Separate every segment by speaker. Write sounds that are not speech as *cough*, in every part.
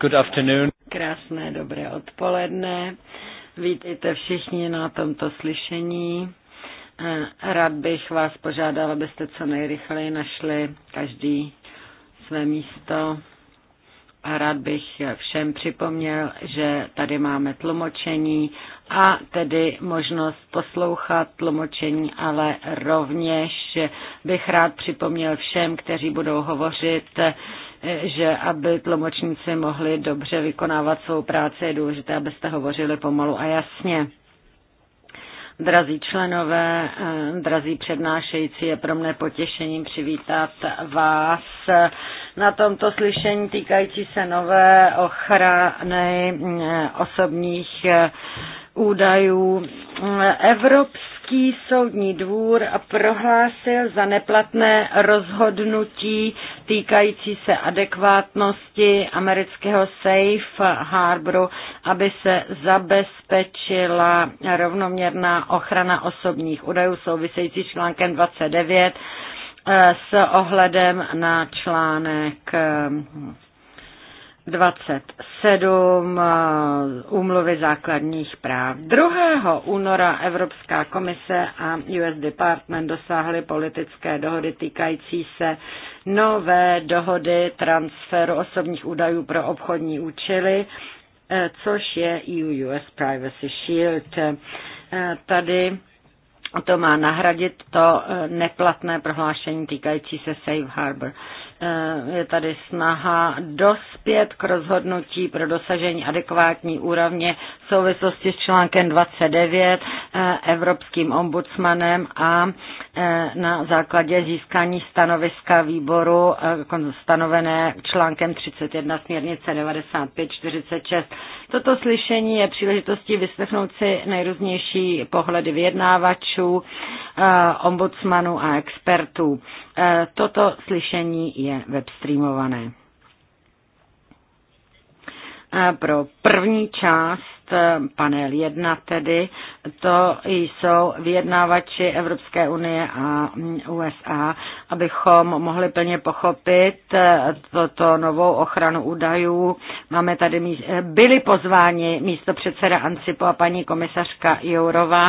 Speaker 1: Good afternoon.
Speaker 2: Krásné dobré odpoledne. Vítejte všichni na tomto slyšení. Eh, rád bych vás požádal, abyste co nejrychleji našli každý své místo. A rád bych všem připomněl, že tady máme tlumočení a tedy možnost poslouchat tlumočení, ale rovněž bych rád připomněl všem, kteří budou hovořit, že aby tlumočníci mohli dobře vykonávat svou práci, je důležité, abyste hovořili pomalu a jasně. Drazí členové, eh, drazí přednášející, je pro mne potěšením přivítat vás na tomto slyšení týkající se nové ochrany eh, osobních eh, údajů. Evropský soudní dvůr prohlásil za neplatné rozhodnutí týkající se adekvátnosti amerického Safe Harboru, aby se zabezpečila rovnoměrná ochrana osobních údajů související s článkem 29 Eh, s ohledem na článek 27 eh, eh, úmluvy základních práv. 2. února Evropská komise a US Department dosáhly politické dohody týkající se nové dohody transferu osobních údajů pro obchodní účely, což je EU-US Privacy Shield. Tady to má nahradit to eh, neplatné prohlášení týkající se Safe Harbor. Eh, je tady snaha dospět k rozhodnutí pro dosažení adekvátní úrovně v souvislosti s článkem 29 eh, Evropským ombudsmanem a na základě získání stanoviska výboru stanovené článkem 31 směrnice 9546 Toto slyšení je příležitostí vyslechnout si nejrůznější pohledy vyjednávačů, eh, ombudsmanů a expertů. Eh, toto slyšení je webstreamované. Eh, pro první část panel 1 tedy, to jsou vyjednávači Evropské unie a USA, abychom mohli plně pochopit eh, toto novou ochranu údajů. Máme tady, eh, byli pozváni místo předseda Ancipo a paní komisařka Jourová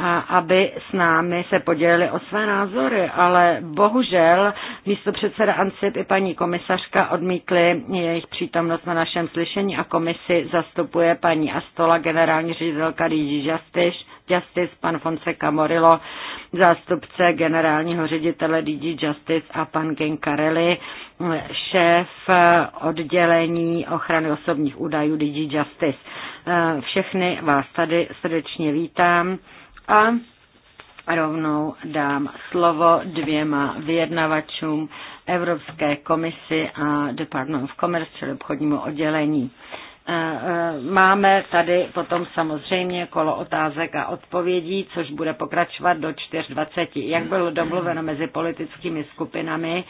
Speaker 2: a aby s námi se podělili o své názory, ale bohužel místo předseda Ansip i paní komisařka odmítli jejich přítomnost na našem slyšení a komisi zastupuje paní Astola, generální ředitelka DG Justice, Justice, pan Fonseca Morillo, zástupce generálního ředitele DG Justice a pan Genkarelli, šéf oddělení ochrany osobních údajů DG Justice. Všechny vás tady srdečně vítám a rovnou dám slovo dvěma vyjednavačům Evropské komisi a Department of Commerce, čili obchodnímu oddělení. Máme tady potom samozřejmě kolo otázek a odpovědí, což bude pokračovat do 4.20. Jak bylo domluveno mezi politickými skupinami,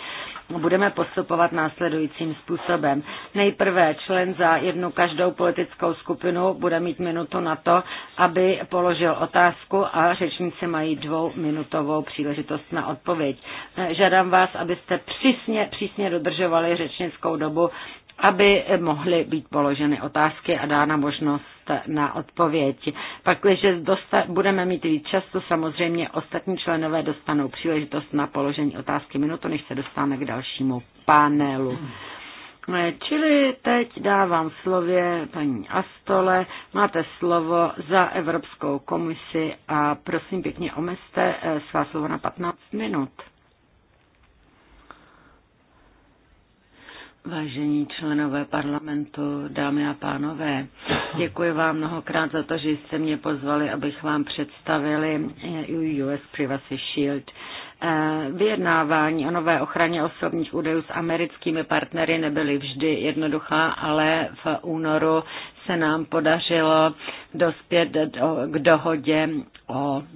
Speaker 2: budeme postupovat následujícím způsobem. Nejprve člen za jednu každou politickou skupinu bude mít minutu na to, aby položil otázku a řečníci mají dvouminutovou příležitost na odpověď. Žádám vás, abyste přísně, přísně dodržovali řečnickou dobu, aby mohly být položeny otázky a dána možnost na odpověď. Pak, když budeme mít víc času, samozřejmě ostatní členové dostanou příležitost na položení otázky minutu, než se dostáme k dalšímu panelu. Čili teď dávám slově paní Astole. Máte slovo za Evropskou komisi a prosím pěkně omezte eh, svá slova na 15 minut. Vážení členové parlamentu, dámy a pánové, děkuji vám mnohokrát za to, že jste mě pozvali, abych vám představili e US Privacy Shield. Eh, vyjednávání o nové ochraně osobních údajů s americkými partnery nebyly vždy jednoduchá, ale v únoru se nám podařilo dospět k dohodě o eh,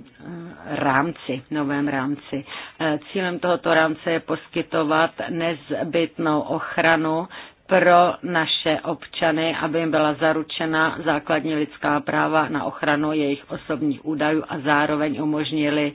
Speaker 2: rámci, novém rámci. Eh, cílem tohoto rámce je poskytovat nezbytnou ochranu pro naše občany, aby jim byla zaručena základní lidská práva na ochranu jejich osobních údajů a zároveň umožnili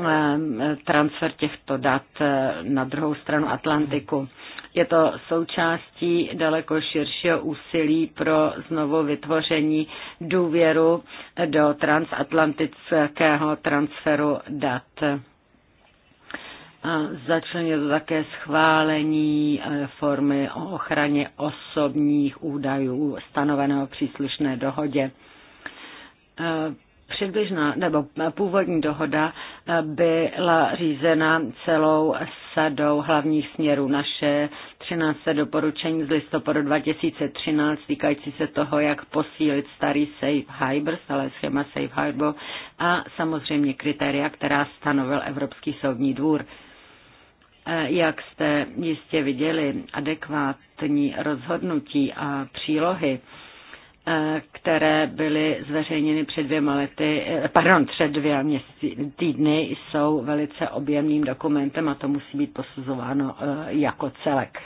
Speaker 2: Eh, transfer těchto dat eh, na druhou stranu Atlantiku. Je to součástí daleko širšího úsilí pro znovu vytvoření důvěru do transatlantického transferu dat. Začne to také schválení eh, formy o ochraně osobních údajů stanoveného příslušné dohodě Předběžná nebo původní dohoda eh, byla řízena celou sadou hlavních směrů. Naše 13. doporučení z listopadu 2013 týkající se toho, jak posílit starý safe harbor, ale schéma safe harbor a samozřejmě kritéria, která stanovil Evropský soudní dvůr. Eh, jak jste jistě viděli, adekvátní rozhodnutí a přílohy Eh, které byly zveřejněny před dvěma lety, eh, pardon, před dvěma měsíci, týdny, jsou velice objemným dokumentem a to musí být posuzováno eh, jako celek.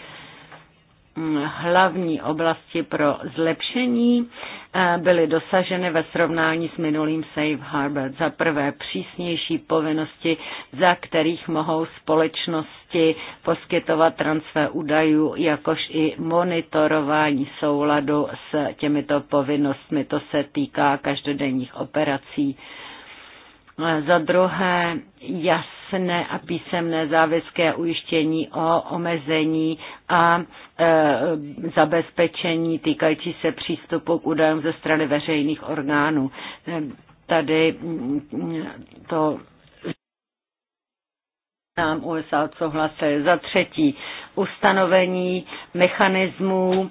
Speaker 2: Mm, hlavní oblasti pro zlepšení eh, byly dosaženy ve srovnání s minulým Safe Harbor. Za prvé přísnější povinnosti, za kterých mohou společnosti poskytovat transfer údajů, jakož i monitorování souladu s těmito povinnostmi. To se týká každodenních operací za druhé jasné a písemné závězké ujištění o omezení a e, zabezpečení týkající se přístupu k údajům ze strany veřejných orgánů. E, tady mm, to nám USA odsouhlasil. Za třetí, ustanovení mechanismů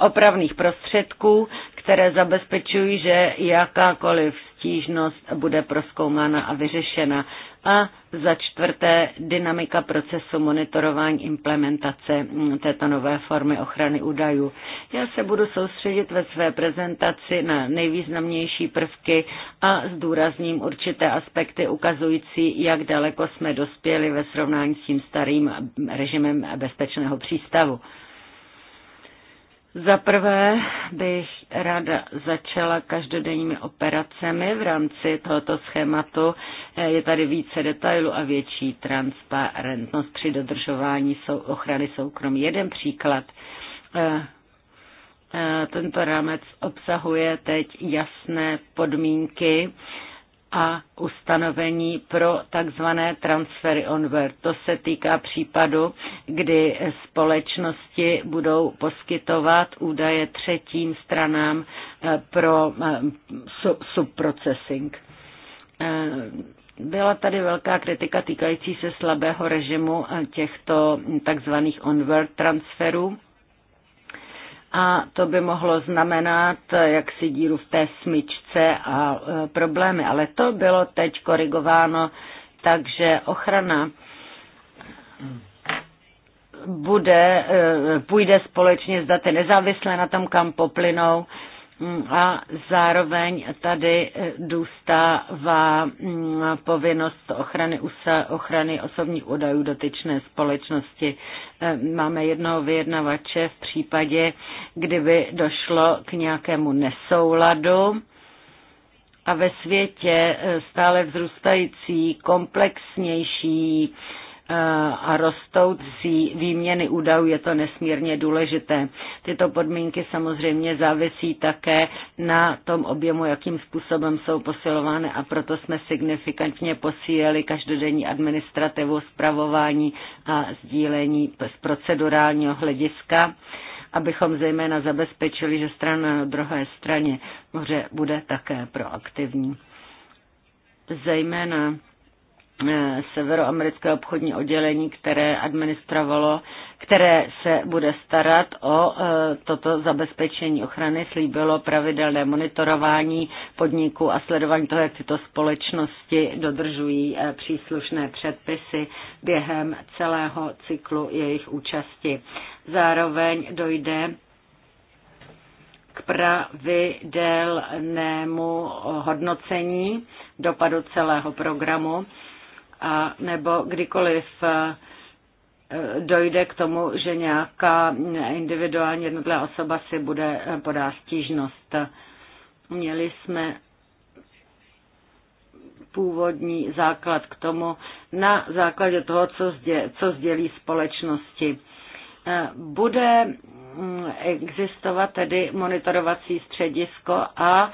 Speaker 2: opravných prostředků které zabezpečují, že jakákoliv stížnost bude proskoumána a vyřešena. A za čtvrté, dynamika procesu monitorování implementace mm, této nové formy ochrany údajů. Já se budu soustředit ve své prezentaci na nejvýznamnější prvky a zdůrazním určité aspekty ukazující, jak daleko jsme dospěli ve srovnání s tím starým režimem bezpečného přístavu. Za prvé bych ráda začala každodenními operacemi v rámci tohoto schématu. Eh, je tady více detailů a větší transparentnost při dodržování ochrany soukromí. Jeden příklad. Eh, eh, tento rámec obsahuje teď jasné podmínky a ustanovení pro takzvané transfery onward. To se týká případu, kdy společnosti budou poskytovat údaje třetím stranám eh, pro eh, subprocessing. Eh, byla tady velká kritika týkající se slabého režimu těchto takzvaných onward transferů a to by mohlo znamenat jaksi díru v té smyčce a e, problémy. Ale to bylo teď korigováno, takže ochrana bude, e, půjde společně s daty nezávisle na tom, kam poplynou a zároveň tady důstává mm, povinnost ochrany, USA, ochrany osobních údajů dotyčné společnosti. E, máme jednoho vyjednavače v případě, kdyby došlo k nějakému nesouladu a ve světě e, stále vzrůstající komplexnější Eh, a rostoucí výměny údajů je to nesmírně důležité. Tyto podmínky samozřejmě závisí také na tom objemu, jakým způsobem jsou posilovány a proto jsme signifikantně posílili každodenní administrativu, zpravování a sdílení z procedurálního hlediska abychom zejména zabezpečili, že strana na druhé straně moře bude také proaktivní. Zejména Eh, severoamerické obchodní oddělení, které administrovalo, které se bude starat o eh, toto zabezpečení ochrany, slíbilo pravidelné monitorování podniků a sledování toho, jak tyto společnosti dodržují eh, příslušné předpisy během celého cyklu jejich účasti. Zároveň dojde k pravidelnému hodnocení dopadu celého programu a nebo kdykoliv eh, dojde k tomu, že nějaká individuální jednotlivá osoba si bude eh, podá stížnost. Měli jsme původní základ k tomu na základě toho, co, sdě, co sdělí společnosti. Eh, bude Mm, existovat tedy monitorovací středisko a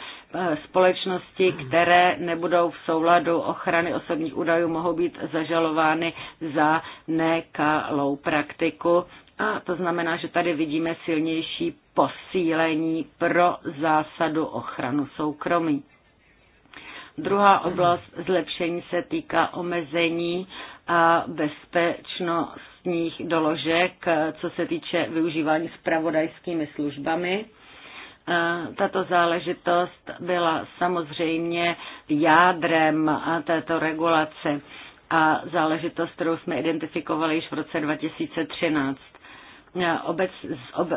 Speaker 2: e, společnosti, které nebudou v souladu ochrany osobních údajů, mohou být zažalovány za nekalou praktiku. A to znamená, že tady vidíme silnější posílení pro zásadu ochranu soukromí. Druhá oblast zlepšení se týká omezení a bezpečnostních doložek, co se týče využívání spravodajskými službami. Tato záležitost byla samozřejmě jádrem této regulace a záležitost, kterou jsme identifikovali již v roce 2013. Obec,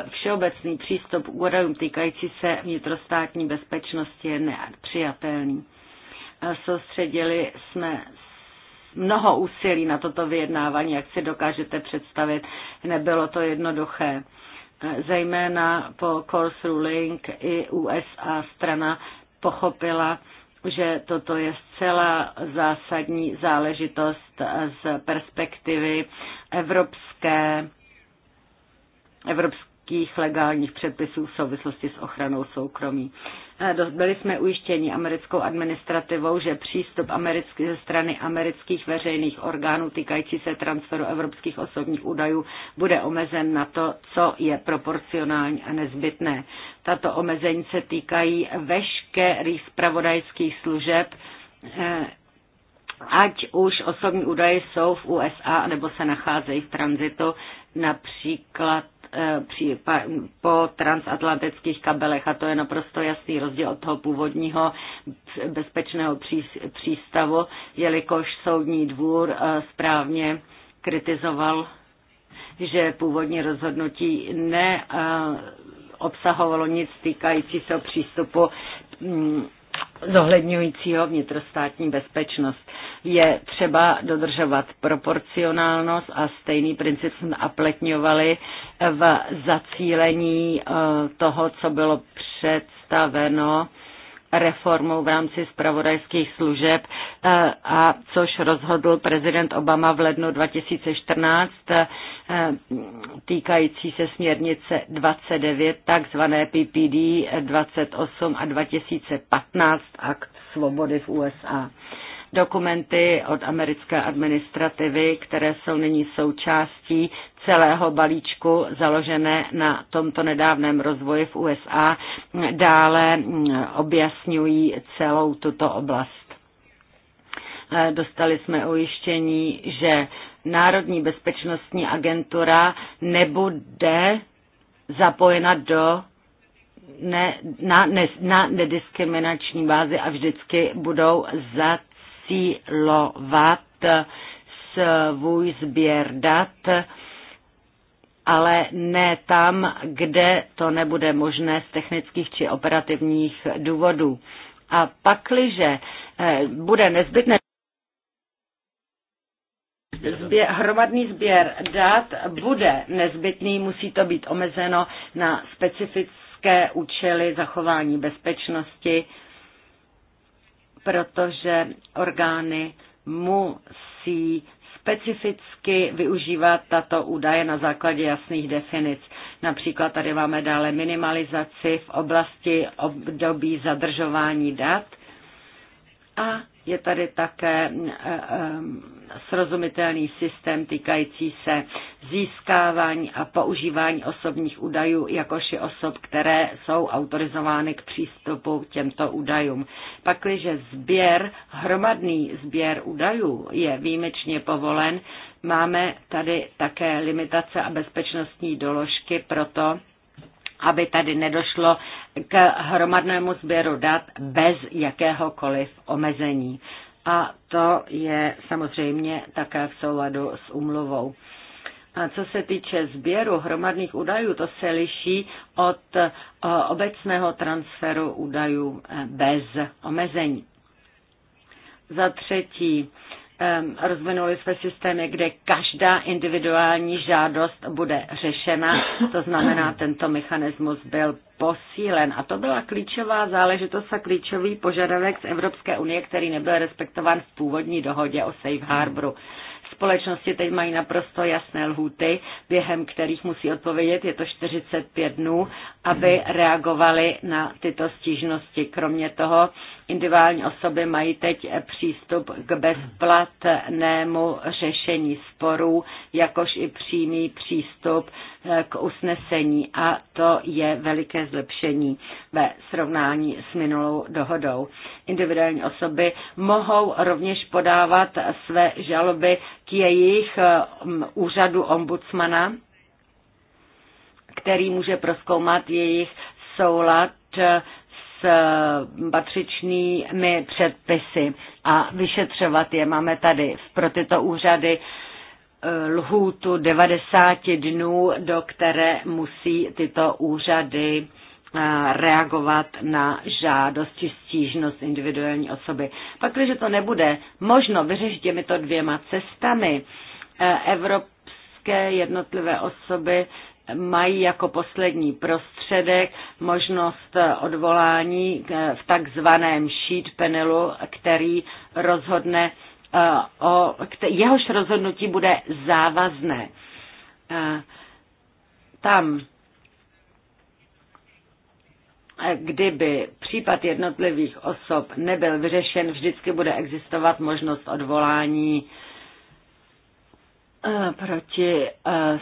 Speaker 2: všeobecný přístup k údajům týkající se vnitrostátní bezpečnosti je nepřijatelný. Soustředili jsme mnoho úsilí na toto vyjednávání, jak si dokážete představit. Nebylo to jednoduché. Zejména po course ruling i USA strana pochopila, že toto je zcela zásadní záležitost z perspektivy evropské, evropské amerických legálních předpisů v souvislosti s ochranou soukromí. E, byli jsme ujištěni americkou administrativou, že přístup americký, ze strany amerických veřejných orgánů týkající se transferu evropských osobních údajů bude omezen na to, co je proporcionální a nezbytné. Tato omezení se týkají veškerých spravodajských služeb, e, ať už osobní údaje jsou v USA nebo se nacházejí v tranzitu, například Eh, po transatlantických kabelech a to je naprosto jasný rozdíl od toho původního bezpečného přístavu, jelikož soudní dvůr eh, správně kritizoval, že původní rozhodnutí ne eh, obsahovalo nic týkající se přístupu mm, zohledňujícího vnitrostátní bezpečnost. Je třeba dodržovat proporcionálnost a stejný princip jsme apletňovali v zacílení eh, toho, co bylo představeno reformou v rámci spravodajských služeb, eh, a což rozhodl prezident Obama v lednu 2014 eh, týkající se směrnice 29, takzvané PPD 28 a 2015 Akt svobody v USA dokumenty od americké administrativy, které jsou nyní součástí celého balíčku založené na tomto nedávném rozvoji v USA, dále mm, objasňují celou tuto oblast. Eh, dostali jsme ujištění, že Národní bezpečnostní agentura nebude zapojena do ne, na, ne, na nediskriminační bázi a vždycky budou za posílovat svůj sběr dat, ale ne tam, kde to nebude možné z technických či operativních důvodů. A pakliže eh, bude nezbytné Zběr, hromadný sběr dat bude nezbytný, musí to být omezeno na specifické účely zachování bezpečnosti protože orgány musí specificky využívat tato údaje na základě jasných definic. Například tady máme dále minimalizaci v oblasti období zadržování dat a je tady také eh, eh, srozumitelný systém týkající se získávání a používání osobních údajů, jakož i osob, které jsou autorizovány k přístupu k těmto údajům. Pakliže sběr, hromadný sběr údajů je výjimečně povolen, máme tady také limitace a bezpečnostní doložky pro to, aby tady nedošlo k hromadnému sběru dat bez jakéhokoliv omezení. A to je samozřejmě také v souladu s úmluvou. A co se týče sběru hromadných údajů, to se liší od obecného transferu údajů bez omezení. Za třetí, rozvinuli jsme systémy, kde každá individuální žádost bude řešena. To znamená, tento mechanismus byl posílen. A to byla klíčová záležitost a klíčový požadavek z Evropské unie, který nebyl respektován v původní dohodě o Safe Harboru. Společnosti teď mají naprosto jasné lhuty, během kterých musí odpovědět, je to 45 dnů aby reagovali na tyto stížnosti. Kromě toho individuální osoby mají teď přístup k bezplatnému řešení sporů, jakož i přímý přístup eh, k usnesení a to je veliké zlepšení ve srovnání s minulou dohodou. Individuální osoby mohou rovněž podávat své žaloby k jejich eh, úřadu ombudsmana, který může proskoumat jejich soulad s patřičnými předpisy a vyšetřovat je. Máme tady pro tyto úřady eh, lhůtu 90 dnů, do které musí tyto úřady eh, reagovat na žádost či stížnost individuální osoby. Pak, když to nebude možno vyřešit těmito dvěma cestami, eh, evropské jednotlivé osoby mají jako poslední prostředek možnost odvolání v takzvaném sheet panelu, který rozhodne eh, o, jehož rozhodnutí bude závazné. Eh, tam, eh, kdyby případ jednotlivých osob nebyl vyřešen, vždycky bude existovat možnost odvolání Eh, proti eh,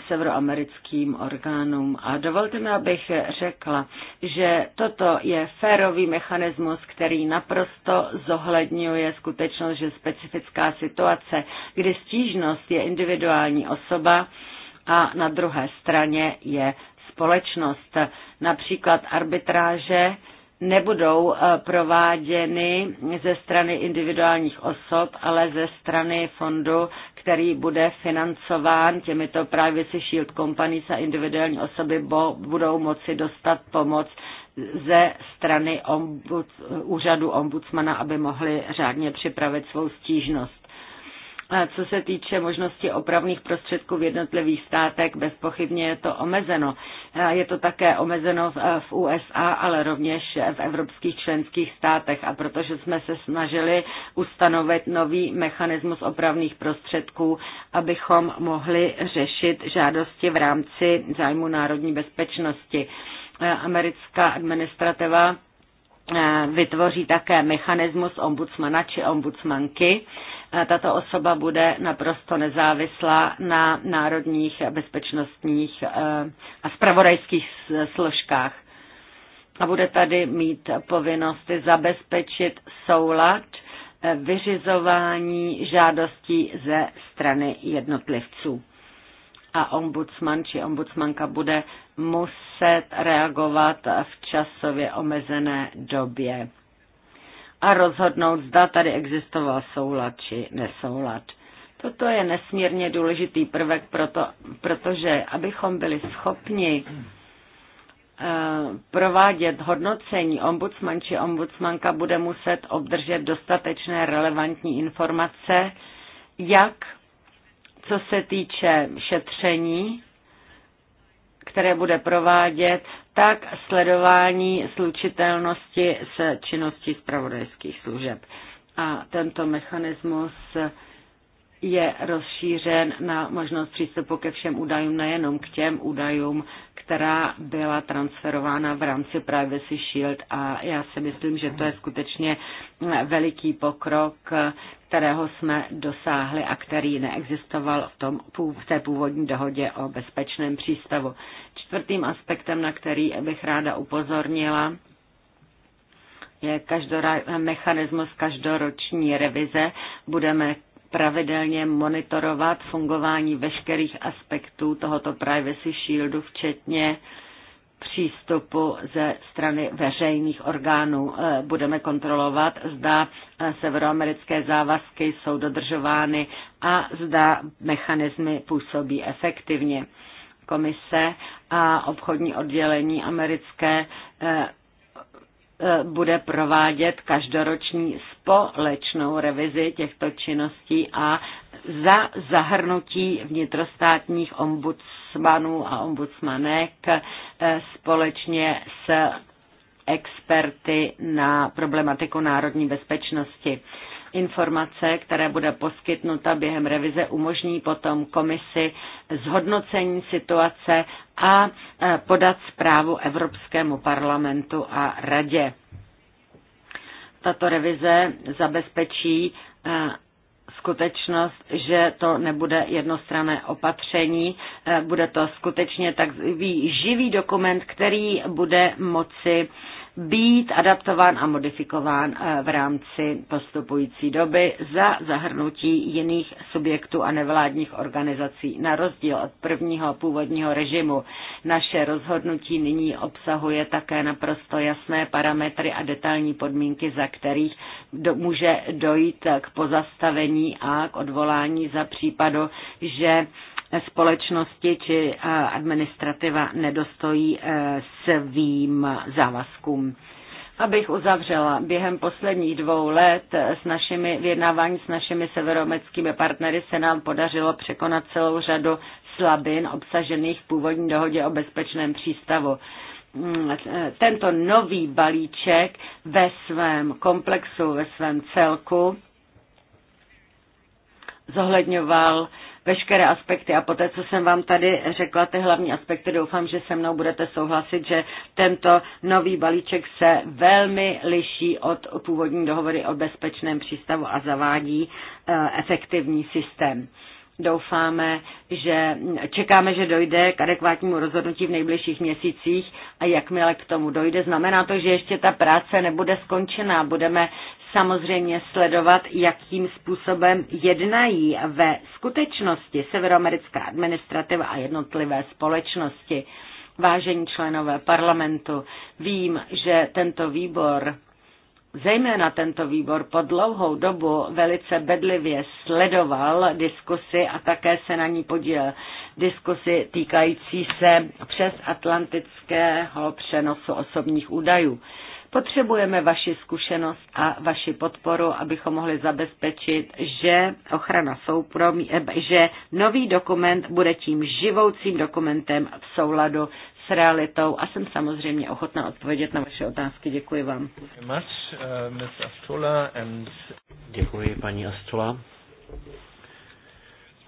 Speaker 2: severoamerickým orgánům. A dovolte mi, abych řekla, že toto je férový mechanismus, který naprosto zohledňuje skutečnost, že specifická situace, kdy stížnost je individuální osoba a na druhé straně je společnost. Například arbitráže nebudou eh, prováděny ze strany individuálních osob, ale ze strany fondu, který bude financován těmito Privacy Shield Companies a individuální osoby bo, budou moci dostat pomoc ze strany ombud, úřadu ombudsmana, aby mohli řádně připravit svou stížnost. Co se týče možnosti opravných prostředků v jednotlivých státech, bezpochybně je to omezeno. Je to také omezeno v USA, ale rovněž v evropských členských státech. A protože jsme se snažili ustanovit nový mechanismus opravných prostředků, abychom mohli řešit žádosti v rámci zájmu národní bezpečnosti. Americká administrativa e, vytvoří také mechanismus ombudsmana či ombudsmanky, tato osoba bude naprosto nezávislá na národních bezpečnostních eh, a spravodajských složkách. A bude tady mít povinnosti zabezpečit soulad eh, vyřizování žádostí ze strany jednotlivců. A ombudsman či ombudsmanka bude muset reagovat v časově omezené době a rozhodnout, zda tady existoval soulad či nesoulad. Toto je nesmírně důležitý prvek, proto, protože abychom byli schopni eh, provádět hodnocení ombudsman či ombudsmanka bude muset obdržet dostatečné relevantní informace, jak co se týče šetření, které bude provádět tak sledování slučitelnosti se činností zpravodajských služeb. A tento mechanismus je rozšířen na možnost přístupu ke všem údajům, nejenom k těm údajům, která byla transferována v rámci Privacy Shield a já si myslím, že to je skutečně veliký pokrok, kterého jsme dosáhli a který neexistoval v, tom, v té původní dohodě o bezpečném přístavu. Čtvrtým aspektem, na který bych ráda upozornila, je každorá, mechanismus každoroční revize. Budeme pravidelně monitorovat fungování veškerých aspektů tohoto Privacy Shieldu, včetně přístupu ze strany veřejných orgánů. Eh, budeme kontrolovat, zda eh, severoamerické závazky jsou dodržovány a zda mechanismy působí efektivně komise a obchodní oddělení americké eh, E, bude provádět každoroční společnou revizi těchto činností a za zahrnutí vnitrostátních ombudsmanů a ombudsmanek e, společně s experty na problematiku národní bezpečnosti. Informace, které bude poskytnuta během revize, umožní potom komisi zhodnocení situace a e, podat zprávu Evropskému parlamentu a radě. Tato revize zabezpečí e, skutečnost, že to nebude jednostranné opatření, e, bude to skutečně takový živý dokument, který bude moci být adaptován a modifikován eh, v rámci postupující doby za zahrnutí jiných subjektů a nevládních organizací. Na rozdíl od prvního původního režimu naše rozhodnutí nyní obsahuje také naprosto jasné parametry a detailní podmínky, za kterých do, může dojít k pozastavení a k odvolání za případu, že společnosti či eh, administrativa nedostojí eh, svým závazkům. Abych uzavřela, během posledních dvou let s našimi vyjednávání s našimi severomeckými partnery se nám podařilo překonat celou řadu slabin obsažených v původní dohodě o bezpečném přístavu mm, tento nový balíček ve svém komplexu, ve svém celku zohledňoval veškeré aspekty a poté, co jsem vám tady řekla ty hlavní aspekty, doufám, že se mnou budete souhlasit, že tento nový balíček se velmi liší od původní dohovory o bezpečném přístavu a zavádí eh, efektivní systém. Doufáme, že čekáme, že dojde k adekvátnímu rozhodnutí v nejbližších měsících a jakmile k tomu dojde, znamená to, že ještě ta práce nebude skončená. Budeme samozřejmě sledovat, jakým způsobem jednají ve skutečnosti severoamerická administrativa a jednotlivé společnosti. Vážení členové parlamentu, vím, že tento výbor Zejména tento výbor po dlouhou dobu velice bedlivě sledoval diskusy a také se na ní podílel diskusy týkající se přes atlantického přenosu osobních údajů. Potřebujeme vaši zkušenost a vaši podporu, abychom mohli zabezpečit, že ochrana soukromí, eh, že nový dokument bude tím živoucím dokumentem v souladu s realitou a jsem samozřejmě ochotná odpovědět na vaše otázky. Děkuji vám. Děkuji, paní Astola.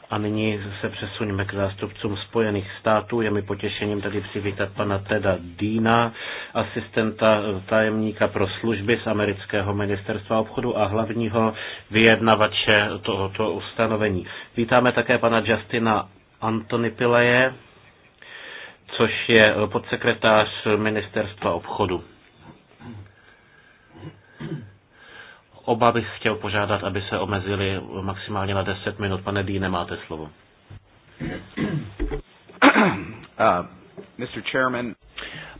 Speaker 1: A nyní se přesuneme k zástupcům Spojených států. Je mi potěšením tady přivítat pana Teda Dýna, asistenta tajemníka pro služby z amerického ministerstva obchodu a hlavního vyjednavače tohoto ustanovení. Vítáme také pana Justina Antony Pileje, což je podsekretář Ministerstva obchodu. Oba bych chtěl požádat, aby se omezili maximálně na 10 minut. Pane Dý, nemáte slovo.
Speaker 2: Uh, Mr.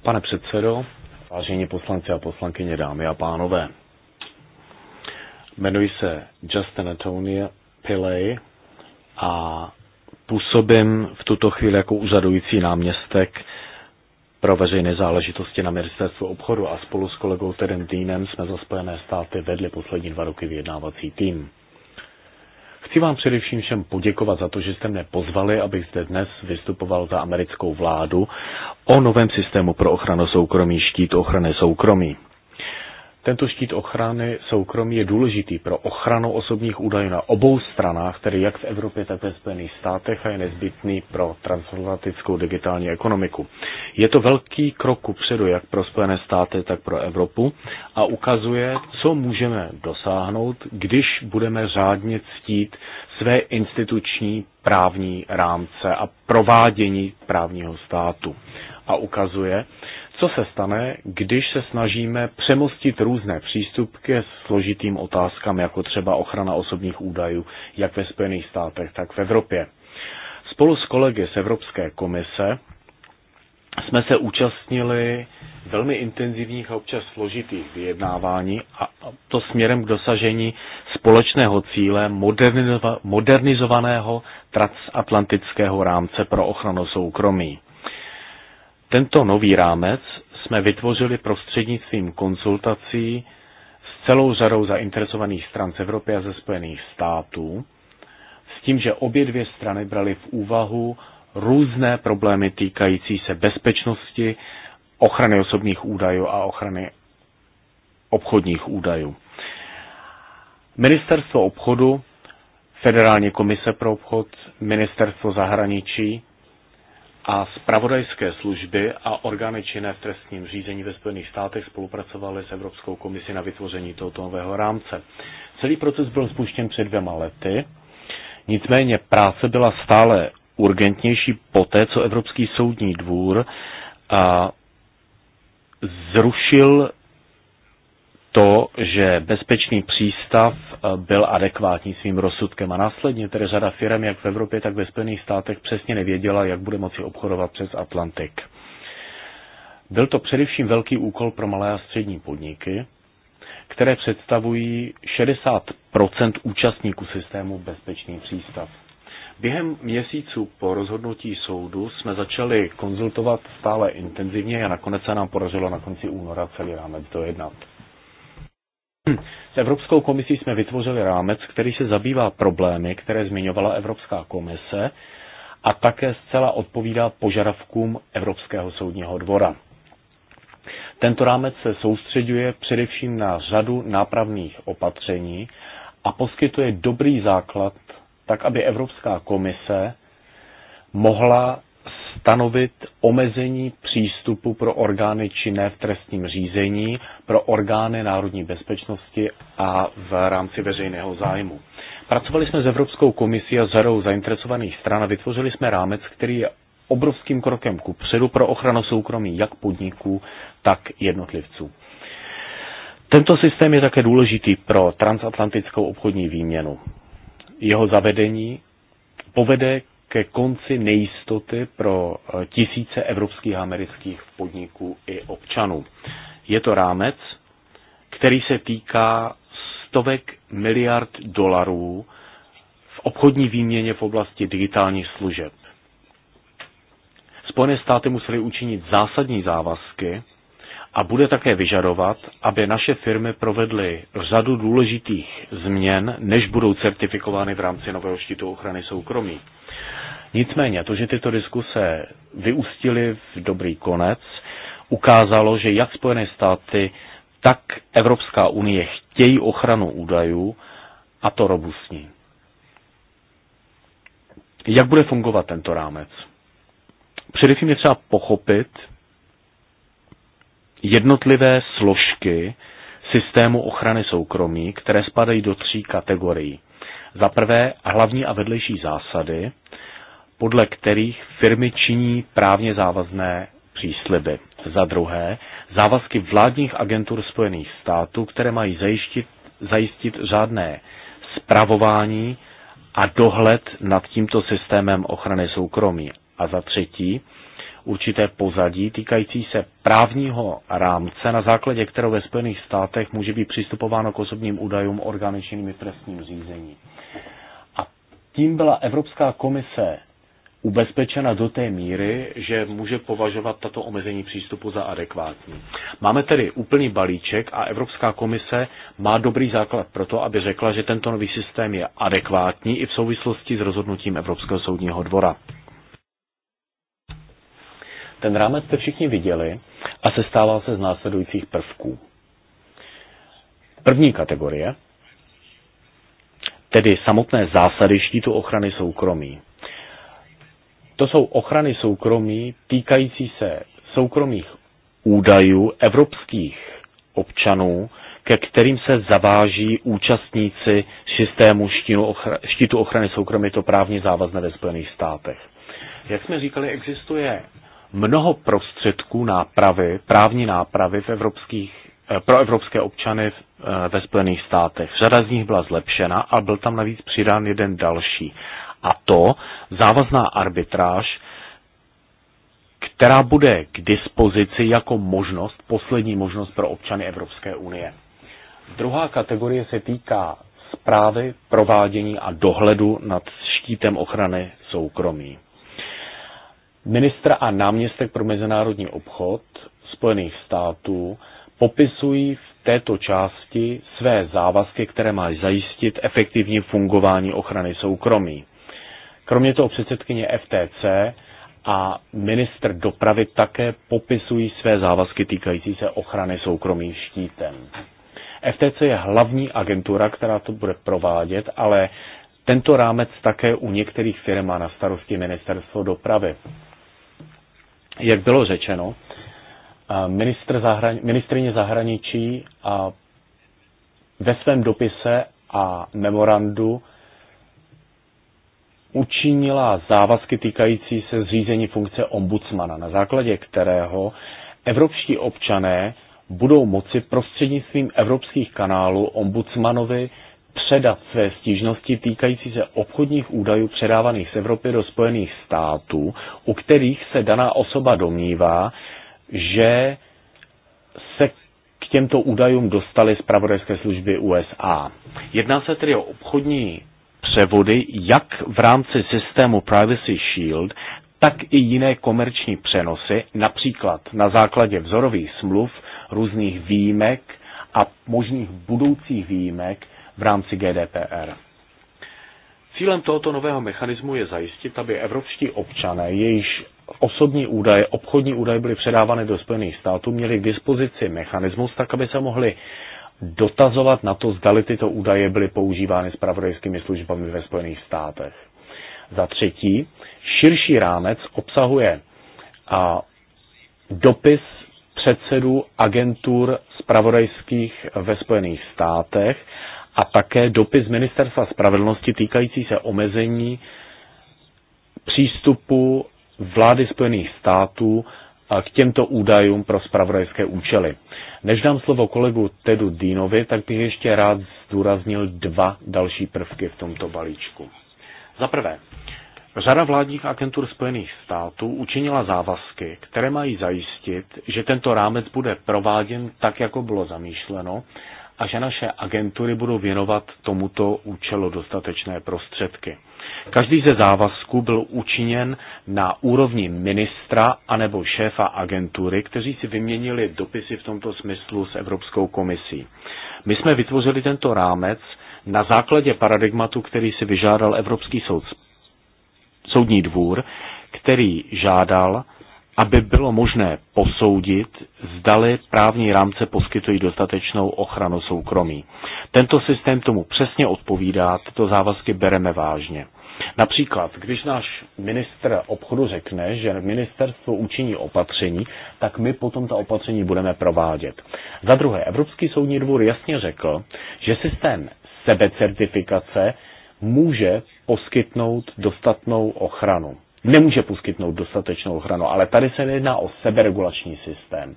Speaker 1: Pane předsedo,
Speaker 3: vážení poslanci a poslankyně, dámy a pánové. Jmenuji se Justin Antonia Pillay a Působím v tuto chvíli jako úřadující náměstek pro veřejné záležitosti na ministerstvu obchodu a spolu s kolegou Terem Dýnem jsme za Spojené státy vedli poslední dva roky vyjednávací tým. Chci vám především všem poděkovat za to, že jste mě pozvali, abych zde dnes vystupoval za americkou vládu o novém systému pro ochranu soukromí, štít ochrany soukromí. Tento štít ochrany soukromí je důležitý pro ochranu osobních údajů na obou stranách, tedy jak v Evropě, tak ve Spojených státech a je nezbytný pro transatlantickou digitální ekonomiku. Je to velký krok kupředu jak pro Spojené státy, tak pro Evropu a ukazuje, co můžeme dosáhnout, když budeme řádně ctít své instituční právní rámce a provádění právního státu. A ukazuje, co se stane, když se snažíme přemostit různé přístupky s složitým otázkám, jako třeba ochrana osobních údajů, jak ve Spojených státech, tak v Evropě? Spolu s kolegy z Evropské komise jsme se účastnili velmi intenzivních a občas složitých vyjednávání a to směrem k dosažení společného cíle modernizovaného transatlantického rámce pro ochranu soukromí. Tento nový rámec jsme vytvořili prostřednictvím konzultací s celou řadou zainteresovaných stran z Evropy a ze Spojených států, s tím, že obě dvě strany braly v úvahu různé problémy týkající se bezpečnosti, ochrany osobních údajů a ochrany obchodních údajů. Ministerstvo obchodu, Federální komise pro obchod, Ministerstvo zahraničí a zpravodajské služby a orgány činné v trestním řízení ve Spojených státech spolupracovaly s Evropskou komisí na vytvoření tohoto nového rámce. Celý proces byl spuštěn před dvěma lety, nicméně práce byla stále urgentnější poté, co Evropský soudní dvůr a zrušil to, že bezpečný přístav eh, byl adekvátní svým rozsudkem a následně tedy řada firm, jak v Evropě, tak ve Spojených státech, přesně nevěděla, jak bude moci obchodovat přes Atlantik. Byl to především velký úkol pro malé a střední podniky, které představují 60 účastníků systému bezpečný přístav. Během měsíců po rozhodnutí soudu jsme začali konzultovat stále intenzivně a nakonec se nám podařilo na konci února celý rámec dojednat. S Evropskou komisí jsme vytvořili rámec, který se zabývá problémy, které zmiňovala Evropská komise a také zcela odpovídá požadavkům Evropského soudního dvora. Tento rámec se soustředuje především na řadu nápravných opatření a poskytuje dobrý základ tak, aby Evropská komise mohla stanovit omezení přístupu pro orgány činné v trestním řízení, pro orgány národní bezpečnosti a v rámci veřejného zájmu. Pracovali jsme s Evropskou komisí a zhradou zainteresovaných stran a vytvořili jsme rámec, který je obrovským krokem ku předu pro ochranu soukromí jak podniků, tak jednotlivců. Tento systém je také důležitý pro transatlantickou obchodní výměnu. Jeho zavedení povede ke konci nejistoty pro eh, tisíce evropských a amerických podniků i občanů. Je to rámec, který se týká stovek miliard dolarů v obchodní výměně v oblasti digitálních služeb. Spojené státy musely učinit zásadní závazky a bude také vyžadovat, aby naše firmy provedly řadu důležitých změn, než budou certifikovány v rámci nového štítu ochrany soukromí. Nicméně to, že tyto diskuse vyústily v dobrý konec, ukázalo, že jak Spojené státy, tak Evropská unie chtějí ochranu údajů a to robustní. Jak bude fungovat tento rámec? Především je třeba pochopit, jednotlivé složky systému ochrany soukromí, které spadají do tří kategorií. Za prvé hlavní a vedlejší zásady, podle kterých firmy činí právně závazné přísliby. Za druhé závazky vládních agentur Spojených států, které mají zajistit, zajistit řádné spravování a dohled nad tímto systémem ochrany soukromí. A za třetí určité pozadí týkající se právního rámce, na základě kterého ve Spojených státech může být přistupováno k osobním údajům orgány činnými trestním řízení. A tím byla Evropská komise ubezpečena do té míry, že může považovat tato omezení přístupu za adekvátní. Máme tedy úplný balíček a Evropská komise má dobrý základ pro to, aby řekla, že tento nový systém je adekvátní i v souvislosti s rozhodnutím Evropského soudního dvora. Ten rámec jste všichni viděli a sestává se z následujících prvků. První kategorie, tedy samotné zásady štítu ochrany soukromí. To jsou ochrany soukromí týkající se soukromých údajů evropských občanů, ke kterým se zaváží účastníci systému štítu ochrany soukromí, to právně závazné ve Spojených státech. Jak jsme říkali, existuje mnoho prostředků nápravy, právní nápravy v evropských, eh, pro evropské občany eh, ve Spojených státech. Řada z nich byla zlepšena a byl tam navíc přidán jeden další. A to závazná arbitráž, která bude k dispozici jako možnost, poslední možnost pro občany Evropské unie. Druhá kategorie se týká zprávy, provádění a dohledu nad štítem ochrany soukromí ministra a náměstek pro mezinárodní obchod Spojených států popisují v této části své závazky, které má zajistit efektivní fungování ochrany soukromí. Kromě toho předsedkyně FTC a ministr dopravy také popisují své závazky týkající se ochrany soukromí štítem. FTC je hlavní agentura, která to bude provádět, ale tento rámec také u některých firm má na starosti ministerstvo dopravy. Jak bylo řečeno, ministr zahrani- ministrině zahraničí a ve svém dopise a memorandu učinila závazky týkající se zřízení funkce ombudsmana, na základě kterého evropští občané budou moci prostřednictvím evropských kanálů ombudsmanovi předat své stížnosti týkající se obchodních údajů předávaných z Evropy do Spojených států, u kterých se daná osoba domnívá, že se k těmto údajům dostaly zpravodajské služby USA. Jedná se tedy o obchodní převody jak v rámci systému Privacy Shield, tak i jiné komerční přenosy, například na základě vzorových smluv, různých výjimek a možných budoucích výjimek v rámci GDPR. Cílem tohoto nového mechanismu je zajistit, aby evropští občané, jejichž osobní údaje, obchodní údaje byly předávány do Spojených států, měli k dispozici mechanismus, tak aby se mohli dotazovat na to, zdali tyto údaje byly používány spravodajskými službami ve Spojených státech. Za třetí, širší rámec obsahuje a, dopis předsedů agentur spravodajských ve Spojených státech, a také dopis Ministerstva spravedlnosti týkající se omezení přístupu vlády Spojených států k těmto údajům pro spravodajské účely. Než dám slovo kolegu Tedu Dínovi, tak bych ještě rád zdůraznil dva další prvky v tomto balíčku. Za prvé, řada vládních agentur Spojených států učinila závazky, které mají zajistit, že tento rámec bude prováděn tak, jako bylo zamýšleno, a že naše agentury budou věnovat tomuto účelu dostatečné prostředky. Každý ze závazků byl učiněn na úrovni ministra anebo šéfa agentury, kteří si vyměnili dopisy v tomto smyslu s Evropskou komisí. My jsme vytvořili tento rámec na základě paradigmatu, který si vyžádal Evropský soud, soudní dvůr, který žádal, aby bylo možné posoudit, zdali právní rámce poskytují dostatečnou ochranu soukromí. Tento systém tomu přesně odpovídá, tyto závazky bereme vážně. Například, když náš ministr obchodu řekne, že ministerstvo učiní opatření, tak my potom ta opatření budeme provádět. Za druhé, Evropský soudní dvůr jasně řekl, že systém sebecertifikace může poskytnout dostatnou ochranu nemůže poskytnout dostatečnou ochranu, ale tady se jedná o seberegulační systém.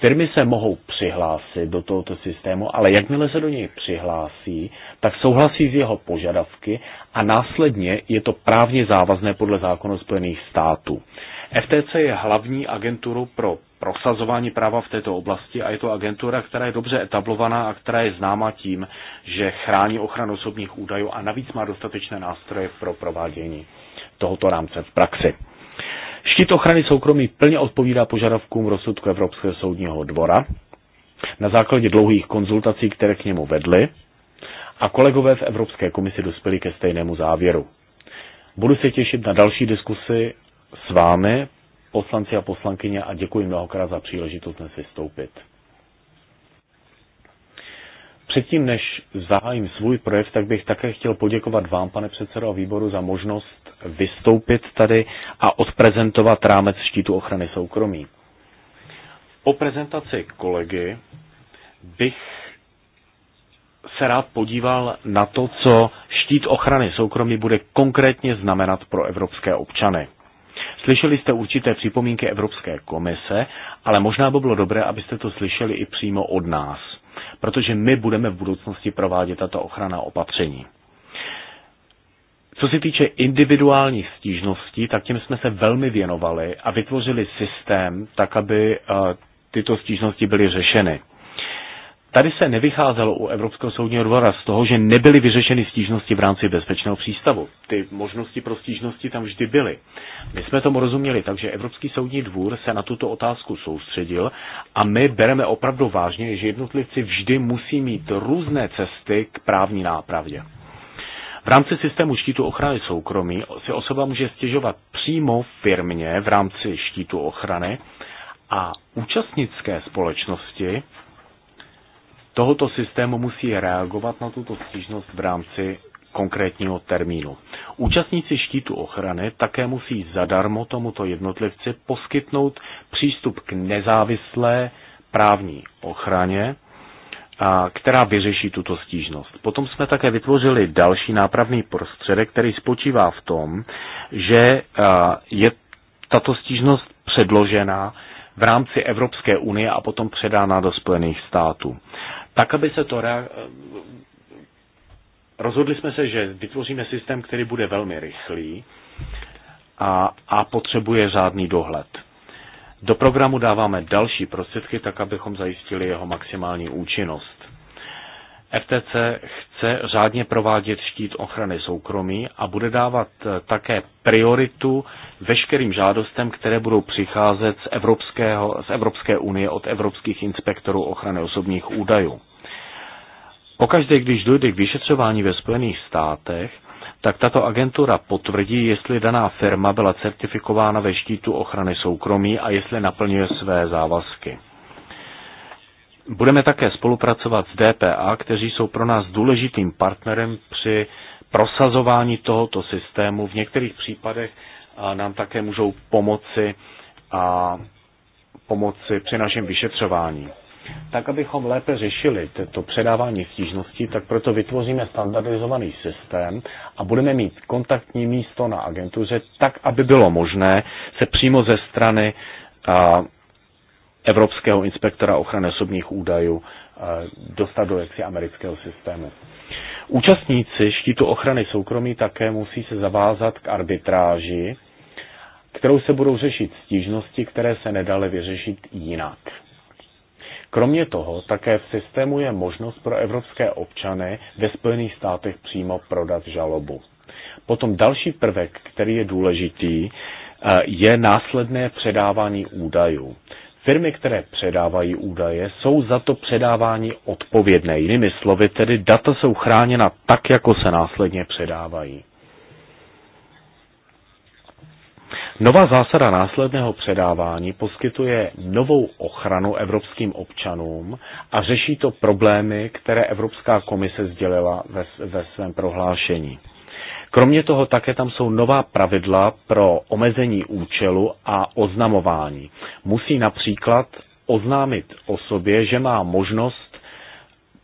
Speaker 3: Firmy se mohou přihlásit do tohoto systému, ale jakmile se do něj přihlásí, tak souhlasí s jeho požadavky a následně je to právně závazné podle zákonu Spojených států. FTC je hlavní agenturu pro prosazování práva v této oblasti a je to agentura, která je dobře etablovaná a která je známa tím, že chrání ochranu osobních údajů a navíc má dostatečné nástroje pro provádění tohoto rámce v praxi. Štít ochrany soukromí plně odpovídá požadavkům rozsudku Evropského soudního dvora na základě dlouhých konzultací, které k němu vedly, a kolegové v Evropské komisi dospěli ke stejnému závěru. Budu se těšit na další diskusy s vámi, poslanci a poslankyně, a děkuji mnohokrát za příležitost dnes vystoupit. Předtím, než zahájím svůj projev, tak bych také chtěl poděkovat vám, pane předsedo a výboru, za možnost vystoupit tady a odprezentovat rámec štítu ochrany soukromí. Po prezentaci kolegy bych se rád podíval na to, co štít ochrany soukromí bude konkrétně znamenat pro evropské občany. Slyšeli jste určité připomínky Evropské komise, ale možná by bylo dobré, abyste to slyšeli i přímo od nás protože my budeme v budoucnosti provádět tato ochrana opatření. Co se týče individuálních stížností, tak těm jsme se velmi věnovali a vytvořili systém tak, aby eh, tyto stížnosti byly řešeny. Tady se nevycházelo u Evropského soudního dvora z toho, že nebyly vyřešeny stížnosti v rámci bezpečného přístavu. Ty možnosti pro stížnosti tam vždy byly. My jsme tomu rozuměli, takže Evropský soudní dvůr se na tuto otázku soustředil a my bereme opravdu vážně, že jednotlivci vždy musí mít různé cesty k právní nápravě. V rámci systému štítu ochrany soukromí si osoba může stěžovat přímo firmě v rámci štítu ochrany a účastnické společnosti tohoto systému musí reagovat na tuto stížnost v rámci konkrétního termínu. Účastníci štítu ochrany také musí zadarmo tomuto jednotlivci poskytnout přístup k nezávislé právní ochraně, která vyřeší tuto stížnost. Potom jsme také vytvořili další nápravný prostředek, který spočívá v tom, že je tato stížnost předložena v rámci Evropské unie a potom předána do Spojených států
Speaker 1: tak, aby se to rea-
Speaker 3: rozhodli jsme se, že vytvoříme systém, který bude velmi rychlý a, a potřebuje řádný dohled. Do programu dáváme další prostředky, tak abychom zajistili jeho maximální účinnost. FTC chce řádně provádět štít ochrany soukromí a bude dávat eh, také prioritu veškerým žádostem, které budou přicházet z, Evropského, z Evropské unie od evropských inspektorů ochrany osobních údajů. Pokaždé, když dojde k vyšetřování ve Spojených státech, tak tato agentura potvrdí, jestli daná firma byla certifikována ve štítu ochrany soukromí a jestli naplňuje své závazky. Budeme také spolupracovat s DPA, kteří jsou pro nás důležitým partnerem při prosazování tohoto systému. V některých případech nám také můžou pomoci a pomoci při našem vyšetřování. Tak, abychom lépe řešili to předávání stížností, tak proto vytvoříme standardizovaný systém a budeme mít kontaktní místo na agentuře tak, aby bylo možné se přímo ze strany evropského inspektora ochrany osobních údajů eh, dostat do jaksi amerického systému. Účastníci štítu ochrany soukromí také musí se zavázat k arbitráži, kterou se budou řešit stížnosti, které se nedaly vyřešit jinak. Kromě toho také v systému je možnost pro evropské občany ve Spojených státech přímo prodat žalobu. Potom další prvek, který je důležitý, eh, je následné předávání údajů. Firmy, které předávají údaje, jsou za to předávání odpovědné. Jinými slovy, tedy data jsou chráněna tak, jako se následně předávají. Nová zásada následného předávání poskytuje novou ochranu evropským občanům a řeší to problémy, které Evropská komise sdělila ve, ve svém prohlášení. Kromě toho také tam jsou nová pravidla pro omezení účelu a oznamování. Musí například oznámit osobě, že má možnost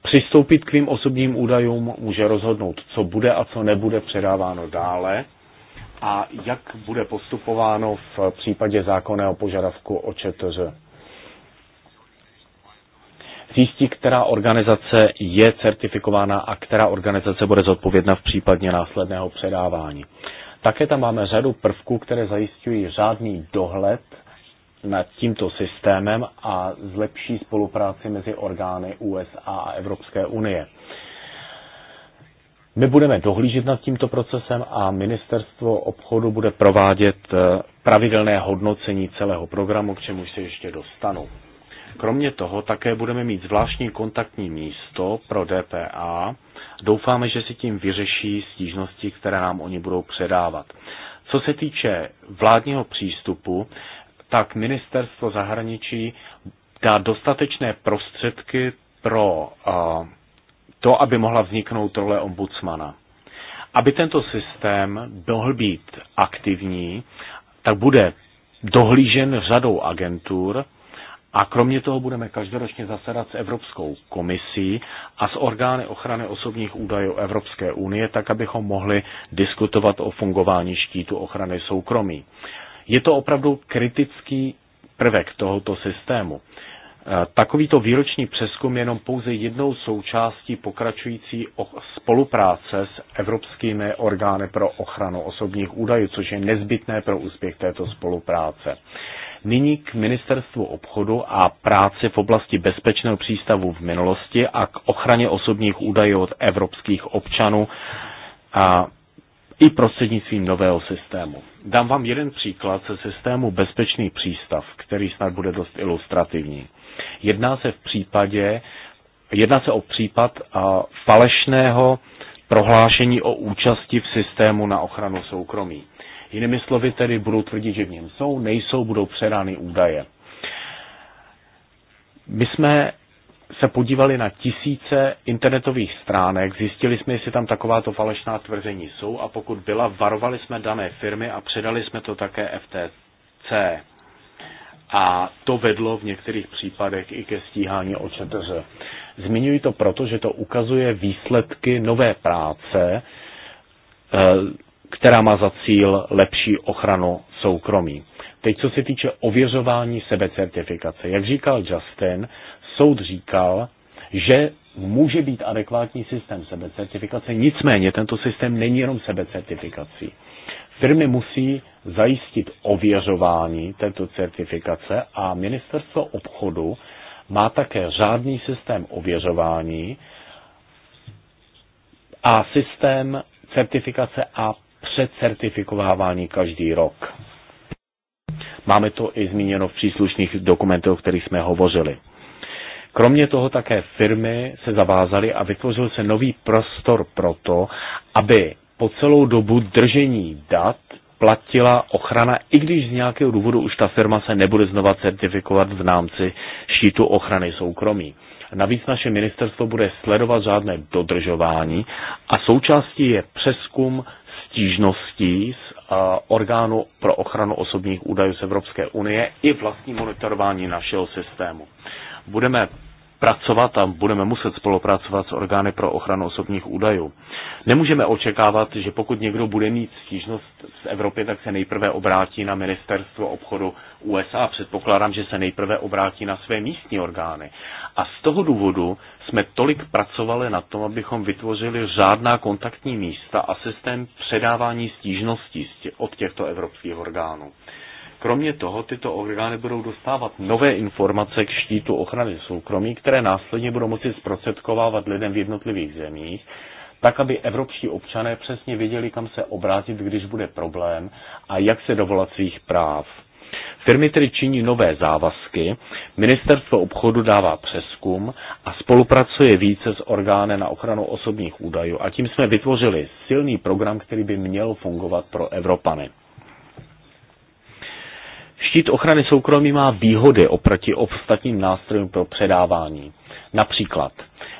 Speaker 3: přistoupit k tvým osobním údajům, může rozhodnout, co bude a co nebude předáváno dále a jak bude postupováno v případě zákonného požadavku o četře zjistí, která organizace je certifikována a která organizace bude zodpovědna v případně následného předávání. Také tam máme řadu prvků, které zajistují řádný dohled nad tímto systémem a zlepší spolupráci mezi orgány USA a Evropské unie. My budeme dohlížet nad tímto procesem a ministerstvo obchodu bude provádět eh, pravidelné hodnocení celého programu, k čemu se ještě dostanu. Kromě toho také budeme mít zvláštní kontaktní místo pro DPA. Doufáme, že si tím vyřeší stížnosti, které nám oni budou předávat. Co se týče vládního přístupu, tak ministerstvo zahraničí dá dostatečné prostředky pro to, aby mohla vzniknout role ombudsmana. Aby tento systém mohl být aktivní, tak bude dohlížen řadou agentur, a kromě toho budeme každoročně zasedat s Evropskou komisí a s orgány ochrany osobních údajů Evropské unie, tak abychom mohli diskutovat o fungování štítu ochrany soukromí. Je to opravdu kritický prvek tohoto systému. E, takovýto výroční přeskum je jenom pouze jednou součástí pokračující spolupráce s evropskými orgány pro ochranu osobních údajů, což je nezbytné pro úspěch této spolupráce. Nyní k ministerstvu obchodu a práci v oblasti bezpečného přístavu v minulosti a k ochraně osobních údajů od evropských občanů a i prostřednictvím nového systému. Dám vám jeden příklad ze systému Bezpečný přístav, který snad bude dost ilustrativní. Jedná se v případě, jedná se o případ a, falešného prohlášení o účasti v systému na ochranu soukromí. Jinými slovy tedy budou tvrdit, že v něm jsou, nejsou, budou předány údaje. My jsme se podívali na tisíce internetových stránek, zjistili jsme, jestli tam takováto falešná tvrzení jsou a pokud byla, varovali jsme dané firmy a předali jsme to také FTC. A to vedlo v některých případech i ke stíhání očetř. Zmiňuji to proto, že to ukazuje výsledky nové práce eh, která má za cíl lepší ochranu soukromí. Teď, co se týče ověřování sebecertifikace. Jak říkal Justin, soud říkal, že může být adekvátní systém sebecertifikace, nicméně tento systém není jenom sebecertifikací. Firmy musí zajistit ověřování této certifikace a ministerstvo obchodu má také řádný systém ověřování a systém certifikace a předcertifikovávání každý rok. Máme to i zmíněno v příslušných dokumentech, o kterých jsme hovořili. Kromě toho také firmy se zavázaly a vytvořil se nový prostor pro to, aby po celou dobu držení dat platila ochrana, i když z nějakého důvodu už ta firma se nebude znova certifikovat v námci štítu ochrany soukromí. Navíc naše ministerstvo bude sledovat žádné dodržování a součástí je přeskum stížností z orgánu pro ochranu osobních údajů z Evropské unie i vlastní monitorování našeho systému. Budeme pracovat a budeme muset spolupracovat s orgány pro ochranu osobních údajů. Nemůžeme očekávat, že pokud někdo bude mít stížnost z Evropy, tak se nejprve obrátí na ministerstvo obchodu USA. Předpokládám, že se nejprve obrátí na své místní orgány. A z toho důvodu jsme tolik pracovali na tom, abychom vytvořili řádná kontaktní místa a systém předávání stížností od těchto evropských orgánů. Kromě toho tyto orgány budou dostávat nové informace k štítu ochrany soukromí, které následně budou moci zprostředkovávat lidem v jednotlivých zemích, tak aby evropští občané přesně věděli, kam se obrátit, když bude problém a jak se dovolat svých práv. Firmy tedy činí nové závazky, ministerstvo obchodu dává přeskum a spolupracuje více s orgány na ochranu osobních údajů a tím jsme vytvořili silný program, který by měl fungovat pro Evropany. Štít ochrany soukromí má výhody oproti ostatním nástrojům pro předávání. Například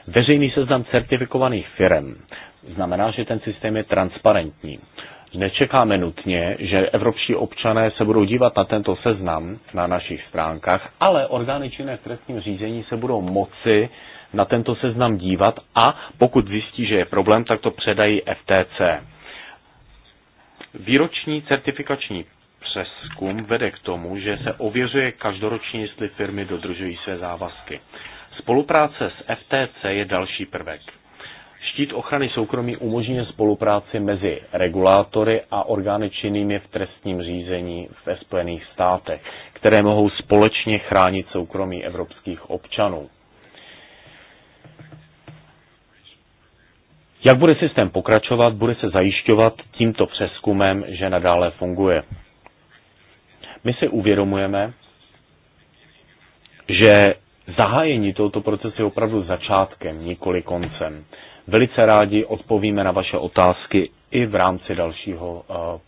Speaker 3: veřejný seznam certifikovaných firm znamená, že ten systém je transparentní. Nečekáme nutně, že evropští občané se budou dívat na tento seznam na našich stránkách, ale orgány činné v trestním řízení se budou moci na tento seznam dívat a pokud zjistí, že je problém, tak to předají FTC. Výroční certifikační přeskum vede k tomu, že se ověřuje každoročně, jestli firmy dodržují své závazky. Spolupráce s FTC je další prvek. Štít ochrany soukromí umožňuje spolupráci mezi regulátory a orgány činnými v trestním řízení ve Spojených státech, které mohou společně chránit soukromí evropských občanů. Jak bude systém pokračovat, bude se zajišťovat tímto přeskumem, že nadále funguje. My si uvědomujeme, že zahájení tohoto procesu je opravdu začátkem, nikoli koncem. Velice rádi odpovíme na vaše otázky i v rámci dalšího eh,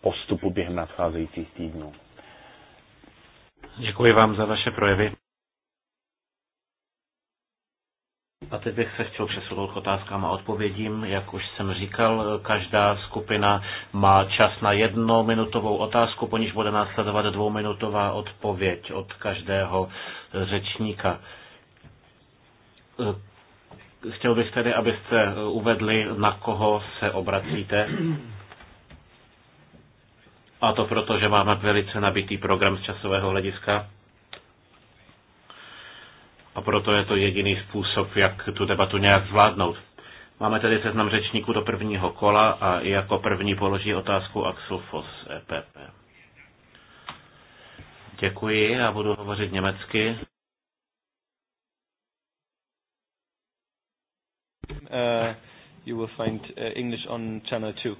Speaker 3: postupu během nadcházejících týdnů.
Speaker 1: Děkuji vám za vaše projevy. A teď bych se chtěl přesunout k otázkám a odpovědím. Jak už jsem říkal, každá skupina má čas na jednominutovou otázku, po níž bude následovat dvouminutová odpověď od každého řečníka. Chtěl bych tedy, abyste uvedli, na koho se obracíte. A to proto, že máme velice nabitý program z časového hlediska a proto je to jediný způsob, jak tu debatu nějak zvládnout. Máme tedy seznam řečníků do prvního kola a jako první položí otázku Axel Foss, EPP. Děkuji, a budu hovořit německy. Uh, you will find uh, English on
Speaker 2: channel 2.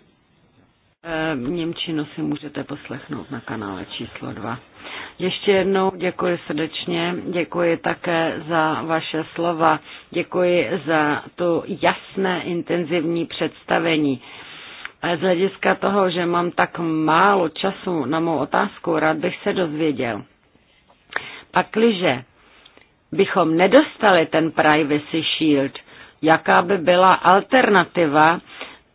Speaker 2: Uh, Němčinu si můžete poslechnout na kanále číslo 2. Ještě jednou děkuji srdečně, děkuji také za vaše slova, děkuji za to jasné intenzivní představení. Z hlediska toho, že mám tak málo času na mou otázku, rád bych se dozvěděl. Pakliže bychom nedostali ten Privacy Shield, jaká by byla alternativa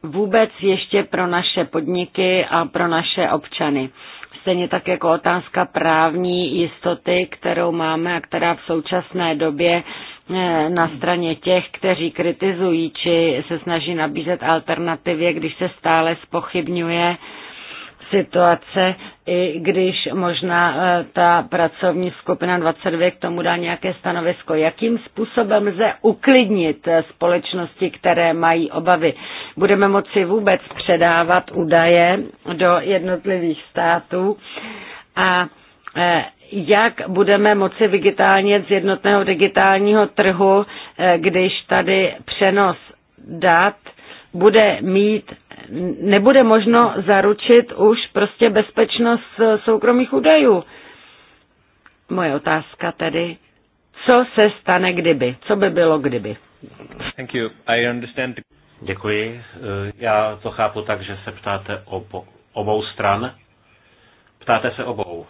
Speaker 2: vůbec ještě pro naše podniky a pro naše občany? Stejně tak jako otázka právní jistoty, kterou máme a která v současné době eh, na straně těch, kteří kritizují či se snaží nabízet alternativě, když se stále spochybňuje situace, i když možná e, ta pracovní skupina 22 k tomu dá nějaké stanovisko. Jakým způsobem lze uklidnit e, společnosti, které mají obavy? Budeme moci vůbec předávat údaje do jednotlivých států a e, jak budeme moci digitálně z jednotného digitálního trhu, když tady přenos dat bude mít nebude možno zaručit už prostě bezpečnost eh, soukromých údajů. Moje otázka tedy, co se stane kdyby? Co by bylo kdyby?
Speaker 1: Thank you. I understand. Děkuji. Eh, já to chápu tak, že se ptáte o obou stran. Ptáte se obou.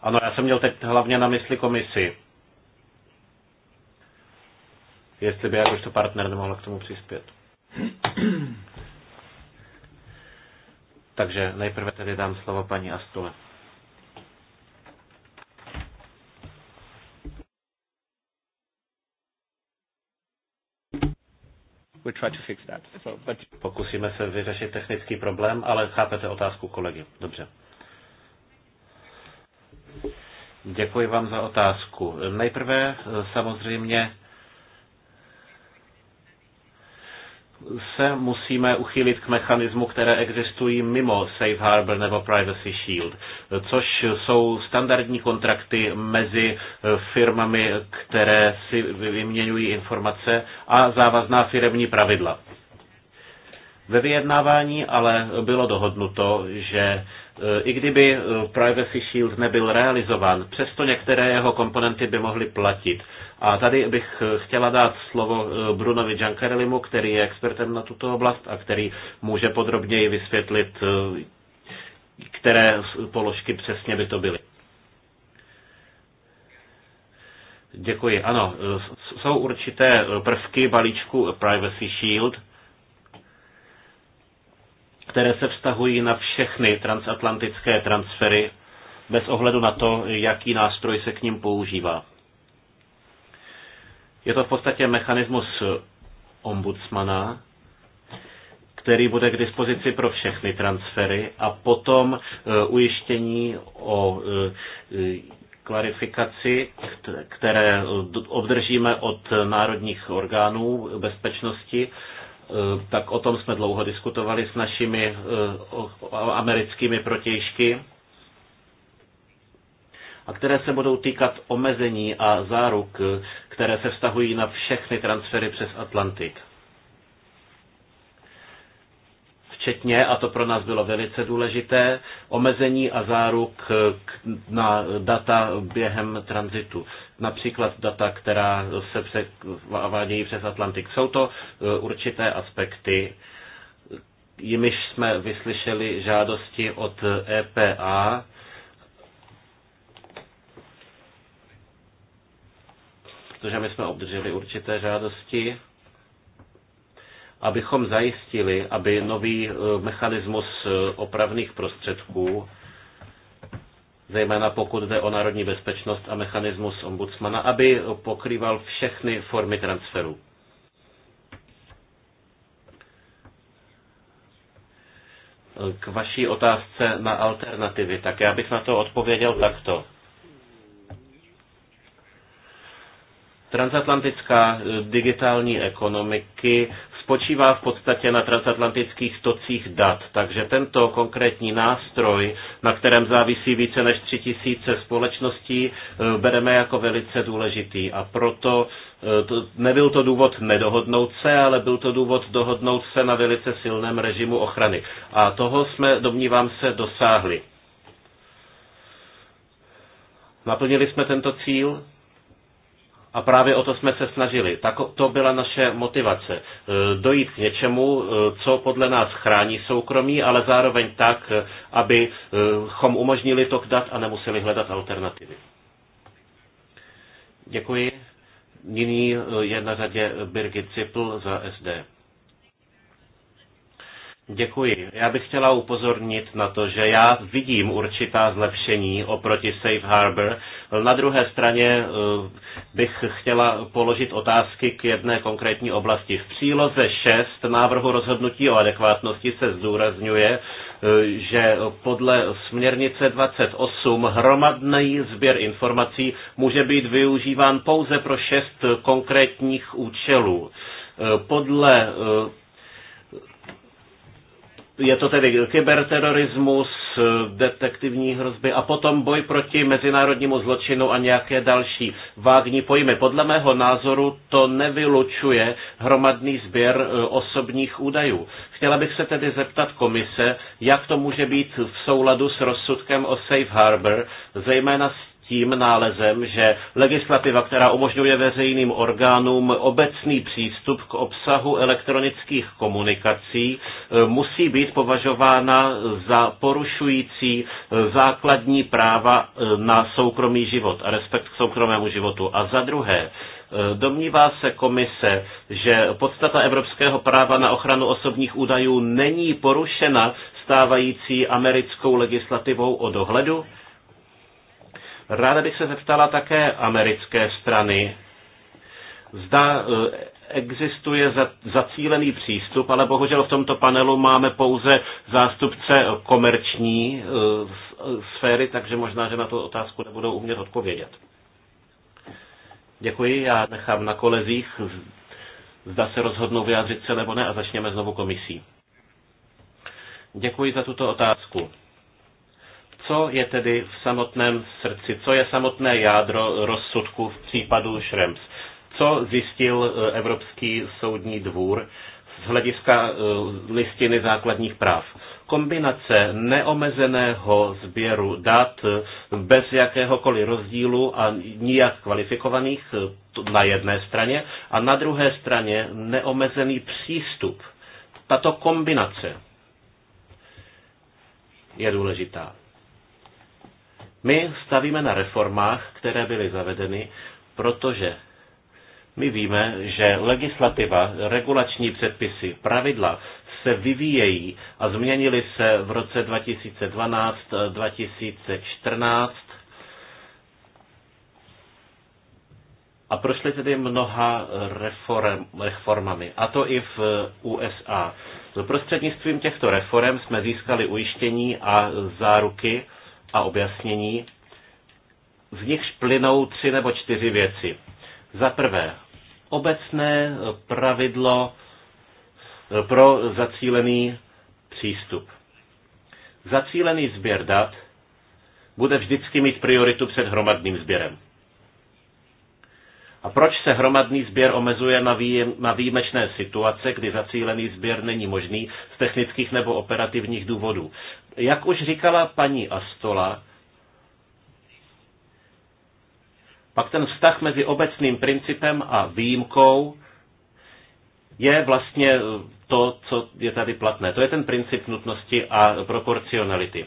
Speaker 1: Ano, já jsem měl teď hlavně na mysli komisi. Jestli by jakožto partner nemohl k tomu přispět. Takže nejprve tedy dám slovo paní Astole. Pokusíme se vyřešit technický problém, ale chápete otázku kolegy. Dobře. Děkuji vám za otázku. Nejprve samozřejmě se musíme uchylit k mechanismu, které existují mimo Safe Harbor nebo Privacy Shield, což jsou standardní kontrakty mezi firmami, které si vyměňují informace a závazná firemní pravidla. Ve vyjednávání ale bylo dohodnuto, že e, i kdyby e, Privacy Shield nebyl realizován, přesto některé jeho komponenty by mohly platit. A tady bych eh, chtěla dát slovo eh, Brunovi Giancarellimu, který je expertem na tuto oblast a který může podrobněji vysvětlit, eh, které položky přesně by to byly. Děkuji. Ano, jsou určité prvky balíčku Privacy Shield, které se vztahují na všechny transatlantické transfery bez ohledu na to, jaký nástroj se k ním používá. Je to v podstatě mechanismus ombudsmana, který bude k dispozici pro všechny transfery a potom eh, ujištění o eh, klarifikaci, které obdržíme od národních orgánů bezpečnosti, eh, tak o tom jsme dlouho diskutovali s našimi americkými protějšky, a které se budou týkat omezení a záruk, které se vztahují na všechny transfery přes Atlantik. Včetně, a to pro nás bylo velice důležité, omezení a záruk na data během tranzitu. Například data, která se vádějí přes Atlantik. Jsou to e, určité aspekty, jimiž jsme vyslyšeli žádosti od EPA, protože my jsme obdrželi určité žádosti, abychom zajistili, aby nový e, mechanismus e, opravných prostředků, zejména pokud jde o národní bezpečnost a mechanismus ombudsmana, aby pokrýval všechny formy transferu. K vaší otázce na alternativy, tak já bych na to odpověděl takto. Transatlantická eh, digitální ekonomiky spočívá v podstatě na transatlantických stocích dat. Takže tento konkrétní nástroj, na kterém závisí více než tři tisíce společností, eh, bereme jako velice důležitý. A proto eh, to, nebyl to důvod nedohodnout se, ale byl to důvod dohodnout se na velice silném režimu ochrany. A toho jsme, domnívám se, dosáhli. Naplnili jsme tento cíl? A právě o to jsme se snažili. Tak to byla naše motivace. E, dojít k něčemu, e, co podle nás chrání soukromí, ale zároveň tak, e, abychom umožnili to dat a nemuseli hledat alternativy. Děkuji. Nyní je na řadě Birgit Cipl za SD. Děkuji. Já bych chtěla upozornit na to, že já vidím určitá zlepšení oproti Safe Harbor, na druhé straně eh, bych chtěla položit otázky k jedné konkrétní oblasti. V příloze 6 návrhu rozhodnutí o adekvátnosti se zdůrazňuje, eh, že podle směrnice 28 hromadný sběr informací může být využíván pouze pro šest konkrétních účelů. Eh, podle je to tedy kyberterorismus, detektivní hrozby a potom boj proti mezinárodnímu zločinu a nějaké další vágní pojmy. Podle mého názoru to nevylučuje hromadný sběr e, osobních údajů. Chtěla bych se tedy zeptat komise, jak to může být v souladu s rozsudkem o Safe Harbor, zejména s tím nálezem, že legislativa, která umožňuje veřejným orgánům obecný přístup k obsahu elektronických komunikací, e, musí být považována za porušující e, základní práva e, na soukromý život a respekt k soukromému životu. A za druhé, Domnívá se komise, že podstata evropského práva na ochranu osobních údajů není porušena stávající americkou legislativou o dohledu? Ráda bych se zeptala také americké strany, zda e, existuje zacílený přístup, ale bohužel v tomto panelu máme pouze zástupce komerční e, e, sféry, takže možná, že na tu otázku nebudou umět odpovědět. Děkuji, já nechám na kolezích, zda se rozhodnou vyjádřit se nebo ne a začněme znovu komisí. Děkuji za tuto otázku. Co je tedy v samotném srdci, co je samotné jádro rozsudku v případu Šrems? Co zjistil e, Evropský soudní dvůr z hlediska e, listiny základních práv? kombinace neomezeného sběru dat e, bez jakéhokoliv rozdílu a nijak kvalifikovaných na jedné straně a na druhé straně neomezený přístup. Tato kombinace je důležitá. My stavíme na reformách, které byly zavedeny, protože my víme, že legislativa, regulační předpisy, pravidla se vyvíjejí a změnily se v roce 2012, 2014 a prošly tedy mnoha reform, reformami, a to i v USA. Prostřednictvím těchto reform jsme získali ujištění a záruky, a objasnění, z nichž plynou tři nebo čtyři věci. Za prvé, obecné pravidlo pro zacílený přístup. Zacílený sběr dat bude vždycky mít prioritu před hromadným sběrem. A proč se hromadný sběr omezuje na, vý, na výjimečné situace, kdy zacílený sběr není možný z technických nebo operativních důvodů? Jak už říkala paní Astola, pak ten vztah mezi obecným principem a výjimkou je vlastně to, co je tady platné. To je ten princip nutnosti a proporcionality.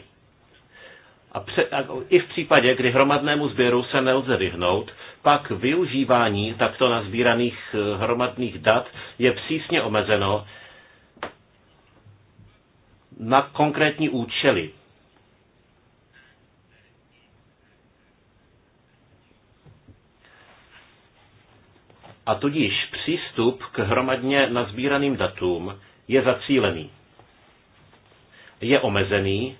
Speaker 1: A, pře- a i v případě, kdy hromadnému sběru se nelze vyhnout, pak využívání takto nazbíraných eh, hromadných dat je přísně omezeno na konkrétní účely. A tudíž přístup k hromadně nazbíraným datům je zacílený. Je omezený,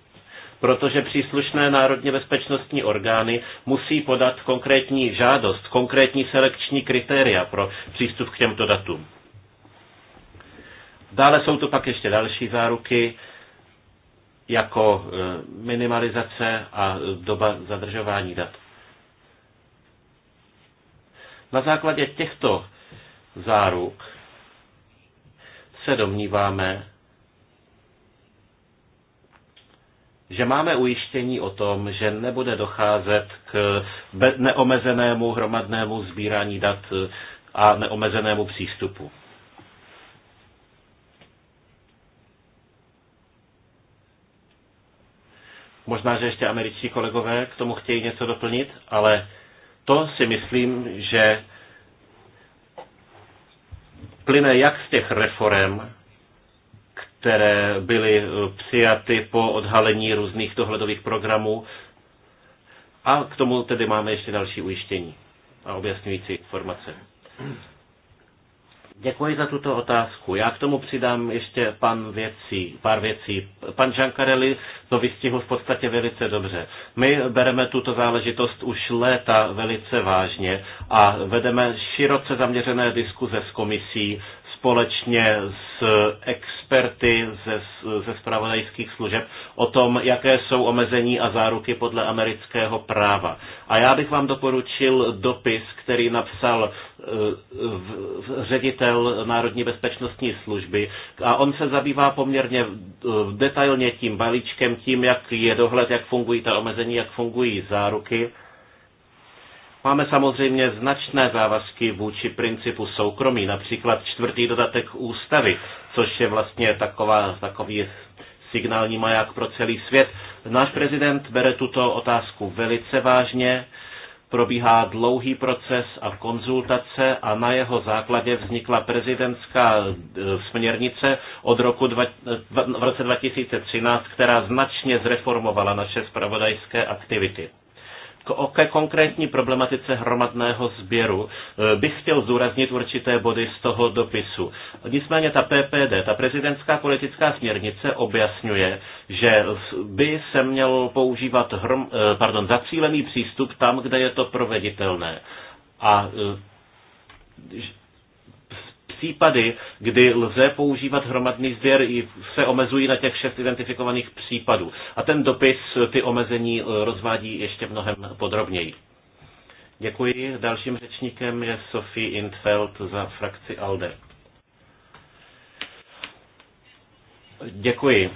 Speaker 1: protože příslušné národně bezpečnostní orgány musí podat konkrétní žádost, konkrétní selekční kritéria pro přístup k těmto datům. Dále jsou to pak ještě další záruky, jako e, minimalizace a doba zadržování dat. Na základě těchto záruk se domníváme, že máme ujištění o tom, že nebude docházet k neomezenému hromadnému sbírání dat a neomezenému přístupu. Možná, že ještě američtí kolegové k tomu chtějí něco doplnit, ale to si myslím, že plyne jak z těch reform, které byly eh, přijaty po odhalení různých dohledových programů. A k tomu tedy máme ještě další ujištění a objasňující informace. Děkuji za tuto otázku. Já k tomu přidám ještě pan věcí, pár věcí. Pan Giancarelli to vystihl v podstatě velice dobře. My bereme tuto záležitost už léta velice vážně a vedeme široce zaměřené diskuze s komisí společně s experty ze, ze spravodajských služeb o tom, jaké jsou omezení a záruky podle amerického práva. A já bych vám doporučil dopis, který napsal eh, ředitel Národní bezpečnostní služby a on se zabývá poměrně eh, detailně tím balíčkem, tím, jak je dohled, jak fungují ta omezení, jak fungují záruky Máme samozřejmě značné závazky vůči principu soukromí, například čtvrtý dodatek ústavy, což je vlastně taková, takový signální maják pro celý svět. Náš prezident bere tuto otázku velice vážně, probíhá dlouhý proces a konzultace a na jeho základě vznikla prezidentská e, směrnice od roku dva, v roce 2013, která značně zreformovala naše spravodajské aktivity ke konkrétní problematice hromadného sběru eh, bych chtěl zúraznit určité body z toho dopisu. Nicméně ta PPD, ta prezidentská politická směrnice, objasňuje, že by se měl používat hrom, eh, pardon, zacílený přístup tam, kde je to proveditelné. A eh, případy, kdy lze používat hromadný sběr, se omezují na těch šest identifikovaných případů. A ten dopis ty omezení eh, rozvádí ještě mnohem podrobněji. Děkuji. Dalším řečníkem je Sophie Intfeld za frakci ALDE. Děkuji.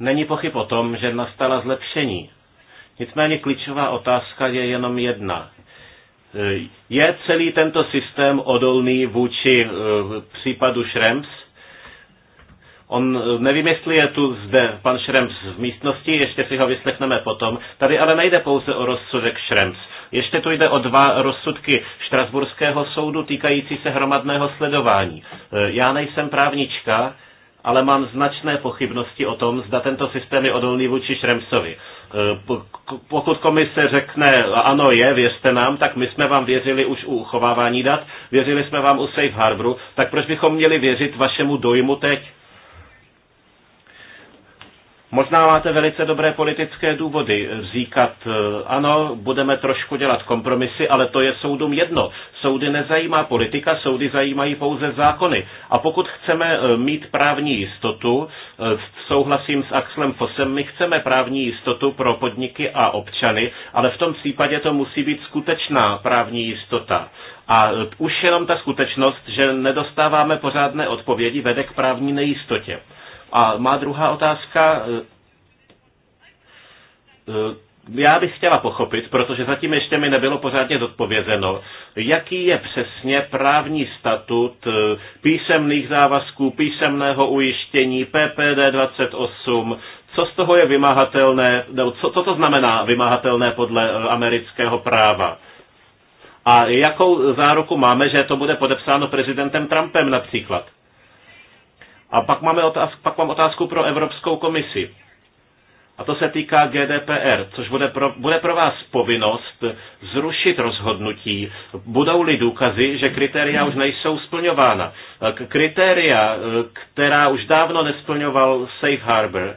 Speaker 1: Není pochyb o tom, že nastala zlepšení. Nicméně klíčová otázka je jenom jedna. Eh, je celý tento systém odolný vůči eh, případu Šrems? On, eh, nevím, jestli je tu zde pan Šrems v místnosti, ještě si ho vyslechneme potom. Tady ale nejde pouze o rozsudek Šrems. Ještě tu jde o dva rozsudky Štrasburského soudu týkající se hromadného sledování. Já nejsem právnička, ale mám značné pochybnosti o tom, zda tento systém je odolný vůči Šremsovi. Eh, pokud komise řekne, ano je, věřte nám, tak my jsme vám věřili už u uchovávání dat, věřili jsme vám u Safe Harboru, tak proč bychom měli věřit vašemu dojmu teď? Možná máte velice dobré politické důvody říkat, eh, ano, budeme trošku dělat kompromisy, ale to je soudům jedno. Soudy nezajímá politika, soudy zajímají pouze zákony. A pokud chceme eh, mít právní jistotu, eh, souhlasím s Axlem Fosem, my chceme právní jistotu pro podniky a občany, ale v tom případě to musí být skutečná právní jistota. A už jenom ta skutečnost, že nedostáváme pořádné odpovědi, vede k právní nejistotě. A má druhá otázka, eh, eh, já bych chtěla pochopit, protože zatím ještě mi nebylo pořádně zodpovězeno, jaký je přesně právní statut eh, písemných závazků, písemného ujištění, PPD 28, co z toho je vymahatelné, nebo co, co to znamená vymahatelné podle amerického práva. A jakou záruku máme, že to bude podepsáno prezidentem Trumpem například? A pak, máme otázku, pak mám otázku pro Evropskou komisi. A to se týká GDPR, což bude pro, bude pro vás povinnost zrušit rozhodnutí, budou-li důkazy, že kritéria už nejsou splňována. Kritéria, která už dávno nesplňoval Safe Harbor,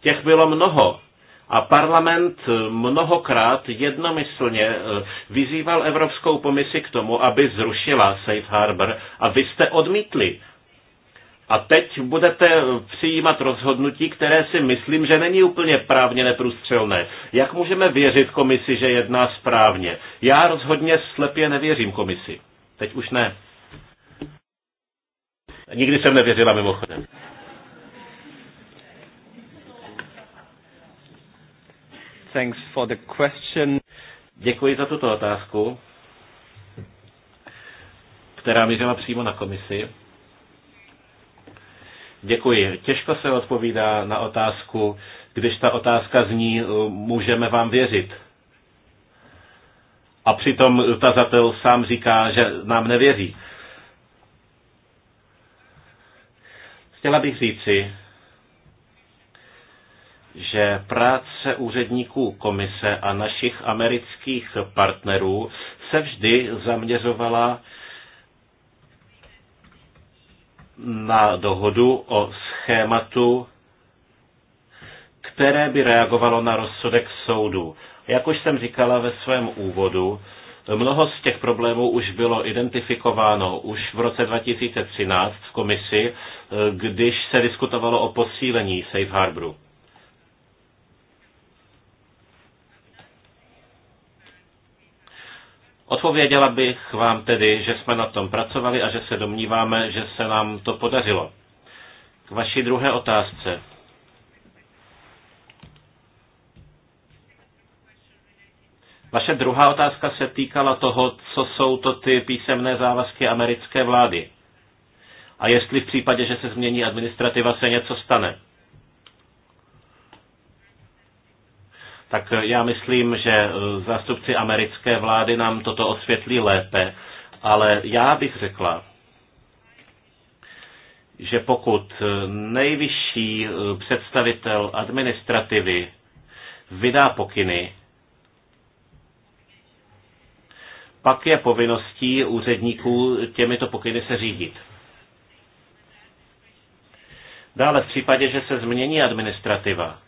Speaker 1: těch bylo mnoho. A parlament mnohokrát jednomyslně eh, vyzýval Evropskou komisi k tomu, aby zrušila Safe Harbor a vy jste odmítli. A teď budete přijímat rozhodnutí, které si myslím, že není úplně právně neprůstřelné. Jak můžeme věřit komisi, že jedná správně? Já rozhodně slepě nevěřím komisi. Teď už ne. Nikdy jsem nevěřila mimochodem. Thanks for the question. Děkuji za tuto otázku, která mířila přímo na komisi. Děkuji. Těžko se odpovídá na otázku, když ta otázka zní, eh, můžeme vám věřit. A přitom tazatel sám říká, že nám nevěří. Chtěla bych říci, že práce úředníků komise a našich amerických partnerů se vždy zaměřovala na dohodu o schématu, které by reagovalo na rozsudek soudu. Jak už jsem říkala ve svém úvodu, mnoho z těch problémů už bylo identifikováno už v roce 2013 v komisi, eh, když se diskutovalo o posílení Safe Harboru. Odpověděla bych vám tedy, že jsme na tom pracovali a že se domníváme, že se nám to podařilo. K vaší druhé otázce. Vaše druhá otázka se týkala toho, co jsou to ty písemné závazky americké vlády. A jestli v případě, že se změní administrativa, se něco stane. tak eh, já myslím, že eh, zástupci americké vlády nám toto osvětlí lépe, ale já bych řekla, že pokud eh, nejvyšší představitel administrativy vydá pokyny, pak je povinností úředníků těmito pokyny se řídit. Dále v případě, že se změní administrativa,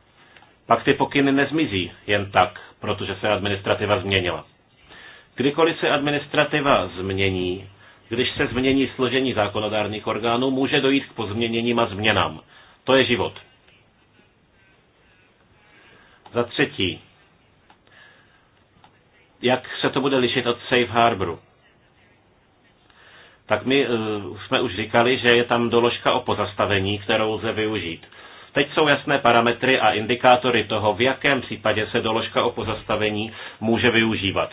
Speaker 1: pak ty pokyny nezmizí jen tak, protože se administrativa změnila. Kdykoliv se administrativa změní, když se změní složení zákonodárných orgánů, může dojít k pozměněním a změnám. To je život. Za třetí, jak se to bude lišit od Safe Harboru? Tak my uh, jsme už říkali, že je tam doložka o pozastavení, kterou lze využít. Teď jsou jasné parametry a indikátory toho, v jakém případě se doložka o pozastavení může využívat.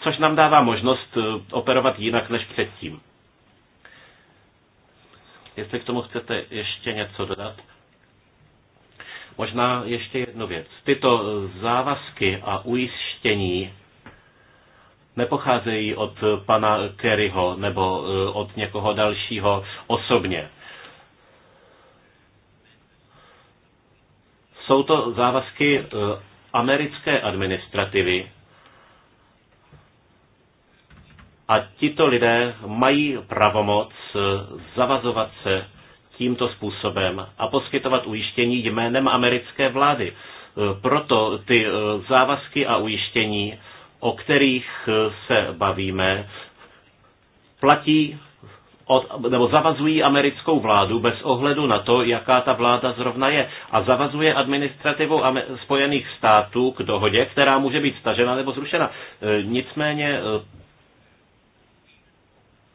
Speaker 1: Což nám dává možnost eh, operovat jinak než předtím. Jestli k tomu chcete ještě něco dodat? Možná ještě jednu věc. Tyto eh, závazky a ujištění nepocházejí od eh, pana Kerryho nebo od někoho dalšího osobně. Jsou to závazky eh, americké administrativy a tito lidé mají pravomoc eh, zavazovat se tímto způsobem a poskytovat ujištění jménem americké vlády. Eh, proto ty závazky a ujištění, o kterých se bavíme, platí od, nebo zavazují americkou vládu bez ohledu na to, jaká ta vláda zrovna je. A zavazuje administrativu Spojených států k dohodě, která může být stažena nebo zrušena. E, nicméně e,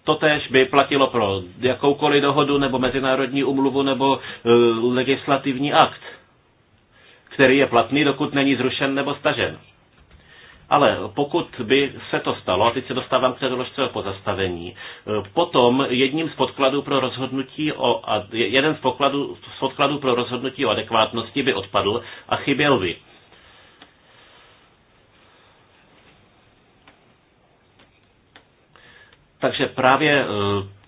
Speaker 1: totéž by platilo pro jakoukoliv dohodu nebo mezinárodní umluvu nebo e, legislativní akt, který je platný, dokud není zrušen nebo stažen. Ale pokud by se to stalo, a teď se dostávám k té doložce o pozastavení, eh, potom jedním z podkladů pro rozhodnutí o, jeden z, podkladů, z podkladů pro rozhodnutí o adekvátnosti by odpadl a chyběl by. Takže právě eh,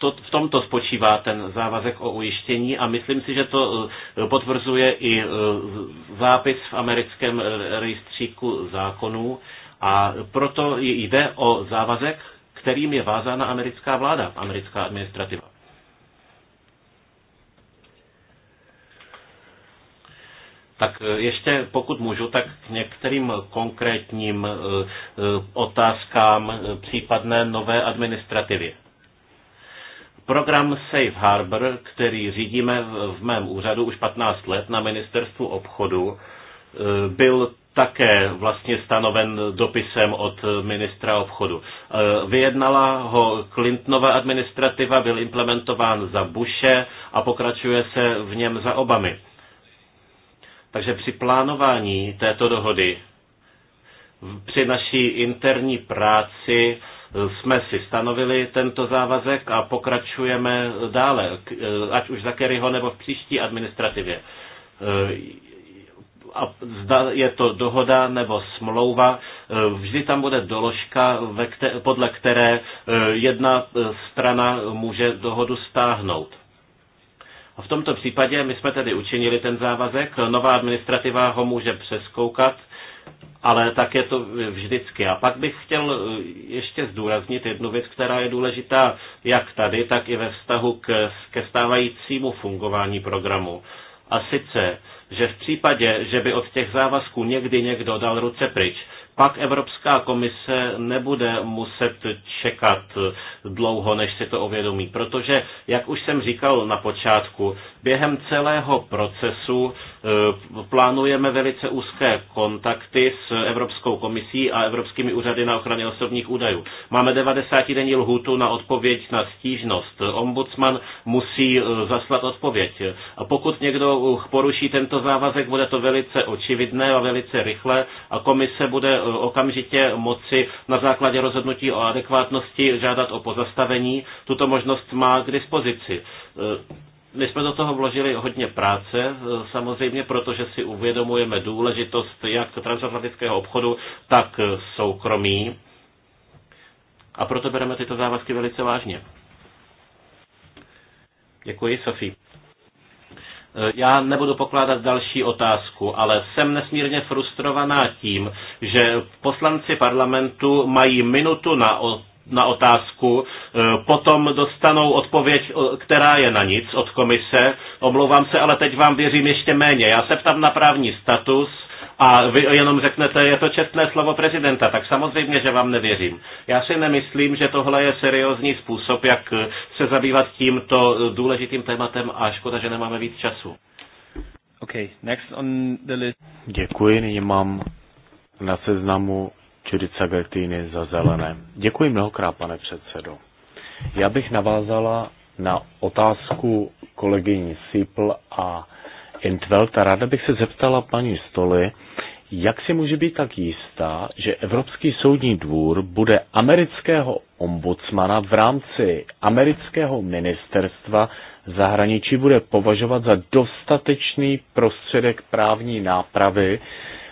Speaker 1: to, v tomto spočívá ten závazek o ujištění a myslím si, že to eh, potvrzuje i eh, zápis v americkém eh, rejstříku zákonů a proto jde o závazek, kterým je vázána americká vláda, americká administrativa. Tak ještě, pokud můžu, tak k některým konkrétním otázkám případné nové administrativy. Program Safe Harbor, který řídíme v mém úřadu už 15 let na ministerstvu obchodu, e, byl také vlastně stanoven dopisem od ministra obchodu. E, vyjednala ho Clintonova administrativa, byl implementován za Bushe a pokračuje se v něm za Obamy. Takže při plánování této dohody, při naší interní práci jsme si stanovili tento závazek a pokračujeme dále, eh, ať už za Kerryho nebo v příští administrativě. Eh, a zda je to dohoda nebo smlouva, eh, vždy tam bude doložka, podle které jedna strana může dohodu stáhnout. A v tomto případě my jsme tedy učinili ten závazek, nová administrativa ho může přeskoukat ale tak je to vždycky. A pak bych chtěl eh, ještě zdůraznit jednu věc, která je důležitá jak tady, tak i ve vztahu k, ke stávajícímu fungování programu. A sice, že v případě, že by od těch závazků někdy někdo dal ruce pryč, pak Evropská komise nebude muset čekat dlouho, než si to ovědomí, protože, jak už jsem říkal na počátku, během celého procesu eh, plánujeme velice úzké kontakty s Evropskou komisí a Evropskými úřady na ochraně osobních údajů. Máme 90-denní lhůtu na odpověď na stížnost. Ombudsman musí eh, zaslat odpověď. A pokud někdo eh, poruší tento závazek, bude to velice očividné a velice rychle a komise bude okamžitě moci na základě rozhodnutí o adekvátnosti žádat o pozastavení. Tuto možnost má k dispozici. Eh, my jsme do toho vložili hodně práce, eh, samozřejmě, protože si uvědomujeme důležitost jak transatlantického obchodu, tak eh, soukromí. A proto bereme tyto závazky velice vážně. Děkuji, Sofie. Eh, já nebudu pokládat další otázku, ale jsem nesmírně frustrovaná tím, že poslanci parlamentu mají minutu na na otázku, eh, potom dostanou odpověď, která je na nic od komise. Omlouvám se, ale teď vám věřím ještě méně. Já se ptám na právní status, a vy jenom řeknete, je to čestné slovo prezidenta, tak samozřejmě, že vám nevěřím. Já si nemyslím, že tohle je seriózní způsob, jak se zabývat tímto důležitým tématem a škoda, že nemáme víc času. Okay, next on the list.
Speaker 3: Děkuji, nyní mám na seznamu Čudica Gertýny za zelené. Děkuji mnohokrát, pane předsedo. Já bych navázala na otázku kolegyní Sipl a Intvelta. ráda bych se zeptala paní Stoly, jak si může být tak jistá, že Evropský soudní dvůr bude amerického ombudsmana v rámci amerického ministerstva zahraničí bude považovat za dostatečný prostředek právní nápravy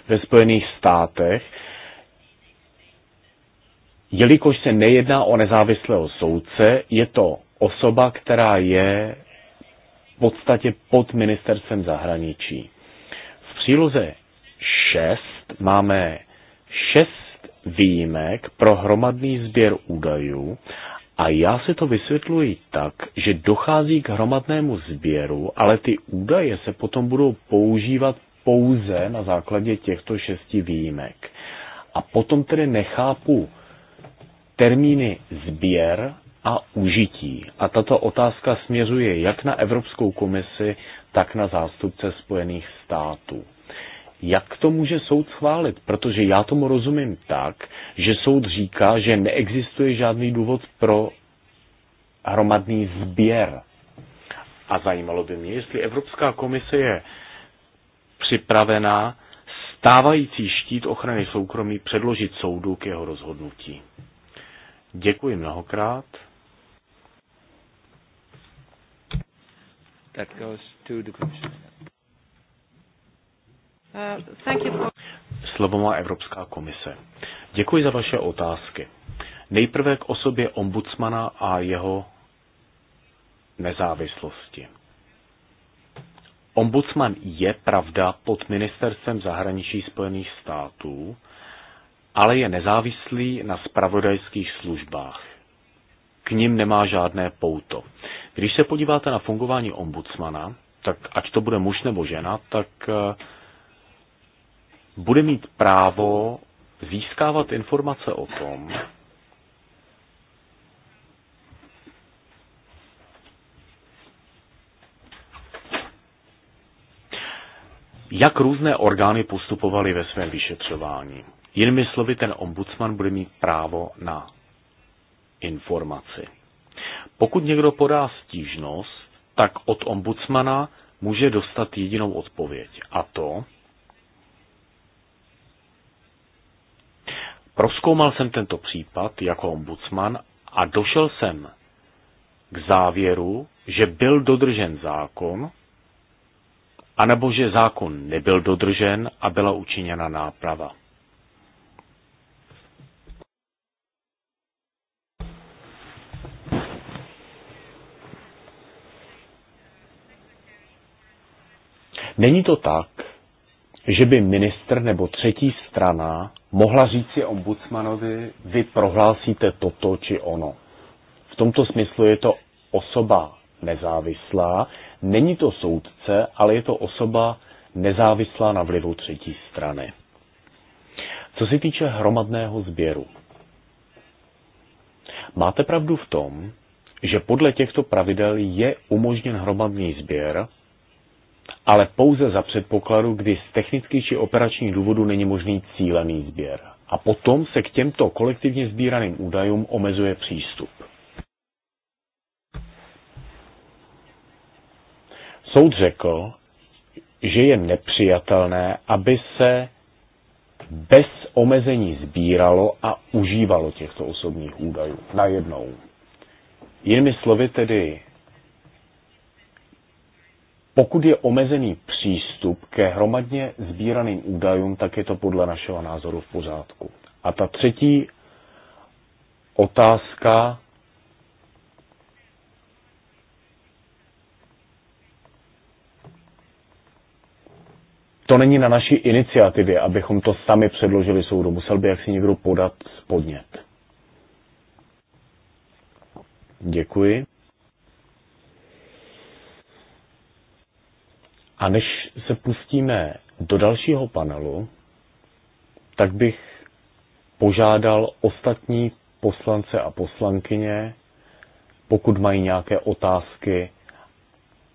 Speaker 3: ve Spojených státech, jelikož se nejedná o nezávislého soudce, je to osoba, která je v podstatě pod ministerstvem zahraničí. V příloze 6 máme 6 výjimek pro hromadný sběr údajů a já si to vysvětluji tak, že dochází k hromadnému sběru, ale ty údaje se potom budou používat pouze na základě těchto šesti výjimek. A potom tedy nechápu termíny sběr a užití. A tato otázka směřuje jak na Evropskou komisi, tak na zástupce Spojených států jak to může soud schválit? Protože já tomu rozumím tak, že soud říká, že neexistuje žádný důvod pro hromadný sběr. A zajímalo by mě, jestli Evropská komise je připravená stávající štít ochrany soukromí předložit soudu k jeho rozhodnutí. Děkuji mnohokrát. That goes to the commission. Uh, Slovo má Evropská komise. Děkuji za vaše otázky. Nejprve k osobě ombudsmana a jeho nezávislosti. Ombudsman je pravda pod ministerstvem zahraničí Spojených států, ale je nezávislý na spravodajských službách. K ním nemá žádné pouto. Když se podíváte na fungování ombudsmana, tak ať to bude muž nebo žena, tak eh, bude mít právo získávat informace o tom, jak různé orgány postupovaly ve svém vyšetřování. Jinými slovy, ten ombudsman bude mít právo na informaci. Pokud někdo podá stížnost, tak od ombudsmana může dostat jedinou odpověď, a to, Proskoumal jsem tento případ jako ombudsman a došel jsem k závěru, že byl dodržen zákon, anebo že zákon nebyl dodržen a byla učiněna náprava. Není to tak, že by ministr nebo třetí strana mohla říci ombudsmanovi, vy prohlásíte toto či ono. V tomto smyslu je to osoba nezávislá, není to soudce, ale je to osoba nezávislá na vlivu třetí strany. Co se týče hromadného sběru, máte pravdu v tom, že podle těchto pravidel je umožněn hromadný sběr, ale pouze za předpokladu, kdy z technických či operačních důvodů není možný cílený sběr. A potom se k těmto kolektivně sbíraným údajům omezuje přístup. Soud řekl, že je nepřijatelné, aby se bez omezení sbíralo a užívalo těchto osobních údajů najednou. Jinými slovy tedy pokud je omezený přístup ke hromadně sbíraným údajům, tak je to podle našeho názoru v pořádku. A ta třetí otázka to není na naší iniciativě, abychom to sami předložili soudu. Musel by jaksi někdo podat podnět. Děkuji. A než se pustíme do dalšího panelu, tak bych požádal ostatní poslance a poslankyně, pokud mají nějaké otázky,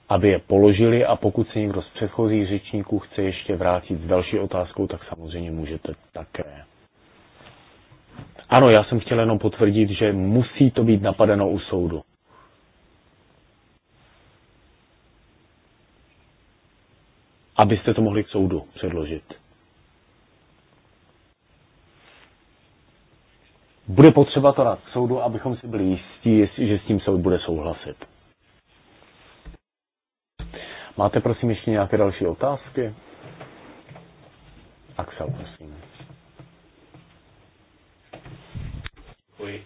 Speaker 3: aby je položili a pokud se někdo z předchozích řečníků chce ještě vrátit s další otázkou, tak samozřejmě můžete také. Ano, já jsem chtěl jenom potvrdit, že musí to být napadeno u soudu. abyste to mohli k soudu předložit. Bude potřeba to dát k soudu, abychom si byli jistí, že s tím soud bude souhlasit. Máte prosím ještě nějaké další otázky?
Speaker 1: Axel, prosím. Děkuji.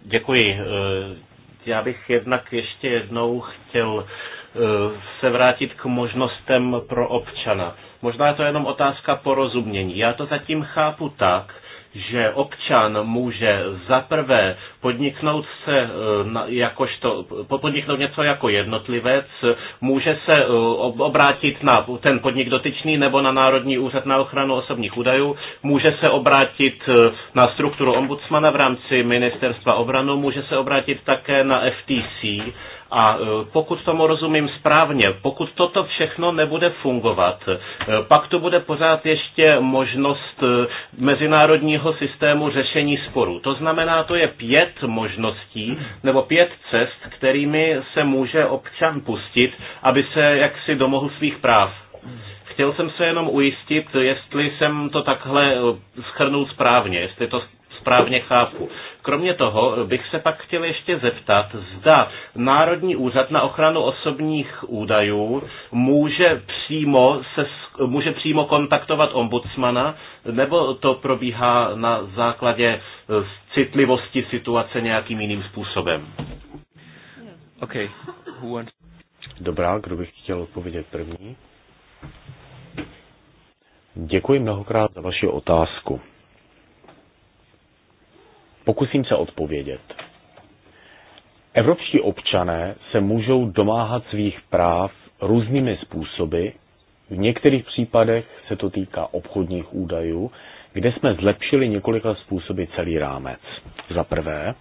Speaker 1: Děkuji. Eh, já bych jednak ještě jednou chtěl Eh, se vrátit k možnostem pro občana. Možná je to jenom otázka porozumění. Já to zatím chápu tak, že občan může zaprvé podniknout se eh, jakožto, podniknout něco jako jednotlivec, může se eh, obrátit na ten podnik dotyčný nebo na Národní úřad na ochranu osobních údajů, může se obrátit na strukturu ombudsmana v rámci ministerstva obranu, může se obrátit také na FTC a e, pokud tomu rozumím správně, pokud toto všechno nebude fungovat, e, pak to bude pořád ještě možnost e, mezinárodního systému řešení sporů. To znamená, to je pět možností nebo pět cest, kterými se může občan pustit, aby se jaksi domohl svých práv. Chtěl jsem se jenom ujistit, jestli jsem to takhle schrnul správně, jestli to správně chápu. Kromě toho bych se pak chtěl ještě zeptat, zda Národní úřad na ochranu osobních údajů může přímo, se, může přímo kontaktovat ombudsmana, nebo to probíhá na základě e, citlivosti situace nějakým jiným způsobem? Okay.
Speaker 3: Dobrá, kdo by chtěl odpovědět první? Děkuji mnohokrát za vaši otázku. Pokusím se odpovědět. Evropští občané se můžou domáhat svých práv různými způsoby. V některých případech se to týká obchodních údajů, kde jsme zlepšili několika způsoby celý rámec. Za prvé,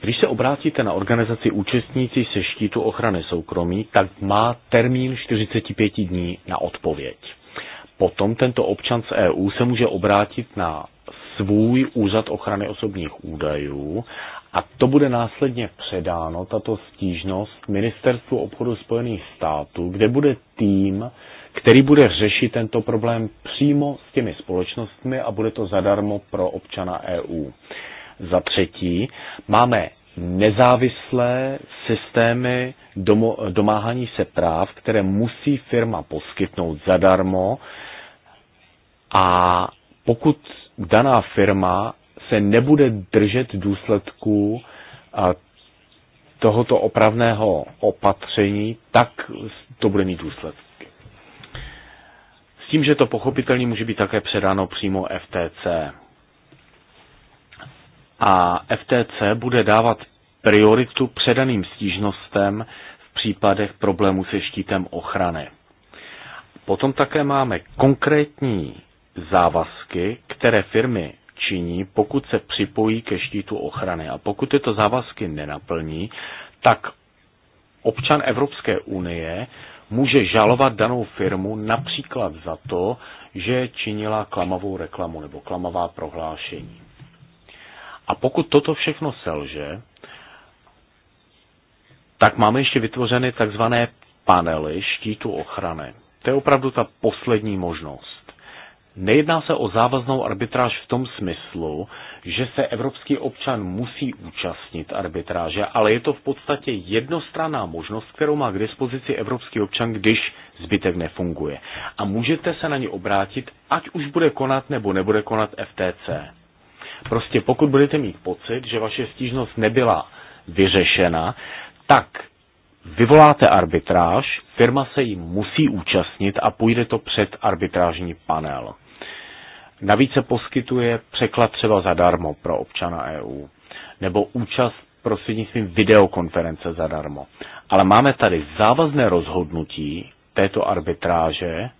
Speaker 3: když se obrátíte na organizaci účastníci se štítu ochrany soukromí, tak má termín 45 dní na odpověď. Potom tento občan z EU se může obrátit na svůj úřad ochrany osobních údajů a to bude následně předáno, tato stížnost, Ministerstvu obchodu Spojených států, kde bude tým, který bude řešit tento problém přímo s těmi společnostmi a bude to zadarmo pro občana EU. Za třetí, máme nezávislé systémy domo, domáhání se práv, které musí firma poskytnout zadarmo a pokud daná firma se nebude držet důsledků tohoto opravného opatření, tak to bude mít důsledky. S tím, že to pochopitelně může být také předáno přímo FTC. A FTC bude dávat prioritu předaným stížnostem v případech problémů se štítem ochrany. Potom také máme konkrétní závazky, které firmy činí, pokud se připojí ke štítu ochrany. A pokud tyto závazky nenaplní, tak občan Evropské unie může žalovat danou firmu například za to, že činila klamavou reklamu nebo klamavá prohlášení. A pokud toto všechno selže, tak máme ještě vytvořeny takzvané panely štítu ochrany. To je opravdu ta poslední možnost. Nejedná se o závaznou arbitráž v tom smyslu, že se evropský občan musí účastnit arbitráže, ale je to v podstatě jednostranná možnost, kterou má k dispozici evropský občan, když zbytek nefunguje. A můžete se na ně obrátit, ať už bude konat nebo nebude konat FTC. Prostě pokud budete mít pocit, že vaše stížnost nebyla vyřešena, tak vyvoláte arbitráž, firma se jí musí účastnit a půjde to před arbitrážní panel. Navíc se poskytuje překlad třeba zadarmo pro občana EU nebo účast prostřednictvím videokonference zadarmo. Ale máme tady závazné rozhodnutí této arbitráže,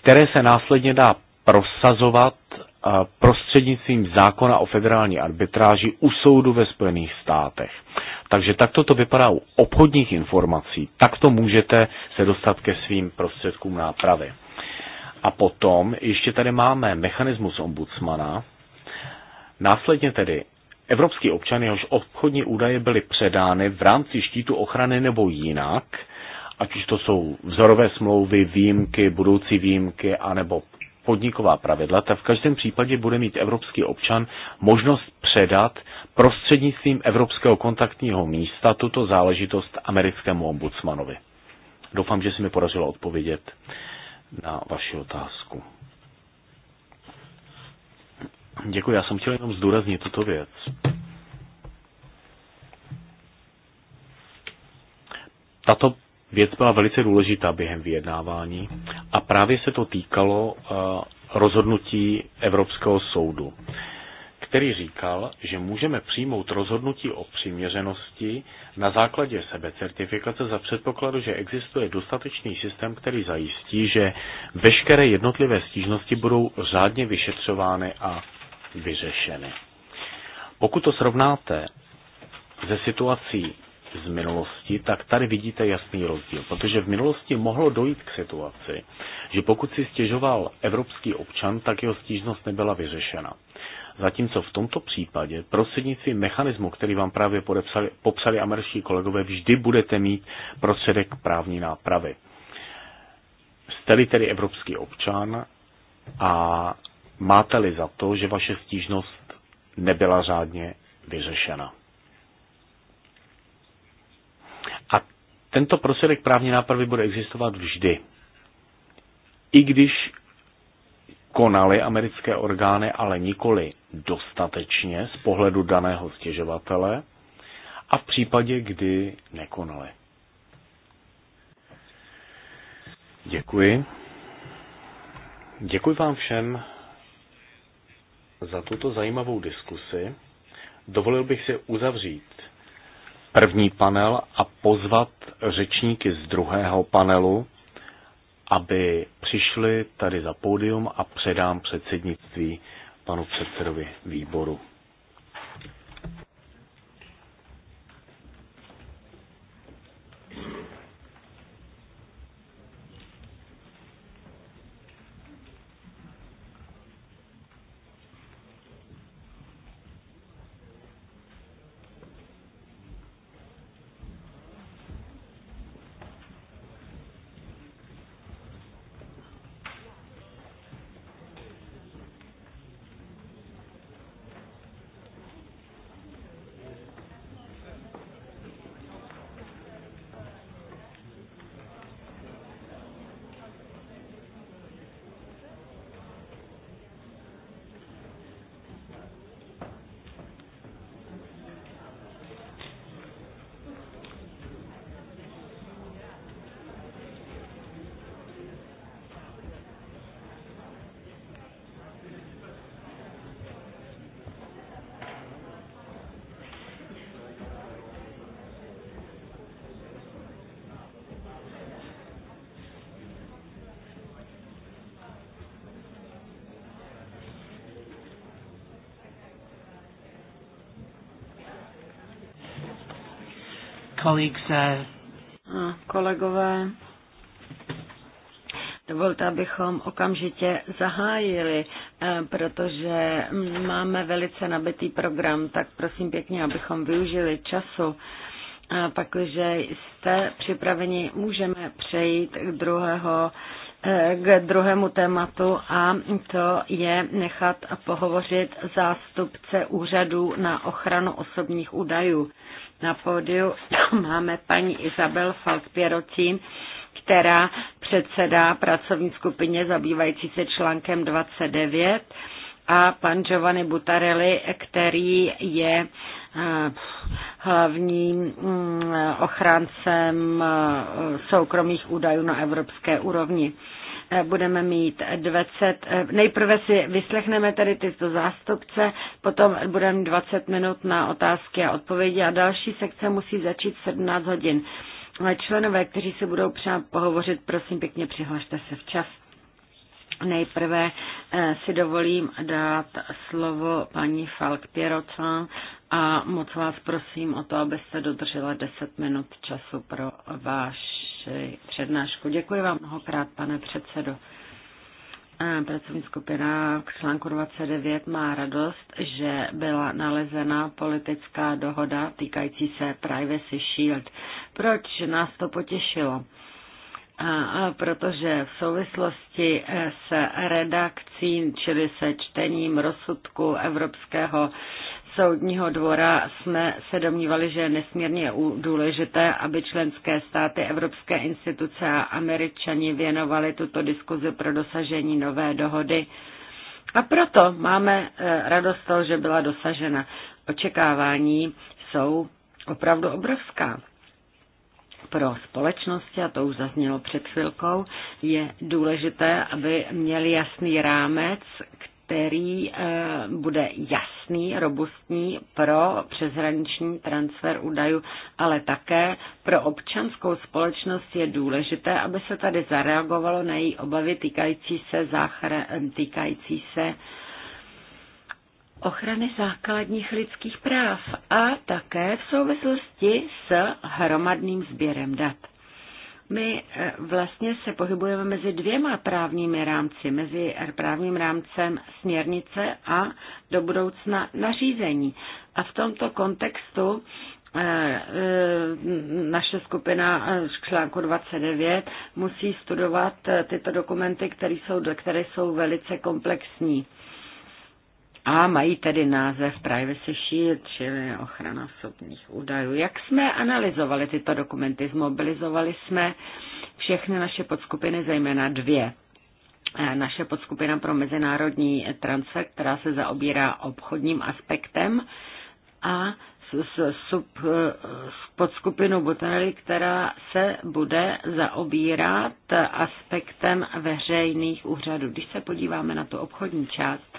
Speaker 3: které se následně dá prosazovat eh, prostřednictvím zákona o federální arbitráži u soudu ve Spojených státech. Takže takto to vypadá u obchodních informací. Takto můžete se dostat ke svým prostředkům nápravy. A potom ještě tady máme mechanismus ombudsmana. Následně tedy evropský občan, jehož obchodní údaje byly předány v rámci štítu ochrany nebo jinak, ať už to jsou vzorové smlouvy, výjimky, budoucí výjimky, anebo podniková pravidla, tak v každém případě bude mít evropský občan možnost předat prostřednictvím Evropského kontaktního místa tuto záležitost americkému ombudsmanovi. Doufám, že se mi podařilo odpovědět na vaši otázku. Děkuji, já jsem chtěl jenom zdůraznit tuto věc. Tato věc byla velice důležitá během vyjednávání a právě se to týkalo eh, rozhodnutí Evropského soudu který říkal, že můžeme přijmout rozhodnutí o přiměřenosti na základě sebecertifikace za předpokladu, že existuje dostatečný systém, který zajistí, že veškeré jednotlivé stížnosti budou řádně vyšetřovány a vyřešeny. Pokud to srovnáte ze situací z minulosti, tak tady vidíte jasný rozdíl, protože v minulosti mohlo dojít k situaci, že pokud si stěžoval evropský občan, tak jeho stížnost nebyla vyřešena. Zatímco v tomto případě prostřednictvím mechanismu, který vám právě podepsali, popsali američtí kolegové, vždy budete mít prostředek právní nápravy. Jste-li tedy evropský občan a máte-li za to, že vaše stížnost nebyla řádně vyřešena. A tento prostředek právní nápravy bude existovat vždy. I když konaly americké orgány, ale nikoli dostatečně z pohledu daného stěžovatele a v případě, kdy nekonali. Děkuji. Děkuji vám všem za tuto zajímavou diskusi. Dovolil bych si uzavřít první panel a pozvat řečníky z druhého panelu, aby přišli tady za pódium a předám předsednictví panu předsedovi výboru.
Speaker 2: colleagues. Uh, a kolegové, dovolte, abychom okamžitě zahájili, eh, protože máme velice nabitý program, tak prosím pěkně, abychom využili času. takže jste připraveni, můžeme přejít k druhého eh, k druhému tématu a to je nechat pohovořit zástupce úřadu na ochranu osobních údajů. Na pódiu máme paní Isabel Faltpěrocín, která předsedá pracovní skupině zabývající se článkem 29 a pan Giovanni Butarelli, který je eh, hlavním mm, ochráncem eh, soukromých údajů na evropské úrovni budeme mít 20, nejprve si vyslechneme tady tyto zástupce, potom budeme 20 minut na otázky a odpovědi a další sekce musí začít 17 hodin. Členové, kteří se budou přát pohovořit, prosím pěkně přihlašte se včas. Nejprve eh, si dovolím dát slovo paní Falk Pierocan a moc vás prosím o to, abyste dodržela 10 minut času pro váš vaši přednášku. Děkuji vám mnohokrát, pane předsedo. Pracovní skupina k článku 29 má radost, že byla nalezena politická dohoda týkající se Privacy Shield. Proč nás to potěšilo? A protože v souvislosti s redakcí, čili se čtením rozsudku Evropského soudního dvora jsme se domnívali, že je nesmírně důležité, aby členské státy, evropské instituce a američani věnovali tuto diskuzi pro dosažení nové dohody. A proto máme eh, radost toho, že byla dosažena. Očekávání jsou opravdu obrovská. Pro společnosti, a to už zaznělo před chvilkou, je důležité, aby měli jasný rámec, který eh, bude jasný, robustní pro přeshraniční transfer údajů, ale také pro občanskou společnost je důležité, aby se tady zareagovalo na její obavy týkající se, záchra- týkající se ochrany základních lidských práv a také v souvislosti s hromadným sběrem dat. My eh, vlastně se pohybujeme mezi dvěma právními rámci, mezi právním rámcem směrnice a do budoucna nařízení. A v tomto kontextu eh, eh, naše skupina z článku 29 musí studovat tyto dokumenty, které jsou, které jsou velice komplexní a mají tedy název Privacy Shield, čili ochrana osobních údajů. Jak jsme analyzovali tyto dokumenty? Zmobilizovali jsme všechny naše podskupiny, zejména dvě. Eh, naše podskupina pro mezinárodní transfer, která se zaobírá obchodním aspektem a s, sub, eh, s podskupinu Botanely, která se bude zaobírat aspektem veřejných úřadů. Když se podíváme na tu obchodní část,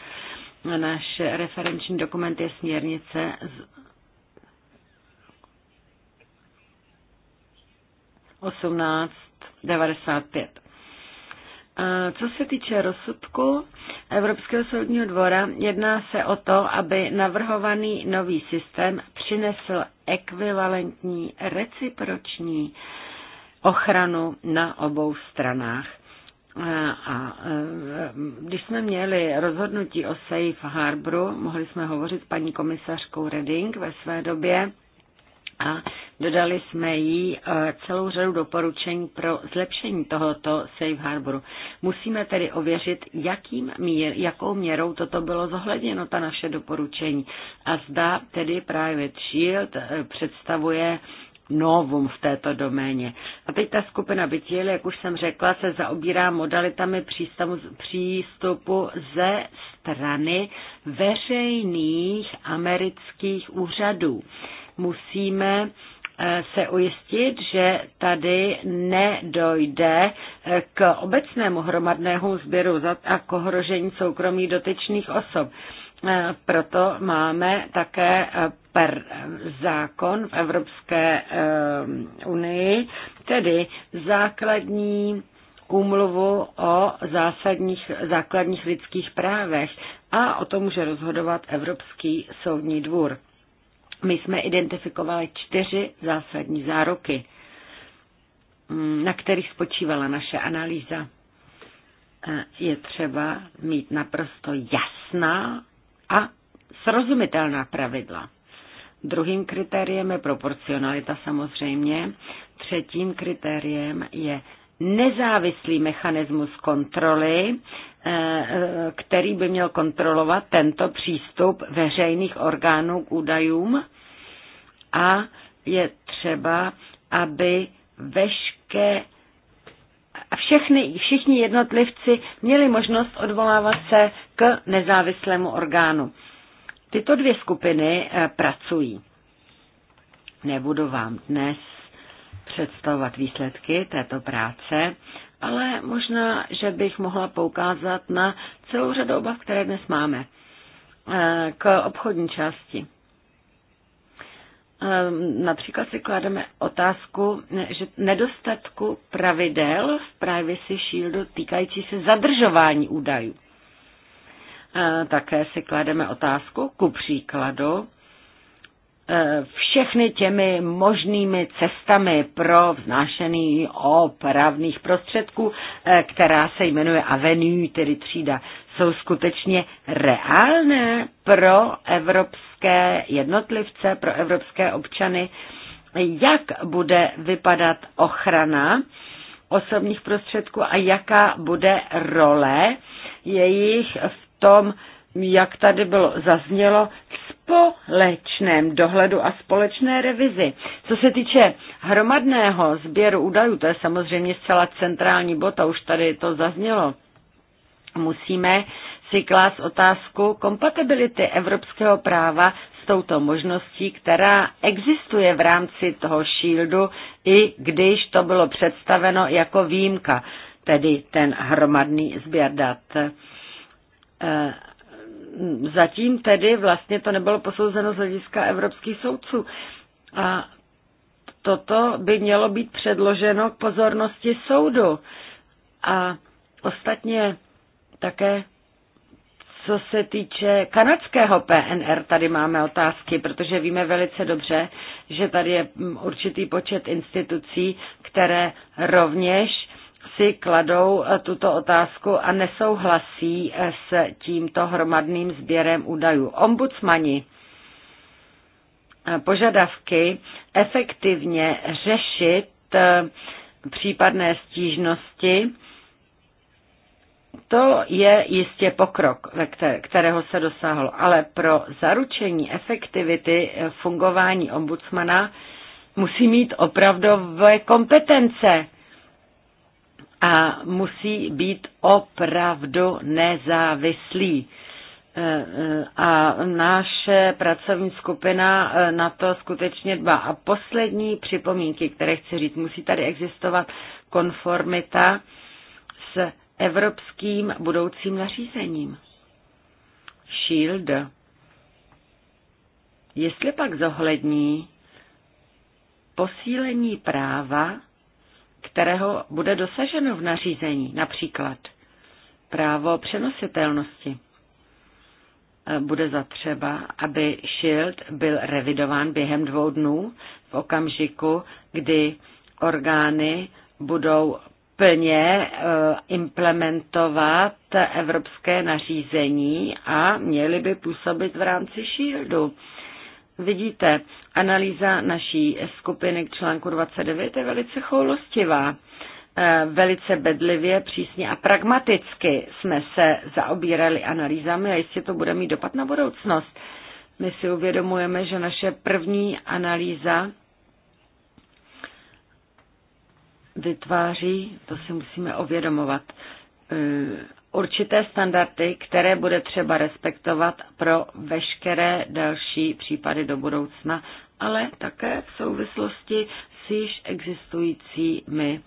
Speaker 2: Náš referenční dokument je směrnice z 1895. Co se týče rozsudku Evropského soudního dvora, jedná se o to, aby navrhovaný nový systém přinesl ekvivalentní reciproční ochranu na obou stranách Eh, a eh, když jsme měli rozhodnutí o Safe Harboru, mohli jsme hovořit s paní komisařkou Reding ve své době a dodali jsme jí eh, celou řadu doporučení pro zlepšení tohoto Safe Harboru. Musíme tedy ověřit, jakým mír, jakou měrou toto bylo zohledněno, ta naše doporučení. A zda tedy Private Shield představuje novum v této doméně. A teď ta skupina bytěl, jak už jsem řekla, se zaobírá modalitami přístupu ze strany veřejných amerických úřadů. Musíme eh, se ujistit, že tady nedojde eh, k obecnému hromadnému sběru a k ohrožení soukromí dotyčných osob. E, proto máme také e, per zákon v Evropské e, unii, tedy základní úmluvu o zásadních, základních lidských právech a o tom může rozhodovat Evropský soudní dvůr. My jsme identifikovali čtyři zásadní záruky, mm, na kterých spočívala naše analýza. Je třeba mít naprosto jasná a srozumitelná pravidla. Druhým kritériem je proporcionalita samozřejmě. Třetím kritériem je nezávislý mechanismus kontroly, eh, eh, který by měl kontrolovat tento přístup veřejných orgánů k údajům a je třeba, aby veškeré a všechny, všichni jednotlivci měli možnost odvolávat se k nezávislému orgánu. Tyto dvě skupiny eh, pracují. Nebudu vám dnes představovat výsledky této práce, ale možná, že bych mohla poukázat na celou řadu obav, které dnes máme eh, k obchodní části. Ehm, například si klademe otázku že nedostatku pravidel v Privacy Shieldu týkající se zadržování údajů. Ehm, také si klademe otázku, ku příkladu, ehm, všechny těmi možnými cestami pro vznášený opravných prostředků, která se jmenuje Avenue, tedy třída jsou skutečně reálné pro evropské jednotlivce, pro evropské občany, jak bude vypadat ochrana osobních prostředků a jaká bude role jejich v tom, jak tady bylo zaznělo, společném dohledu a společné revizi. Co se týče hromadného sběru údajů, to je samozřejmě zcela centrální bod a už tady to zaznělo, Musíme si klást otázku kompatibility evropského práva s touto možností, která existuje v rámci toho shieldu, i když to bylo představeno jako výjimka, tedy ten hromadný sběr dat. E, zatím tedy vlastně to nebylo posouzeno z hlediska evropských soudců. A toto by mělo být předloženo k pozornosti soudu. A ostatně také co se týče kanadského PNR, tady máme otázky, protože víme velice dobře, že tady je určitý počet institucí, které rovněž si kladou eh, tuto otázku a nesouhlasí eh, s tímto hromadným sběrem údajů. Ombudsmani eh, požadavky efektivně řešit případné stížnosti to je jistě pokrok, kterého se dosáhlo, ale pro zaručení efektivity eh, fungování ombudsmana musí mít opravdové kompetence a musí být opravdu nezávislý. Eh, eh, a naše pracovní skupina na to skutečně dbá. A poslední připomínky, které chci říct, musí tady existovat konformita s evropským budoucím nařízením. Shield. Jestli pak zohlední posílení práva, kterého bude dosaženo v nařízení, například právo přenositelnosti. Bude zatřeba, aby Shield byl revidován během dvou dnů v okamžiku, kdy orgány budou plně eh, implementovat evropské nařízení a měly by působit v rámci shieldu. Vidíte, analýza naší skupiny k článku 29 je velice choulostivá. Eh, velice bedlivě, přísně a pragmaticky jsme se zaobírali analýzami a jistě to bude mít dopad na budoucnost. My si uvědomujeme, že naše první analýza vytváří, to si musíme ovědomovat, eh, určité standardy, které bude třeba respektovat pro veškeré další případy do budoucna, ale také v souvislosti s již existujícími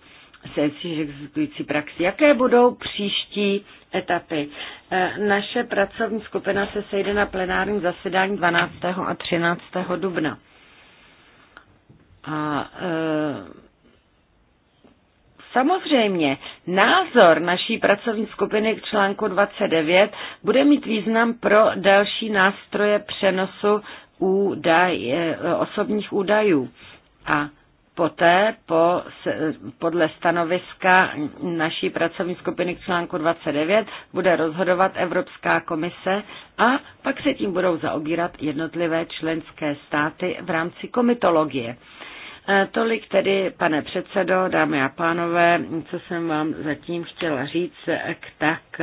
Speaker 2: se již existující praxi. Jaké budou příští etapy? Eh, naše pracovní skupina se sejde na plenárním zasedání 12. a 13. dubna. A e, Samozřejmě, názor naší pracovní skupiny k článku 29 bude mít význam pro další nástroje přenosu údaj, eh, osobních údajů. A poté po, podle stanoviska naší pracovní skupiny k článku 29 bude rozhodovat Evropská komise a pak se tím budou zaobírat jednotlivé členské státy v rámci komitologie. E, tolik tedy, pane předsedo, dámy a pánové, co jsem vám zatím chtěla říct k tak,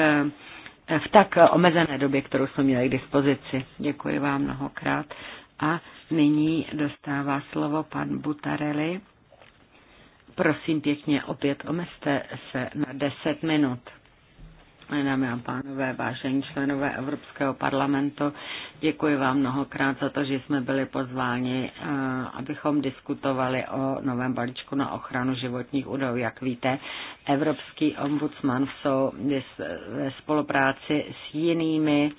Speaker 2: e, v tak omezené době, kterou jsme měli k dispozici. Děkuji vám mnohokrát. A nyní dostává slovo pan Butarelli. Prosím pěkně, opět omezte se na 10 minut. Dámy a pánové, vážení členové Evropského parlamentu, děkuji vám mnohokrát za to, že jsme byli pozváni, eh, abychom diskutovali o novém balíčku na ochranu životních údajů. Jak víte, Evropský ombudsman jsou ve spolupráci s jinými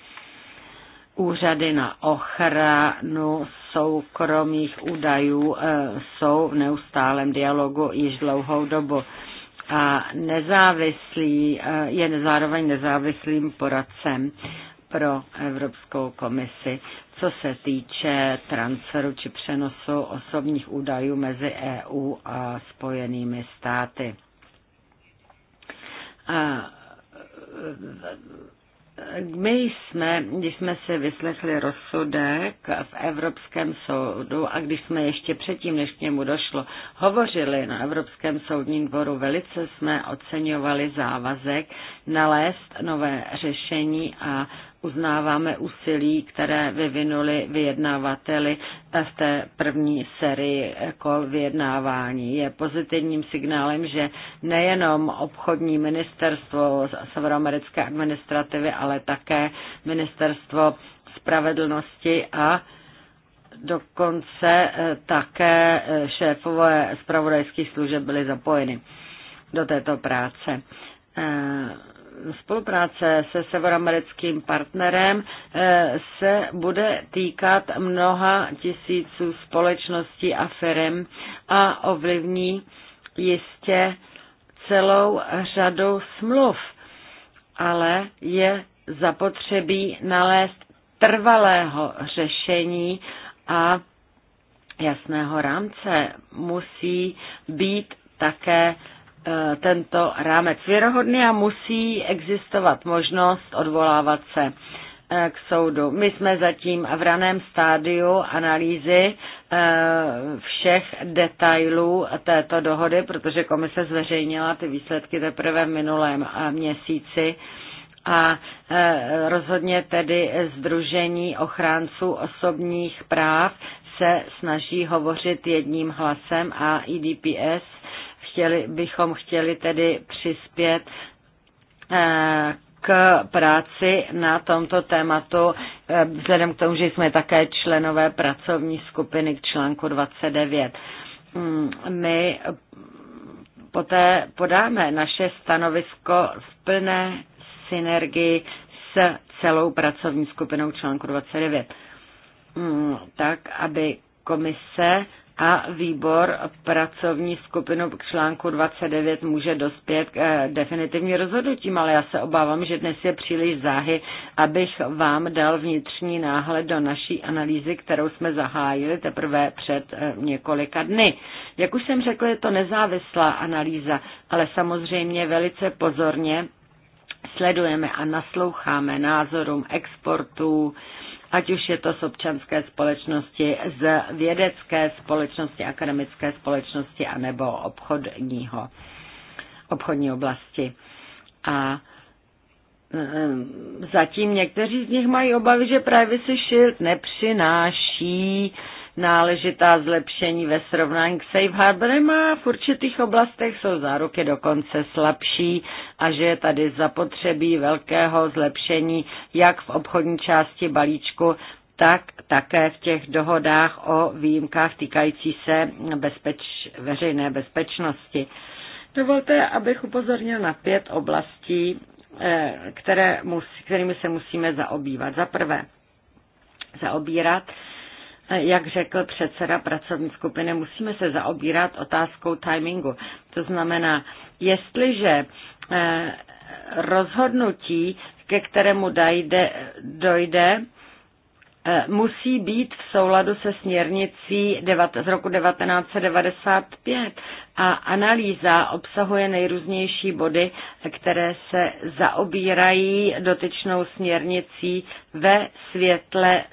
Speaker 2: úřady na ochranu soukromých údajů eh, jsou v neustálém dialogu již dlouhou dobu a nezávislý, je zároveň nezávislým poradcem pro Evropskou komisi, co se týče transferu či přenosu osobních údajů mezi EU a Spojenými státy. My jsme, když jsme si vyslechli rozsudek v Evropském soudu a když jsme ještě předtím, než k němu došlo, hovořili na Evropském soudním dvoru, velice jsme oceňovali závazek nalézt nové řešení a uznáváme úsilí, které vyvinuli vyjednávateli v té první sérii kol vyjednávání. Je pozitivním signálem, že nejenom obchodní ministerstvo severoamerické administrativy, ale také ministerstvo spravedlnosti a dokonce eh, také eh, šéfové zpravodajských služeb byly zapojeny do této práce eh, spolupráce se severoamerickým partnerem eh, se bude týkat mnoha tisíců společností a firm a ovlivní jistě celou řadu smluv, ale je zapotřebí nalézt trvalého řešení a jasného rámce musí být také E, tento rámec věrohodný a musí existovat možnost odvolávat se e, k soudu. My jsme zatím v raném stádiu analýzy e, všech detailů této dohody, protože komise zveřejnila ty výsledky teprve v minulém měsíci a rozhodně tedy Združení ochránců osobních práv se snaží hovořit jedním hlasem a IDPS chtěli, bychom chtěli tedy přispět eh, k práci na tomto tématu, eh, vzhledem k tomu, že jsme také členové pracovní skupiny k článku 29. Mm, my poté podáme naše stanovisko v plné synergii s celou pracovní skupinou článku 29. Mm, tak, aby komise a výbor pracovní skupinu k článku 29 může dospět k eh, definitivním rozhodnutím, ale já se obávám, že dnes je příliš záhy, abych vám dal vnitřní náhled do naší analýzy, kterou jsme zahájili teprve před eh, několika dny. Jak už jsem řekl, je to nezávislá analýza, ale samozřejmě velice pozorně sledujeme a nasloucháme názorům exportů, ať už je to z občanské společnosti, z vědecké společnosti, akademické společnosti anebo obchodního, obchodní oblasti. A mm, zatím někteří z nich mají obavy, že Privacy Shield nepřináší náležitá zlepšení ve srovnání k safe harborem a v určitých oblastech jsou záruky dokonce slabší a že je tady zapotřebí velkého zlepšení jak v obchodní části balíčku, tak také v těch dohodách o výjimkách týkající se bezpeč, veřejné bezpečnosti. Dovolte, abych upozornil na pět oblastí, eh, které, kterými se musíme zaobývat. Za prvé, zaobírat jak řekl předseda pracovní skupiny, musíme se zaobírat otázkou timingu. To znamená, jestliže eh, rozhodnutí, ke kterému dojde, dojde eh, musí být v souladu se směrnicí z roku 1995 a analýza obsahuje nejrůznější body, které se zaobírají dotyčnou směrnicí ve světle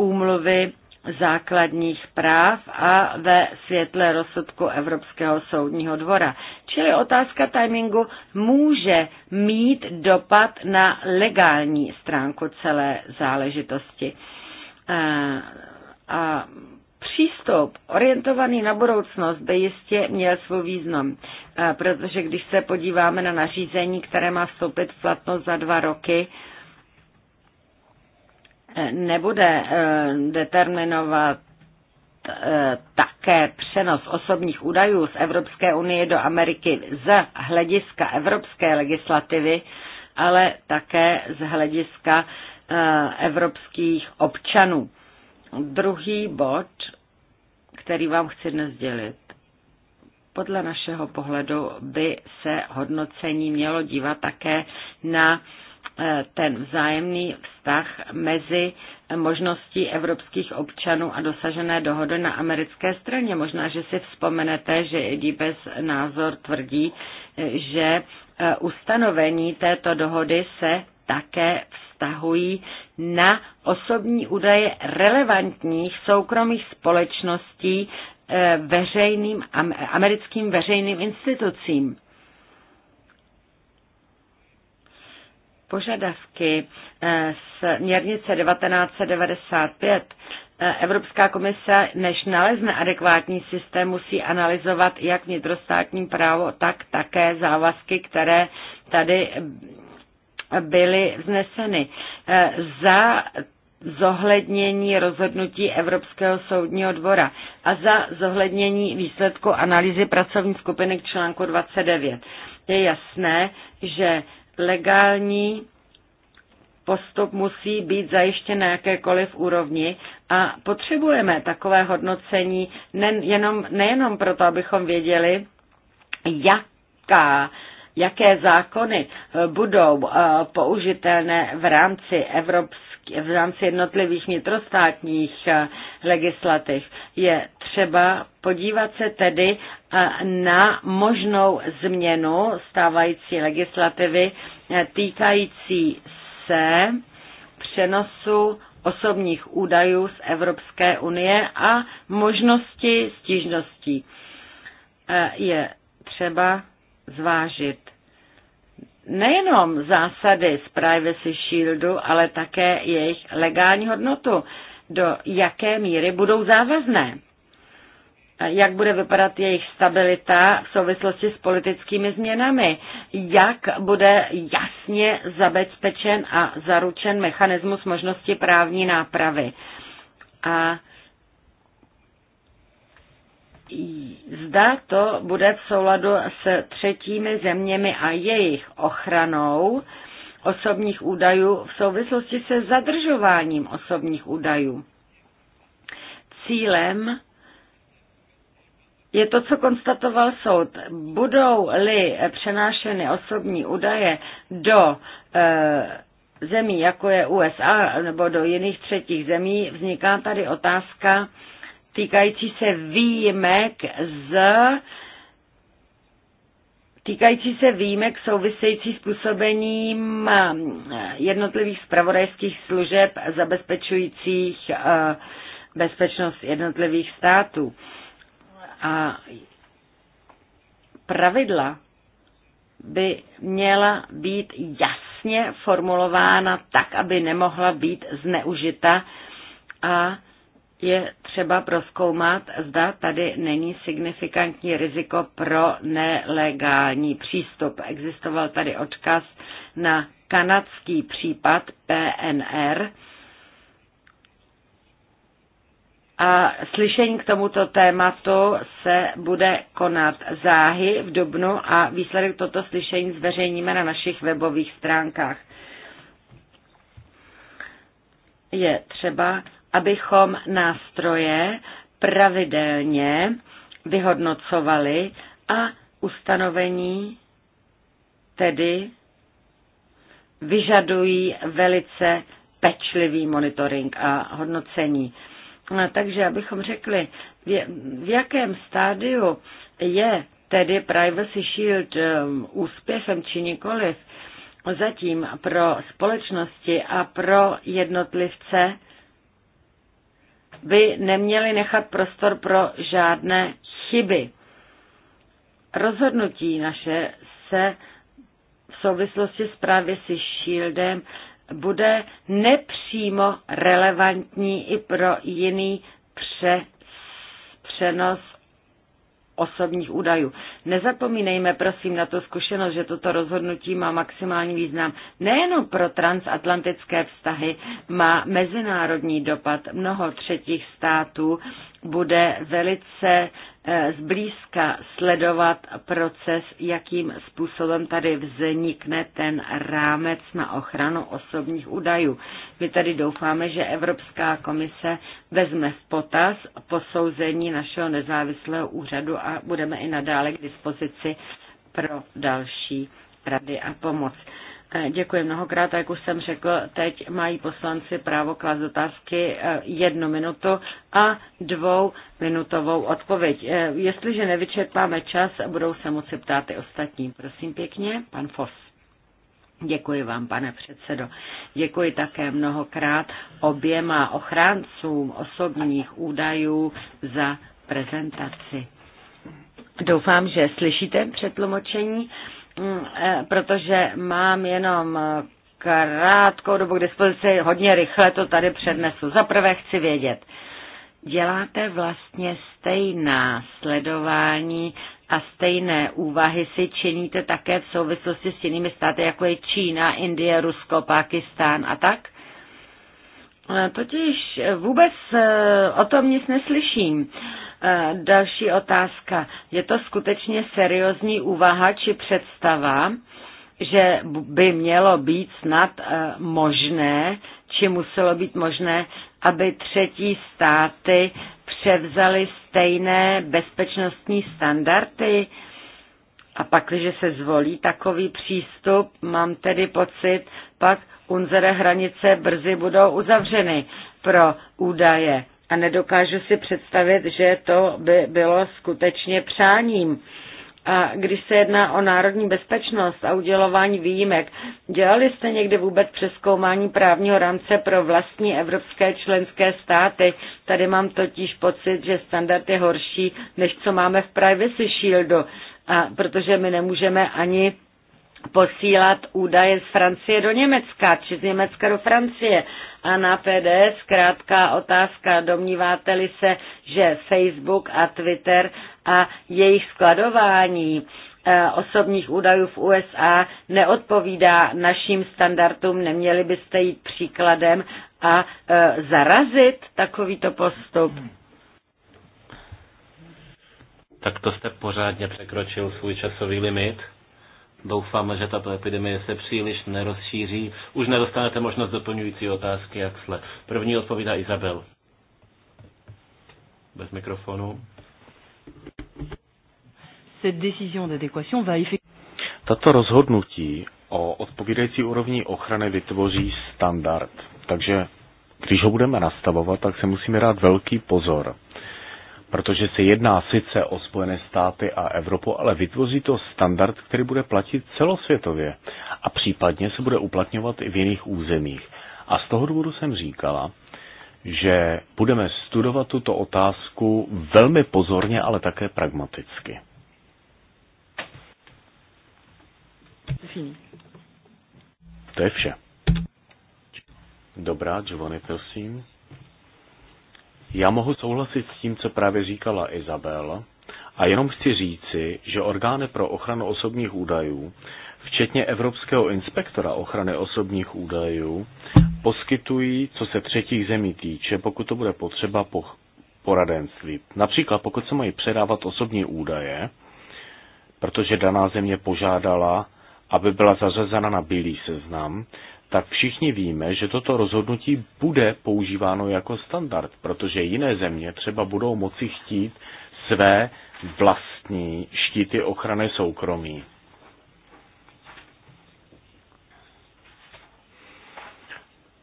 Speaker 2: úmluvy základních práv a ve světle rozsudku Evropského soudního dvora. Čili otázka timingu může mít dopad na legální stránku celé záležitosti. Eh, a přístup orientovaný na budoucnost by jistě měl svůj význam, eh, protože když se podíváme na nařízení, které má vstoupit v platnost za dva roky, nebude eh, determinovat eh, také přenos osobních údajů z Evropské unie do Ameriky z hlediska evropské legislativy, ale také z hlediska eh, evropských občanů. Druhý bod, který vám chci dnes dělit. Podle našeho pohledu by se hodnocení mělo dívat také na Eh, ten vzájemný vztah mezi možností evropských občanů a dosažené dohody na americké straně. Možná, že si vzpomenete, že Edibes názor tvrdí, eh, že eh, ustanovení této dohody se také vztahují na osobní údaje relevantních soukromých společností veřejným, americkým veřejným institucím. požadavky eh, směrnice 1995 eh, Evropská komise, než nalezne adekvátní systém, musí analyzovat jak vnitrostátní právo, tak také závazky, které tady byly vzneseny. Eh, za zohlednění rozhodnutí Evropského soudního dvora a za zohlednění výsledku analýzy pracovní skupiny k článku 29. Je jasné, že Legální postup musí být zajištěn na jakékoliv úrovni a potřebujeme takové hodnocení nejenom, nejenom proto, abychom věděli, jaká jaké zákony budou eh, použitelné v rámci Evropské v rámci jednotlivých vnitrostátních eh, legislativ. Je třeba podívat se tedy eh, na možnou změnu stávající legislativy eh, týkající se přenosu osobních údajů z Evropské unie a možnosti stížností. Je třeba zvážit nejenom zásady z Privacy Shieldu, ale také jejich legální hodnotu, do jaké míry budou závazné, jak bude vypadat jejich stabilita v souvislosti s politickými změnami, jak bude jasně zabezpečen a zaručen mechanismus možnosti právní nápravy. A zda to bude v souladu s třetími zeměmi a jejich ochranou osobních údajů v souvislosti se zadržováním osobních údajů. Cílem je to, co konstatoval soud. Budou-li přenášeny osobní údaje do e, zemí, jako je USA nebo do jiných třetích zemí, vzniká tady otázka, týkající se výjimek z týkající se výjimek související s působením jednotlivých spravodajských služeb zabezpečujících eh, bezpečnost jednotlivých států. A pravidla by měla být jasně formulována tak, aby nemohla být zneužita a je třeba proskoumat, zda tady není signifikantní riziko pro nelegální přístup. Existoval tady odkaz na kanadský případ PNR a slyšení k tomuto tématu se bude konat záhy v Dubnu a výsledek toto slyšení zveřejníme na našich webových stránkách. Je třeba abychom nástroje pravidelně vyhodnocovali a ustanovení tedy vyžadují velice pečlivý monitoring a hodnocení. Takže abychom řekli, v jakém stádiu je tedy Privacy Shield um, úspěchem či nikoliv, zatím pro společnosti a pro jednotlivce by neměli nechat prostor pro žádné chyby. Rozhodnutí naše se v souvislosti s právě si Shieldem bude nepřímo relevantní i pro jiný pře, přenos osobních údajů. Nezapomínejme prosím na to zkušenost, že toto rozhodnutí má maximální význam nejenom pro transatlantické vztahy, má mezinárodní dopad. Mnoho třetích států bude velice Eh, zblízka sledovat proces, jakým způsobem tady vznikne ten rámec na ochranu osobních údajů. My tady doufáme, že Evropská komise vezme v potaz posouzení našeho nezávislého úřadu a budeme i nadále k dispozici pro další rady a pomoc. Eh, děkuji mnohokrát. jak už jsem řekl, teď mají poslanci právo klást otázky eh, jednu minutu a dvou minutovou odpověď. Eh, jestliže nevyčerpáme čas, budou se moci ptát i ostatní. Prosím pěkně, pan Fos. Děkuji vám, pane předsedo. Děkuji také mnohokrát oběma ochráncům osobních údajů za prezentaci. Doufám, že slyšíte přetlumočení. Mm, eh, protože mám jenom krátkou dobu k dispozici, hodně rychle to tady přednesu. Za prvé chci vědět, děláte vlastně stejná sledování a stejné úvahy si činíte také v souvislosti s jinými státy, jako je Čína, Indie, Rusko, Pakistán a tak? Eh, totiž vůbec eh, o tom nic neslyším. Eh, další otázka. Je to skutečně seriózní úvaha či představa, že by mělo být snad eh, možné, či muselo být možné, aby třetí státy převzaly stejné bezpečnostní standardy? A pak, když se zvolí takový přístup, mám tedy pocit, pak unzere hranice brzy budou uzavřeny pro údaje a nedokážu si představit, že to by bylo skutečně přáním. A když se jedná o národní bezpečnost a udělování výjimek, dělali jste někdy vůbec přeskoumání právního rámce pro vlastní evropské členské státy? Tady mám totiž pocit, že standard je horší, než co máme v Privacy Shieldu, a protože my nemůžeme ani posílat údaje z Francie do Německa či z Německa do Francie. A na PDS krátká otázka, domníváte-li se, že Facebook a Twitter a jejich skladování eh, osobních údajů v USA neodpovídá našim standardům, neměli byste jít příkladem a eh, zarazit takovýto postup?
Speaker 1: Tak to jste pořádně překročil svůj časový limit. Doufáme, že tato epidemie se příliš nerozšíří. Už nedostanete možnost doplňující otázky, jak sle. První odpovídá Izabel. Bez mikrofonu.
Speaker 3: Tato rozhodnutí o odpovídající úrovni ochrany vytvoří standard. Takže když ho budeme nastavovat, tak se musíme dát velký pozor protože se jedná sice o Spojené státy a Evropu, ale vytvoří to standard, který bude platit celosvětově a případně se bude uplatňovat i v jiných územích. A z toho důvodu jsem říkala, že budeme studovat tuto otázku velmi pozorně, ale také pragmaticky. To je vše. Dobrá, Giovanni, prosím. Já mohu souhlasit s tím, co právě říkala Izabel, a jenom chci říci, že orgány pro ochranu osobních údajů, včetně Evropského inspektora ochrany osobních údajů, poskytují, co se třetích zemí týče, pokud to bude potřeba, po poradenství. Například pokud se mají předávat osobní údaje, protože daná země požádala, aby byla zařazena na bílý seznam, tak všichni víme, že toto rozhodnutí bude používáno jako standard, protože jiné země třeba budou moci chtít své vlastní štíty ochrany soukromí.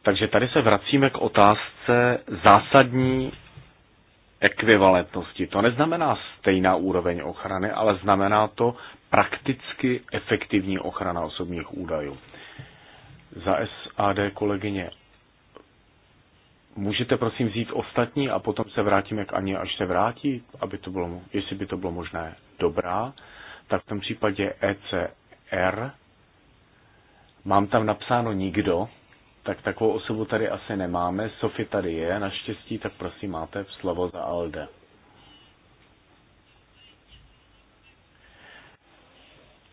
Speaker 3: Takže tady se vracíme k otázce zásadní ekvivalentnosti. To neznamená stejná úroveň ochrany, ale znamená to prakticky efektivní ochrana osobních údajů za SAD kolegyně. Můžete prosím vzít ostatní a potom se vrátíme k Aně, až se vrátí, aby to bylo, jestli by to bylo možné dobrá. Tak v tom případě ECR, mám tam napsáno nikdo, tak takovou osobu tady asi nemáme. Sofie tady je, naštěstí, tak prosím máte slovo za Alde.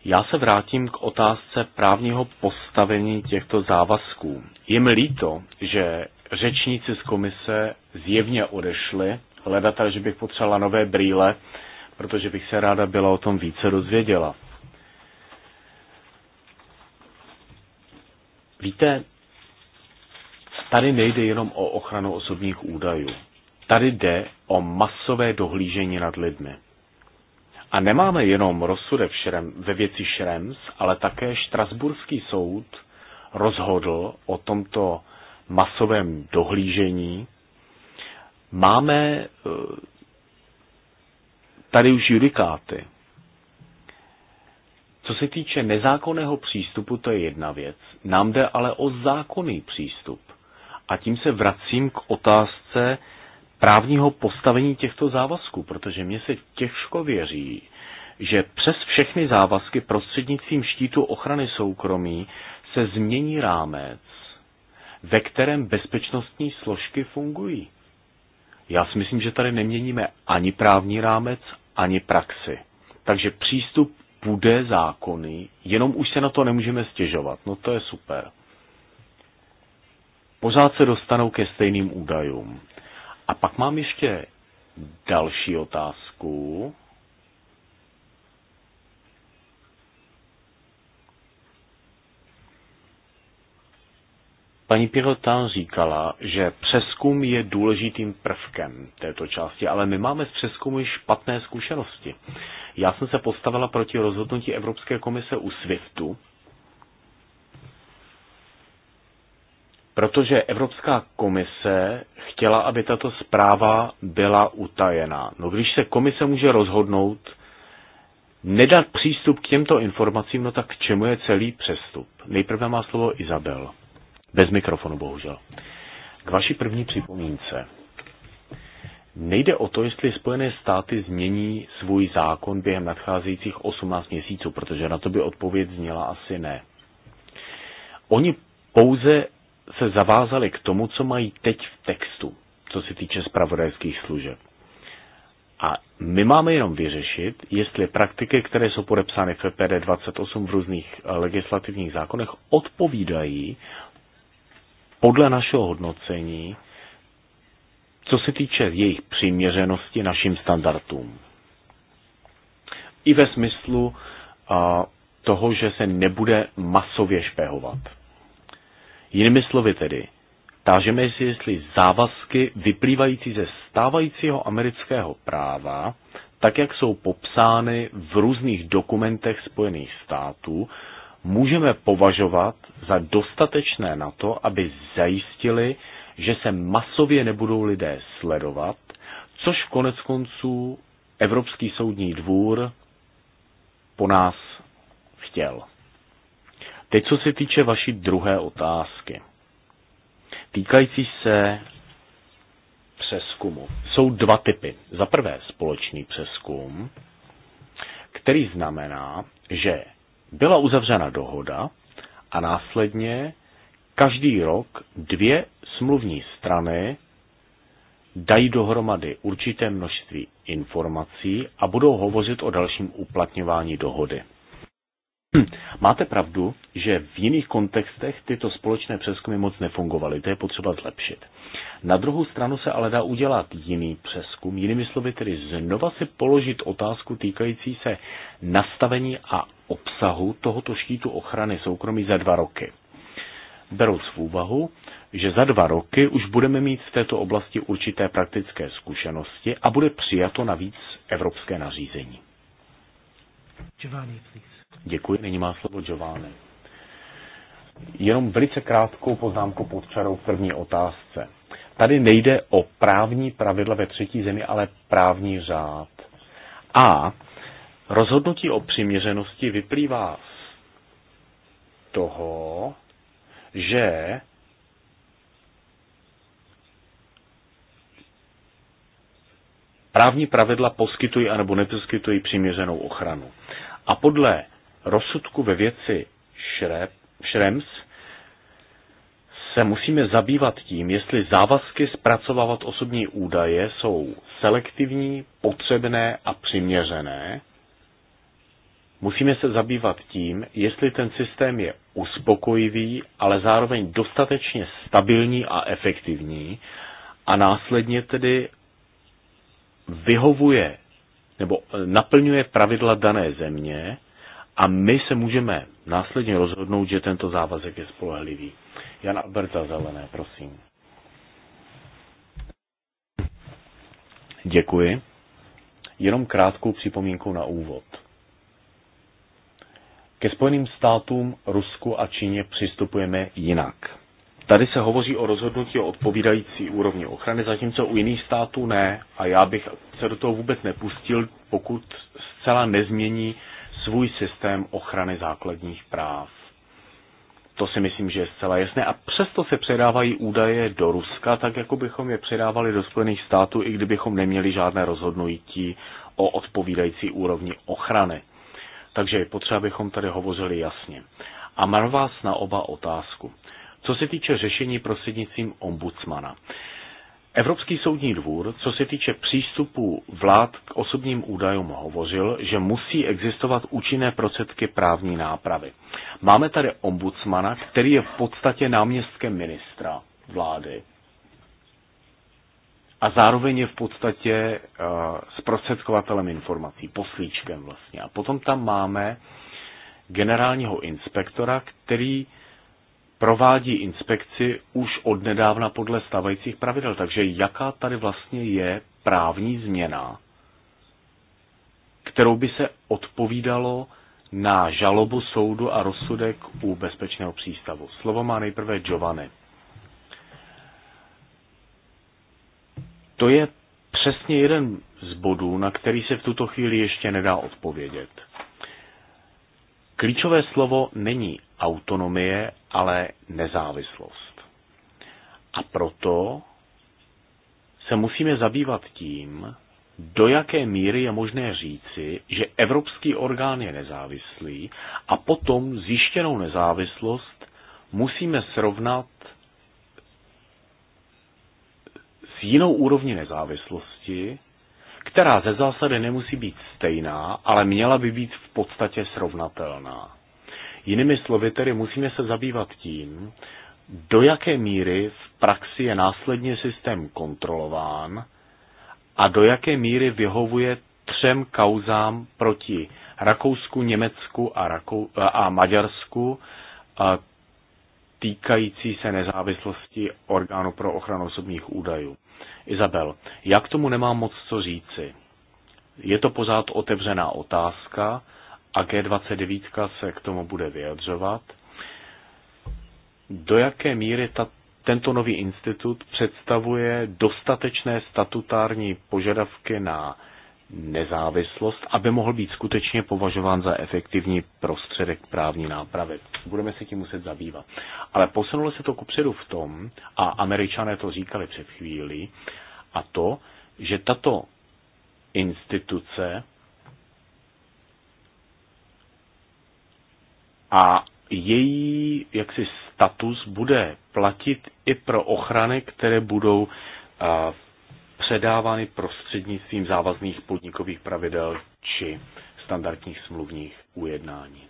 Speaker 3: Já se vrátím k otázce právního postavení těchto závazků. Je mi líto, že řečníci z komise zjevně odešli, hledatel, že bych potřebovala nové brýle, protože bych se ráda byla o tom více dozvěděla. Víte, tady nejde jenom o ochranu osobních údajů. Tady jde o masové dohlížení nad lidmi. A nemáme jenom rozsudek ve věci Šrems, ale také Štrasburský soud rozhodl o tomto masovém dohlížení. Máme eh, tady už judikáty. Co se týče nezákonného přístupu, to je jedna věc. Nám jde ale o zákonný přístup. A tím se vracím k otázce právního postavení těchto závazků, protože mně se těžko věří, že přes všechny závazky prostřednictvím štítu ochrany soukromí se změní rámec, ve kterém bezpečnostní složky fungují. Já si myslím, že tady neměníme ani právní rámec, ani praxi. Takže přístup bude zákony, jenom už se na to nemůžeme stěžovat. No to je super. Pořád se dostanou ke stejným údajům. A pak mám ještě další otázku. Paní Pirota říkala, že přeskum je důležitým prvkem této části, ale my máme s přeskumy špatné zkušenosti. Já jsem se postavila proti rozhodnutí Evropské komise u SWIFTu, Protože Evropská komise chtěla, aby tato zpráva byla utajená. No když se komise může rozhodnout nedat přístup k těmto informacím, no tak k čemu je celý přestup? Nejprve má slovo Izabel. Bez mikrofonu, bohužel. K vaší první připomínce. Nejde o to, jestli Spojené státy změní svůj zákon během nadcházejících 18 měsíců, protože na to by odpověď zněla asi ne. Oni pouze se zavázali k tomu, co mají teď v textu, co se týče spravodajských služeb. A my máme jenom vyřešit, jestli praktiky, které jsou podepsány v FPD 28 v různých eh, legislativních zákonech, odpovídají podle našeho hodnocení, co se týče jejich přiměřenosti našim standardům. I ve smyslu a, eh, toho, že se nebude masově špehovat. Jinými slovy tedy, tážeme si, jestli závazky vyplývající ze stávajícího amerického práva, tak jak jsou popsány v různých dokumentech Spojených států, můžeme považovat za dostatečné na to, aby zajistili, že se masově nebudou lidé sledovat, což konec konců Evropský soudní dvůr po nás chtěl. Teď, co se týče vaší druhé otázky, týkající se přeskumu. Jsou dva typy. Za prvé společný přeskum, který znamená, že byla uzavřena dohoda a následně každý rok dvě smluvní strany dají dohromady určité množství informací a budou hovořit o dalším uplatňování dohody. Hm. Máte pravdu, že v jiných kontextech tyto společné přeskumy moc nefungovaly, to je potřeba zlepšit. Na druhou stranu se ale dá udělat jiný přeskum, jinými slovy tedy znova si položit otázku týkající se nastavení a obsahu tohoto štítu ochrany soukromí za dva roky. Beru v úvahu, že za dva roky už budeme mít v této oblasti určité praktické zkušenosti a bude přijato navíc evropské nařízení.
Speaker 1: Giovanni, please.
Speaker 3: Děkuji, nyní má slovo Giovanni. Jenom velice krátkou poznámku pod čarou v první otázce. Tady nejde o právní pravidla ve třetí zemi, ale právní řád. A rozhodnutí o přiměřenosti vyplývá z toho, že právní pravidla poskytují anebo neposkytují přiměřenou ochranu. A podle rozsudku ve věci Šrems se musíme zabývat tím, jestli závazky zpracovávat osobní údaje jsou selektivní, potřebné a přiměřené. Musíme se zabývat tím, jestli ten systém je uspokojivý, ale zároveň dostatečně stabilní a efektivní a následně tedy vyhovuje nebo naplňuje pravidla dané země a my se můžeme následně rozhodnout, že tento závazek je spolehlivý. Jan Alberta Zelené, prosím. Děkuji. Jenom krátkou připomínku na úvod. Ke Spojeným státům, Rusku a Číně přistupujeme jinak. Tady se hovoří o rozhodnutí o odpovídající úrovni ochrany, zatímco u jiných států ne a já bych se do toho vůbec nepustil, pokud zcela nezmění svůj systém ochrany základních práv. To si myslím, že je zcela jasné. A přesto se předávají údaje do Ruska, tak jako bychom je předávali do Spojených států, i kdybychom neměli žádné rozhodnutí o odpovídající úrovni ochrany. Takže je potřeba, abychom tady hovořili jasně. A mám vás na oba otázku. Co se týče řešení prostřednictvím ombudsmana. Evropský soudní dvůr, co se týče přístupu vlád k osobním údajům, hovořil, že musí existovat účinné prostředky právní nápravy. Máme tady ombudsmana, který je v podstatě náměstkem ministra vlády a zároveň je v podstatě uh, zprostředkovatelem informací, poslíčkem vlastně. A potom tam máme generálního inspektora, který uh, provádí inspekci už od nedávna podle stávajících pravidel. Takže jaká tady vlastně je právní změna, kterou by se odpovídalo na žalobu soudu a rozsudek u bezpečného přístavu. Slovo má nejprve Giovanni. To je přesně jeden z bodů, na který se v tuto chvíli ještě nedá odpovědět. Klíčové slovo není autonomie, ale nezávislost. A proto se musíme zabývat tím, do jaké míry je možné říci, že evropský orgán je nezávislý a potom zjištěnou nezávislost musíme srovnat s jinou úrovní nezávislosti, která ze zásady nemusí být stejná, ale měla by být v podstatě srovnatelná. Jinými slovy tedy musíme se zabývat tím, do jaké míry v praxi je následně systém kontrolován a do jaké míry vyhovuje třem kauzám proti Rakousku, Německu a, Rakou- a Maďarsku, týkající se nezávislosti orgánu pro ochranu osobních údajů. Izabel, já k tomu nemám moc co říci. Je to pořád otevřená otázka a G29 se k tomu bude vyjadřovat. Do jaké míry ta, tento nový institut představuje dostatečné statutární požadavky na nezávislost, aby mohl být skutečně považován za efektivní prostředek právní nápravy. Budeme se tím muset zabývat. Ale posunulo se to kupředu v tom, a američané to říkali před chvílí, a to, že tato instituce a její jaksi status bude platit i pro ochrany, které budou v eh, předávány prostřednictvím závazných podnikových pravidel či standardních smluvních ujednání.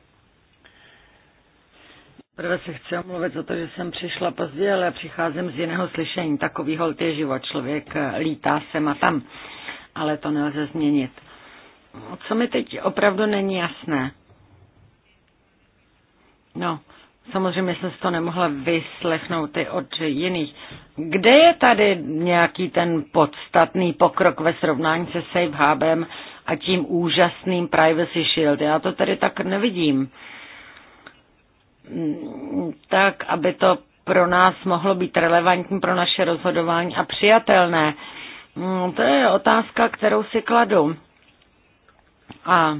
Speaker 2: Prvé se chci omluvit za to, že jsem přišla pozdě, ale přicházím z jiného slyšení. Takový holt je život. Člověk lítá sem a tam, ale to nelze změnit. Co mi teď opravdu není jasné? No, Samozřejmě jsem si to nemohla vyslechnout ty od jiných. Kde je tady nějaký ten podstatný pokrok ve srovnání se Safe Hubem a tím úžasným Privacy Shield? Já to tady tak nevidím. Mm, tak, aby to pro nás mohlo být relevantní pro naše rozhodování a přijatelné. Mm, to je otázka, kterou si kladu. A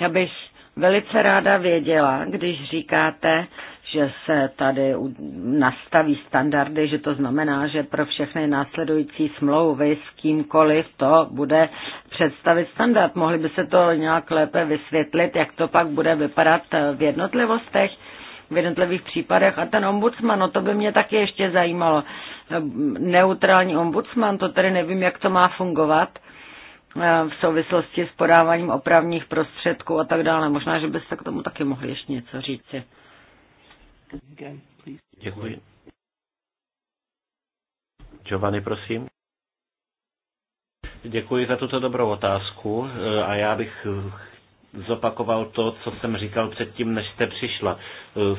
Speaker 2: já bych velice ráda věděla, když říkáte, že se tady nastaví standardy, že to znamená, že pro všechny následující smlouvy s kýmkoliv to bude představit standard. Mohli by se to nějak lépe vysvětlit, jak to pak bude vypadat v jednotlivostech, v jednotlivých případech. A ten ombudsman, no to by mě taky ještě zajímalo. Neutrální ombudsman, to tedy nevím, jak to má fungovat Eh, v souvislosti s podáváním opravních prostředků a tak dále. Možná, že byste k tomu taky mohli ještě něco říci.
Speaker 1: Děkuji. Giovanni, prosím. Děkuji za tuto dobrou otázku eh, a já bych eh, zopakoval to, co jsem říkal předtím, než jste přišla.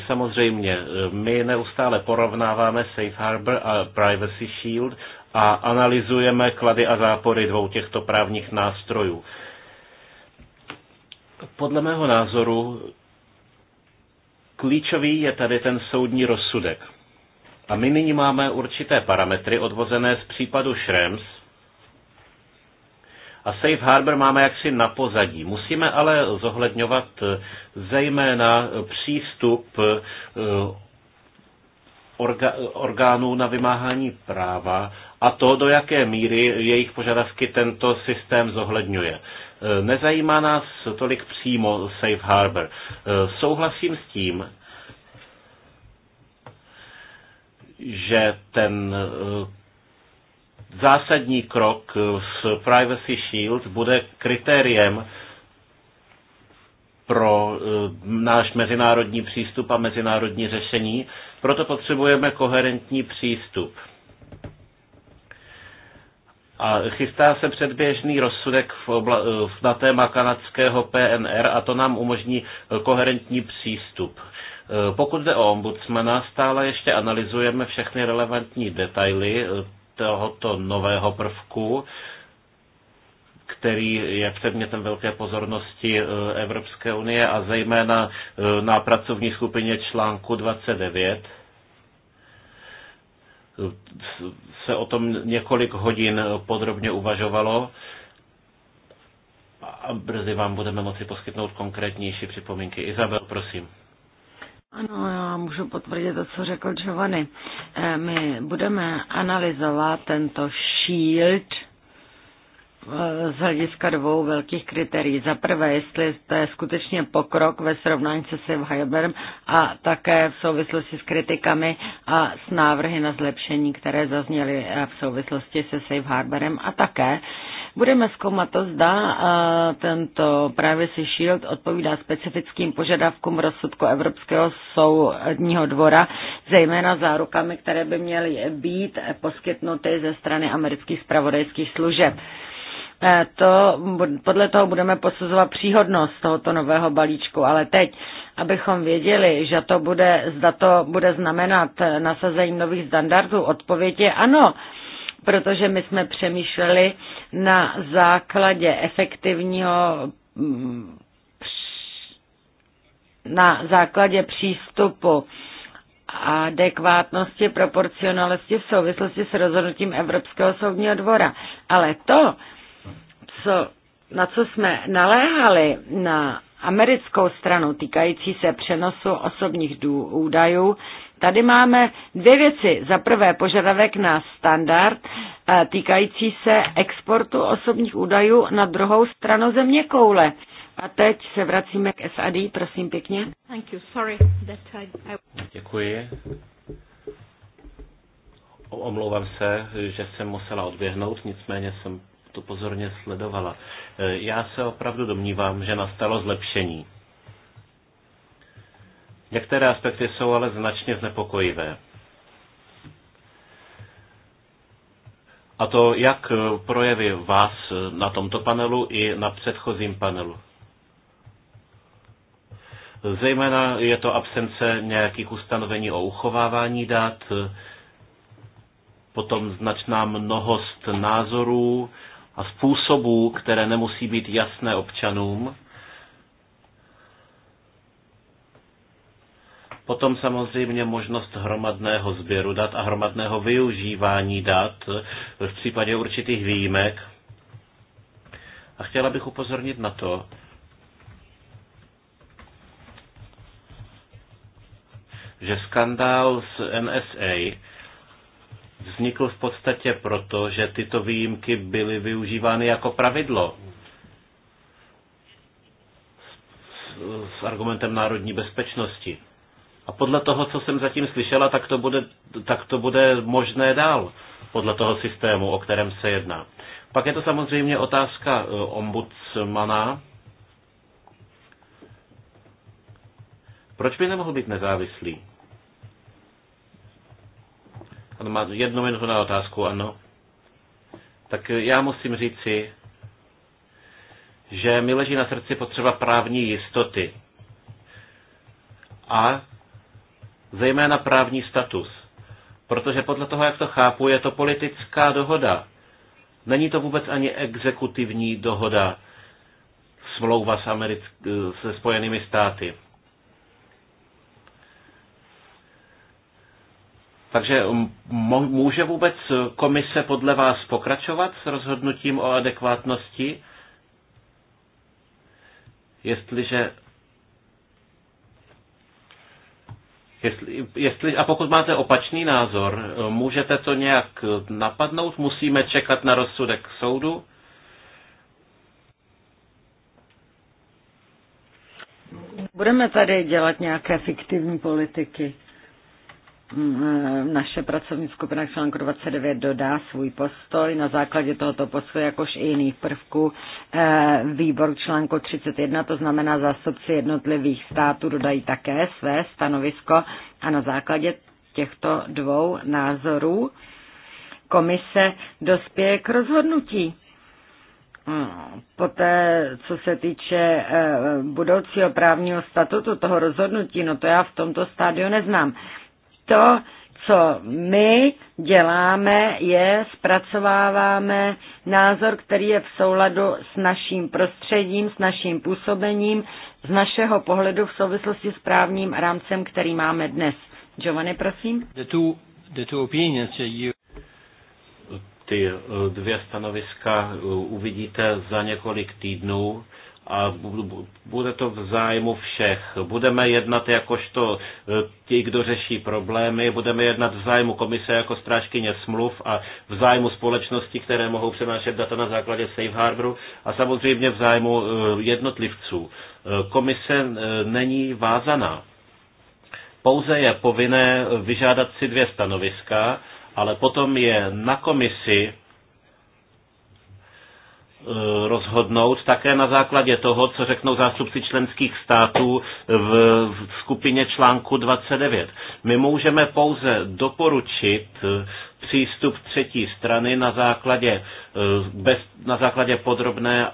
Speaker 1: Samozřejmě, my neustále porovnáváme Safe Harbor a Privacy Shield a analyzujeme klady a zápory dvou těchto právních nástrojů. Podle mého názoru klíčový je tady ten soudní rozsudek. A my nyní máme určité parametry odvozené z případu Schrems a Safe Harbor máme jaksi na pozadí. Musíme ale zohledňovat eh, zejména eh, přístup eh, orga, orgánů na vymáhání práva a to, do jaké míry jejich požadavky tento systém zohledňuje. E, nezajímá nás tolik přímo Safe Harbor. E, souhlasím s tím, že ten e, zásadní krok s Privacy Shield bude kritériem pro náš mezinárodní přístup a mezinárodní řešení. Proto potřebujeme koherentní přístup a chystá se předběžný rozsudek v obla- na téma kanadského PNR a to nám umožní e, koherentní přístup. E, pokud jde o ombudsmana, stále ještě analyzujeme všechny relevantní detaily e, tohoto nového prvku, který je předmětem velké pozornosti Evropské unie a zejména na pracovní skupině článku 29 se o tom několik hodin podrobně uvažovalo a brzy vám budeme moci poskytnout konkrétnější připomínky. Izabel, prosím.
Speaker 2: Ano, já můžu potvrdit to, co řekl Giovanni. Eh, my budeme analyzovat tento shield, z hlediska dvou velkých kritérií. Za prvé, jestli to je skutečně pokrok ve srovnání se Siv Hajeberem a také v souvislosti s kritikami a s návrhy na zlepšení, které zazněly v souvislosti se Safe Harborem a také Budeme zkoumat to, zda tento si Shield odpovídá specifickým požadavkům rozsudku Evropského soudního dvora, zejména zárukami, které by měly být poskytnuty ze strany amerických spravodajských služeb. Eh, to, podle toho budeme posuzovat příhodnost tohoto nového balíčku, ale teď, abychom věděli, že to bude, zda to bude znamenat eh, nasazení nových standardů, odpověď je ano protože my jsme přemýšleli na základě efektivního mm, na základě přístupu a adekvátnosti, proporcionalnosti v souvislosti s rozhodnutím Evropského soudního dvora. Ale to, co, na co jsme naléhali na americkou stranu týkající se přenosu osobních údajů, tady máme dvě věci. Za prvé požadavek na standard eh, týkající se exportu osobních údajů na druhou stranu země koule. A teď se vracíme k SAD, prosím pěkně. Thank you. Sorry that I...
Speaker 1: Děkuji. Omlouvám se, že jsem musela odběhnout, nicméně jsem to pozorně sledovala. E, já se opravdu domnívám, že nastalo zlepšení. Některé aspekty jsou ale značně znepokojivé. A to jak projevy vás na tomto panelu i na předchozím panelu. Zejména je to absence nějakých ustanovení o uchovávání dat, potom značná mnohost názorů, a způsobů, které nemusí být jasné občanům. Potom samozřejmě možnost hromadného sběru dat a hromadného využívání dat v případě určitých výjimek. A chtěla bych upozornit na to, že skandál z NSA vznikl v podstatě proto, že tyto výjimky byly využívány jako pravidlo s argumentem národní bezpečnosti. A podle toho, co jsem zatím slyšela, tak to bude, tak to bude možné dál podle toho systému, o kterém se jedná. Pak je to samozřejmě otázka e, ombudsmana. Proč by nemohl být nezávislý? Ano, má jednu minutu na otázku, ano. Tak já musím říci, že mi leží na srdci potřeba právní jistoty a zejména právní status. Protože podle toho, jak to chápu, je to politická dohoda. Není to vůbec ani exekutivní dohoda, smlouva s Americk- se Spojenými státy. Takže um, může vůbec komise podle vás pokračovat s rozhodnutím o adekvátnosti? Jestliže Jestli, jestli, a pokud máte opačný názor, můžete to nějak napadnout? Musíme čekat na rozsudek soudu?
Speaker 2: Budeme tady dělat nějaké fiktivní politiky. Mm, naše pracovní skupina článku 29 dodá svůj postoj na základě tohoto postoje, jakož i jiných prvků eh, výbor článku 31, to znamená zástupci jednotlivých států, dodají také své stanovisko a na základě těchto dvou názorů komise dospěje k rozhodnutí. Mm, poté, co se týče eh, budoucího právního statutu toho rozhodnutí, no to já v tomto stádiu neznám to, co my děláme, je zpracováváme názor, který je v souladu s naším prostředím, s naším působením, z našeho pohledu v souvislosti s právním rámcem, který máme dnes. Giovanni, prosím.
Speaker 1: The two, the two opinions you... Ty eh, dvě stanoviska eh, uvidíte za několik týdnů a bude to v zájmu všech. Budeme jednat jakožto e, ti, kdo řeší problémy, budeme jednat v zájmu komise jako strážkyně smluv a v zájmu společnosti, které mohou přenášet data na základě Safe Harboru a samozřejmě v zájmu e, jednotlivců. E, komise není vázaná. Pouze je povinné vyžádat si dvě stanoviska, ale potom je na komisi, Eh, rozhodnout také na základě toho, co řeknou zástupci členských států v skupině článku 29. My můžeme pouze doporučit eh, přístup třetí strany na základě, eh, bez, na základě podrobné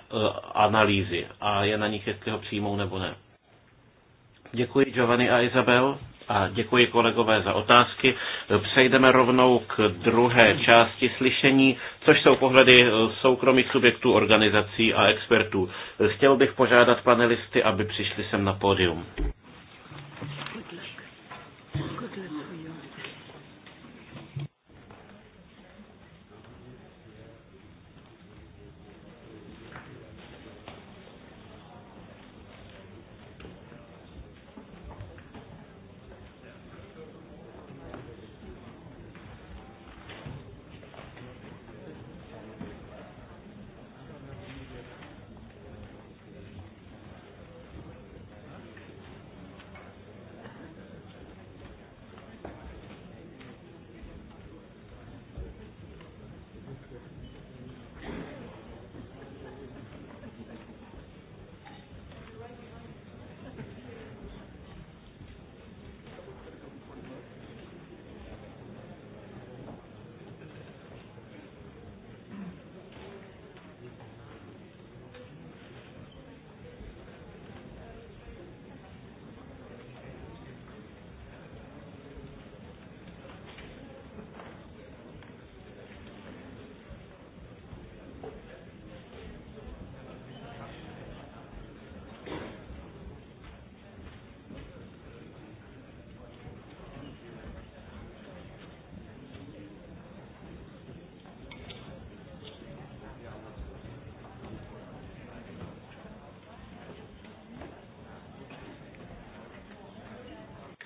Speaker 1: analýzy a je na nich, jestli ho přijmou nebo ne. Děkuji Giovanni a Izabel. A děkuji kolegové za otázky. Přejdeme rovnou k druhé části slyšení, což jsou pohledy eh, soukromých subjektů, organizací a expertů. Chtěl bych požádat panelisty, aby přišli sem na pódium.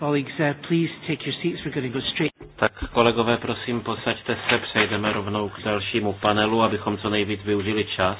Speaker 1: Uh, tak kolegové, prosím, posaďte se, přejdeme rovnou k dalšímu panelu, abychom co nejvíc využili čas.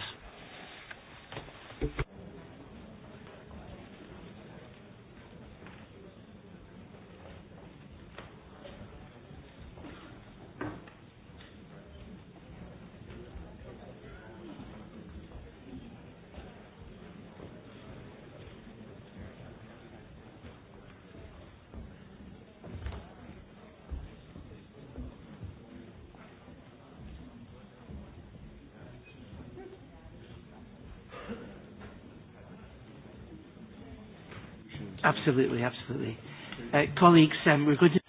Speaker 1: Absolutely, absolutely. Uh, colleagues, um, we're going to...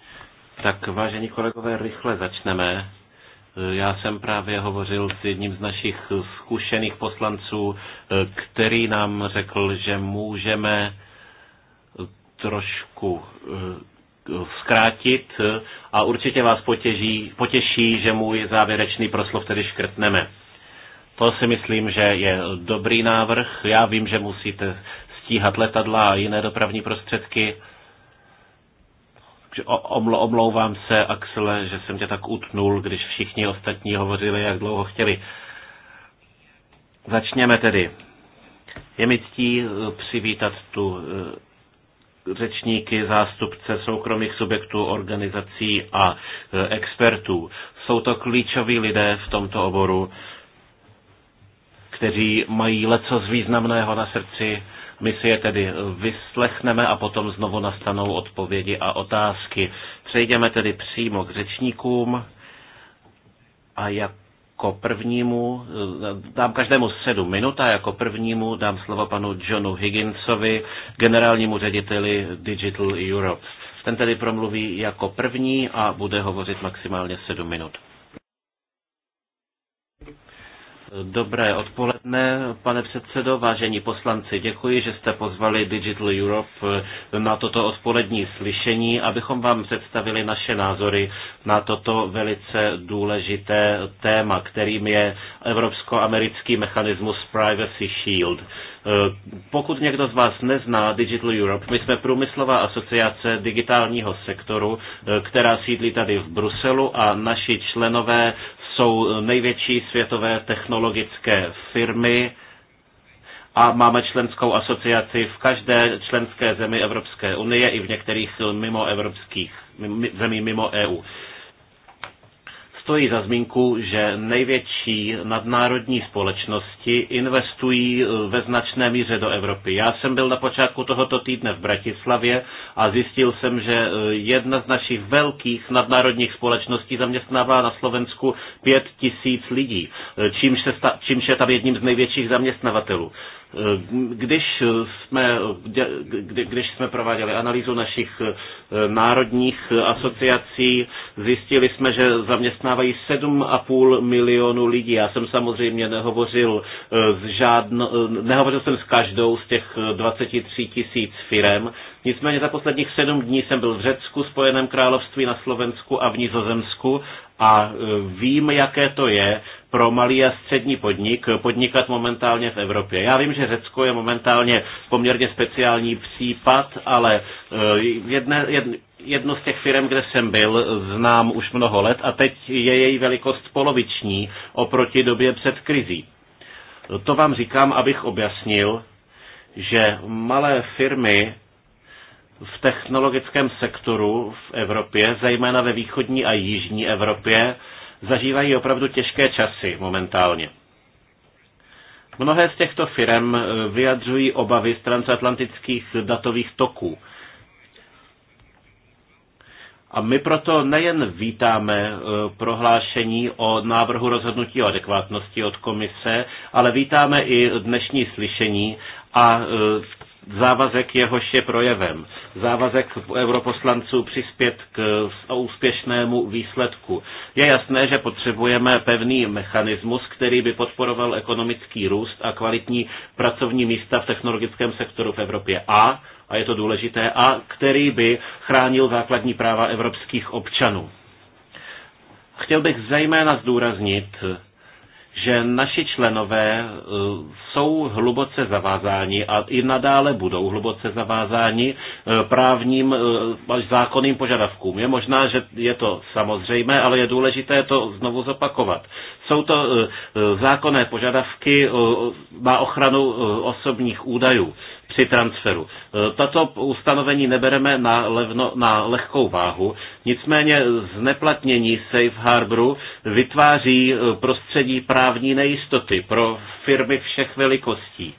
Speaker 1: Tak vážení kolegové, rychle začneme. Já jsem právě hovořil s jedním z našich zkušených poslanců, eh, který nám řekl, že můžeme eh, trošku eh, zkrátit a určitě vás potěží, potěší, že můj závěrečný proslov tedy škrtneme. To si myslím, že je dobrý návrh. Já vím, že musíte stíhat letadla a jiné dopravní prostředky. Omlouvám se, Axele, že jsem tě tak utnul, když všichni ostatní hovořili, jak dlouho chtěli. Začněme tedy. Je mi ctí eh, přivítat tu eh, řečníky, zástupce soukromých subjektů, organizací a eh, expertů. Jsou to klíčoví lidé v tomto oboru, kteří mají leco z významného na srdci my si je tedy vyslechneme a potom znovu nastanou odpovědi a otázky. Přejdeme tedy přímo k řečníkům a jako prvnímu, dám každému sedm minut a jako prvnímu dám slovo panu Johnu Higginsovi, generálnímu řediteli Digital Europe. Ten tedy promluví jako první a bude hovořit maximálně sedm minut. Dobré odpoledne, pane předsedo, vážení poslanci. Děkuji, že jste pozvali Digital Europe eh, na toto odpolední slyšení, abychom vám představili naše názory na toto velice důležité téma, kterým je evropsko-americký mechanismus Privacy Shield. Eh, pokud někdo z vás nezná Digital Europe, my jsme průmyslová asociace digitálního sektoru, eh, která sídlí tady v Bruselu a naši členové jsou eh, největší světové technologické firmy a máme členskou asociaci v každé členské zemi Evropské unie i v některých eh, mimo evropských zemí mimo EU. Stojí za zmínku, že největší nadnárodní společnosti investují eh, ve značné míře do Evropy. Já jsem byl na počátku tohoto týdne v Bratislavě a zjistil jsem, že eh, jedna z našich velkých nadnárodních společností zaměstnává na Slovensku pět tisíc lidí, eh, čímž, se sta- čímž je tam jedním z největších zaměstnavatelů. Když jsme, když jsme prováděli analýzu našich eh, národních asociací, zjistili jsme, že zaměstnávají 7,5 milionu lidí. Já jsem samozřejmě nehovořil, eh, s žádno, eh, nehovořil jsem s každou z těch 23 tisíc firem, Nicméně za posledních sedm dní jsem byl v Řecku, Spojeném království, na Slovensku a v Nizozemsku a vím, jaké to je, pro malý a střední podnik podnikat momentálně v Evropě. Já vím, že Řecko je momentálně poměrně speciální případ, ale eh, jedne, jedne, z těch firm, kde jsem byl, znám už mnoho let a teď je její velikost poloviční oproti době před krizí. To vám říkám, abych objasnil, že malé firmy v technologickém sektoru v Evropě, zejména ve východní a jižní Evropě, zažívají opravdu těžké časy momentálně. Mnohé z těchto firm eh, vyjadřují obavy z transatlantických datových toků. A my proto nejen vítáme eh, prohlášení o návrhu rozhodnutí o adekvátnosti od komise, ale vítáme i dnešní slyšení a eh, závazek jehož je projevem. Závazek europoslanců přispět k úspěšnému výsledku. Je jasné, že potřebujeme pevný mechanismus, který by podporoval ekonomický růst a kvalitní pracovní místa v technologickém sektoru v Evropě. A, a je to důležité, a který by chránil základní práva evropských občanů. Chtěl bych zejména zdůraznit, že naši členové e, jsou hluboce zavázáni a i nadále budou hluboce zavázáni e, právním e, až zákonným požadavkům. Je možná, že je to samozřejmé, ale je důležité to znovu zopakovat. Jsou to zákonné požadavky na ochranu osobních údajů při transferu. E, tato ustanovení nebereme na, levno, na lehkou váhu, nicméně zneplatnění safe harboru vytváří e, prostředí právní nejistoty pro firmy všech velikostí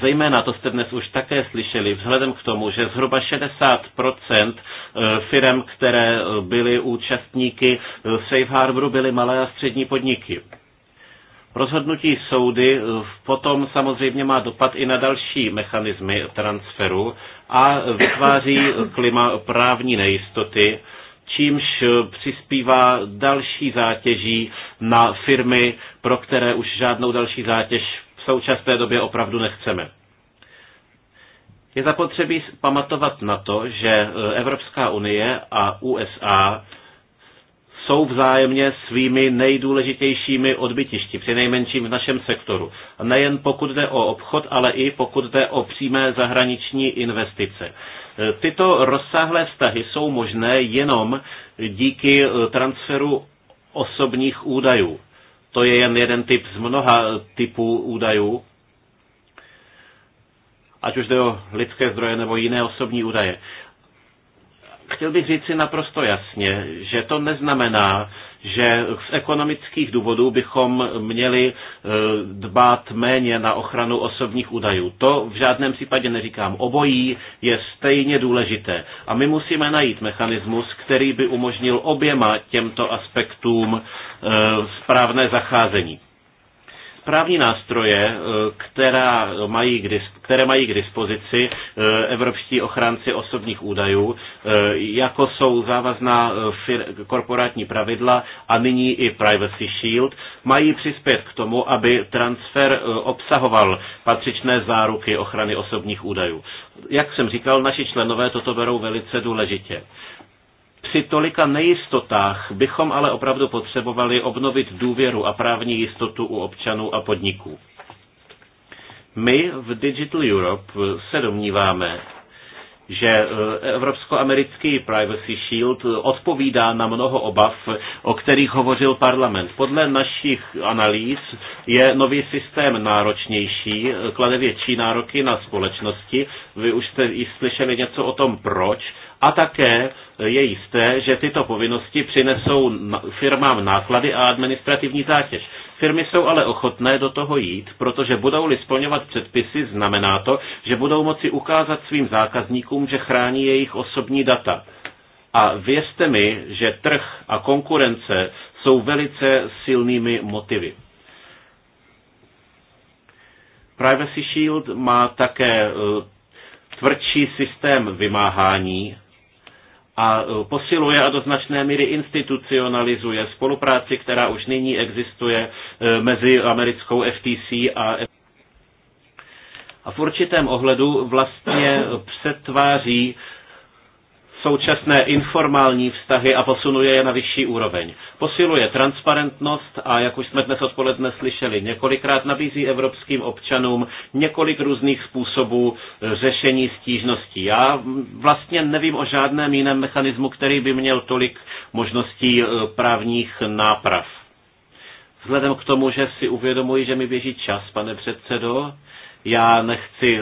Speaker 1: zejména, to jste dnes už také slyšeli, vzhledem k tomu, že zhruba 60% e, firm, které byly účastníky Safe Harboru, byly malé a střední podniky. Rozhodnutí soudy eh, potom samozřejmě má dopad i na další mechanismy transferu a vytváří klima právní nejistoty, čímž eh, přispívá další zátěží na firmy, pro které už žádnou další zátěž v současné době opravdu nechceme. Je zapotřebí pamatovat na to, že eh, Evropská unie a USA jsou vzájemně svými nejdůležitějšími odbytišti, při nejmenším v našem sektoru. A nejen pokud jde o obchod, ale i pokud jde o přímé zahraniční investice. E, tyto rozsáhlé vztahy jsou možné jenom díky e, transferu osobních údajů. To je jen jeden typ z mnoha typů údajů, ať už jde o lidské zdroje nebo jiné osobní údaje. Chtěl bych si naprosto jasně, že to neznamená, že z ekonomických důvodů bychom měli e, dbát méně na ochranu osobních údajů. To v žádném případě neříkám. Obojí je stejně důležité. A my musíme najít mechanismus, který by umožnil oběma těmto aspektům e, správné zacházení právní nástroje, eh, která mají k které mají k dispozici eh, evropští ochránci osobních údajů, eh, jako jsou závazná korporátní pravidla a nyní i Privacy Shield, mají přispět k tomu, aby transfer obsahoval patřičné záruky ochrany osobních údajů. Jak jsem říkal, naši členové toto berou velice důležitě. Při tolika nejistotách bychom ale opravdu potřebovali obnovit důvěru a právní jistotu u občanů a podniků. My v Digital Europe se domníváme, že e, Evropsko-americký Privacy Shield odpovídá na mnoho obav, o kterých hovořil parlament. Podle našich analýz je nový systém náročnější, e, klade větší nároky na společnosti. Vy už jste slyšeli něco o tom, proč a také je jisté, že tyto povinnosti přinesou firmám náklady a administrativní zátěž. Firmy jsou ale ochotné do toho jít, protože budou-li splňovat předpisy, znamená to, že budou moci ukázat svým zákazníkům, že chrání jejich osobní data. A věřte mi, že trh a konkurence jsou velice silnými motivy. Privacy Shield má také eh, tvrdší systém vymáhání a e, posiluje a do značné míry institucionalizuje spolupráci, která už nyní existuje e, mezi americkou FTC a a v určitém ohledu vlastně přetváří současné informální vztahy a posunuje je na vyšší úroveň. Posiluje transparentnost a, jak už jsme dnes odpoledne slyšeli, několikrát nabízí evropským občanům několik různých způsobů e, řešení stížností. Já vlastně nevím o žádném jiném mechanismu, který by měl tolik možností e, právních náprav. Vzhledem k tomu, že si uvědomuji, že mi běží čas, pane předsedo, já nechci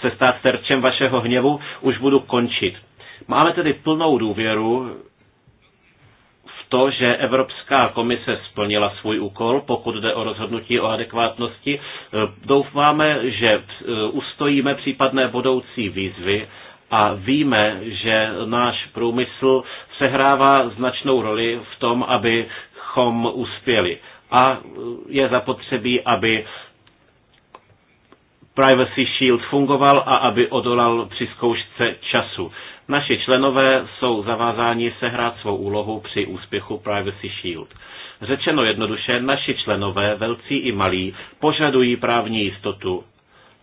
Speaker 1: se stát terčem vašeho hněvu, už budu končit. Máme tedy plnou důvěru v to, že Evropská komise splnila svůj úkol, pokud jde o rozhodnutí o adekvátnosti. Doufáme, že e, ustojíme případné budoucí výzvy a víme, že náš průmysl sehrává značnou roli v tom, abychom uspěli. A e, je zapotřebí, aby Privacy Shield fungoval a aby odolal při zkoušce času. Naši členové jsou zavázáni sehrát svou úlohu při úspěchu Privacy Shield. Řečeno jednoduše, naši členové, velcí i malí, požadují právní jistotu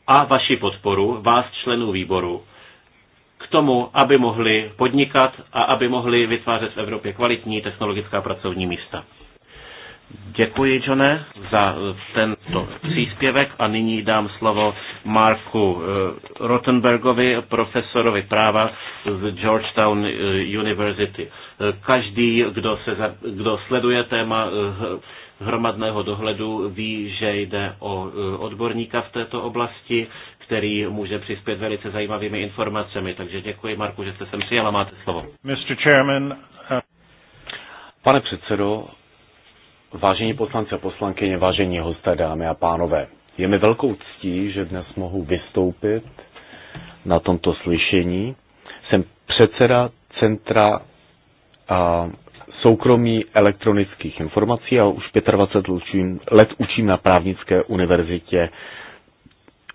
Speaker 1: a vaši podporu, vás členů výboru, k tomu, aby mohli podnikat a aby mohli vytvářet v Evropě kvalitní technologická pracovní místa. Děkuji, Johne, za eh, tento příspěvek a nyní dám slovo Marku eh, Rottenbergovi, profesorovi práva z Georgetown eh, University. Každý, kdo, se, kdo sleduje téma hromadného dohledu, ví, že jde o odborníka v této oblasti, který může přispět velice zajímavými informacemi. Takže děkuji, Marku, že jste sem přijel a máte slovo. Mr. Chairman, uh...
Speaker 3: Pane předsedo, Vážení poslanci a poslankyně, vážení hosté, dámy a pánové, je mi velkou ctí, že dnes mohu vystoupit na tomto slyšení. Jsem předseda Centra a, soukromí elektronických informací a už 25 let učím, let učím na právnické univerzitě,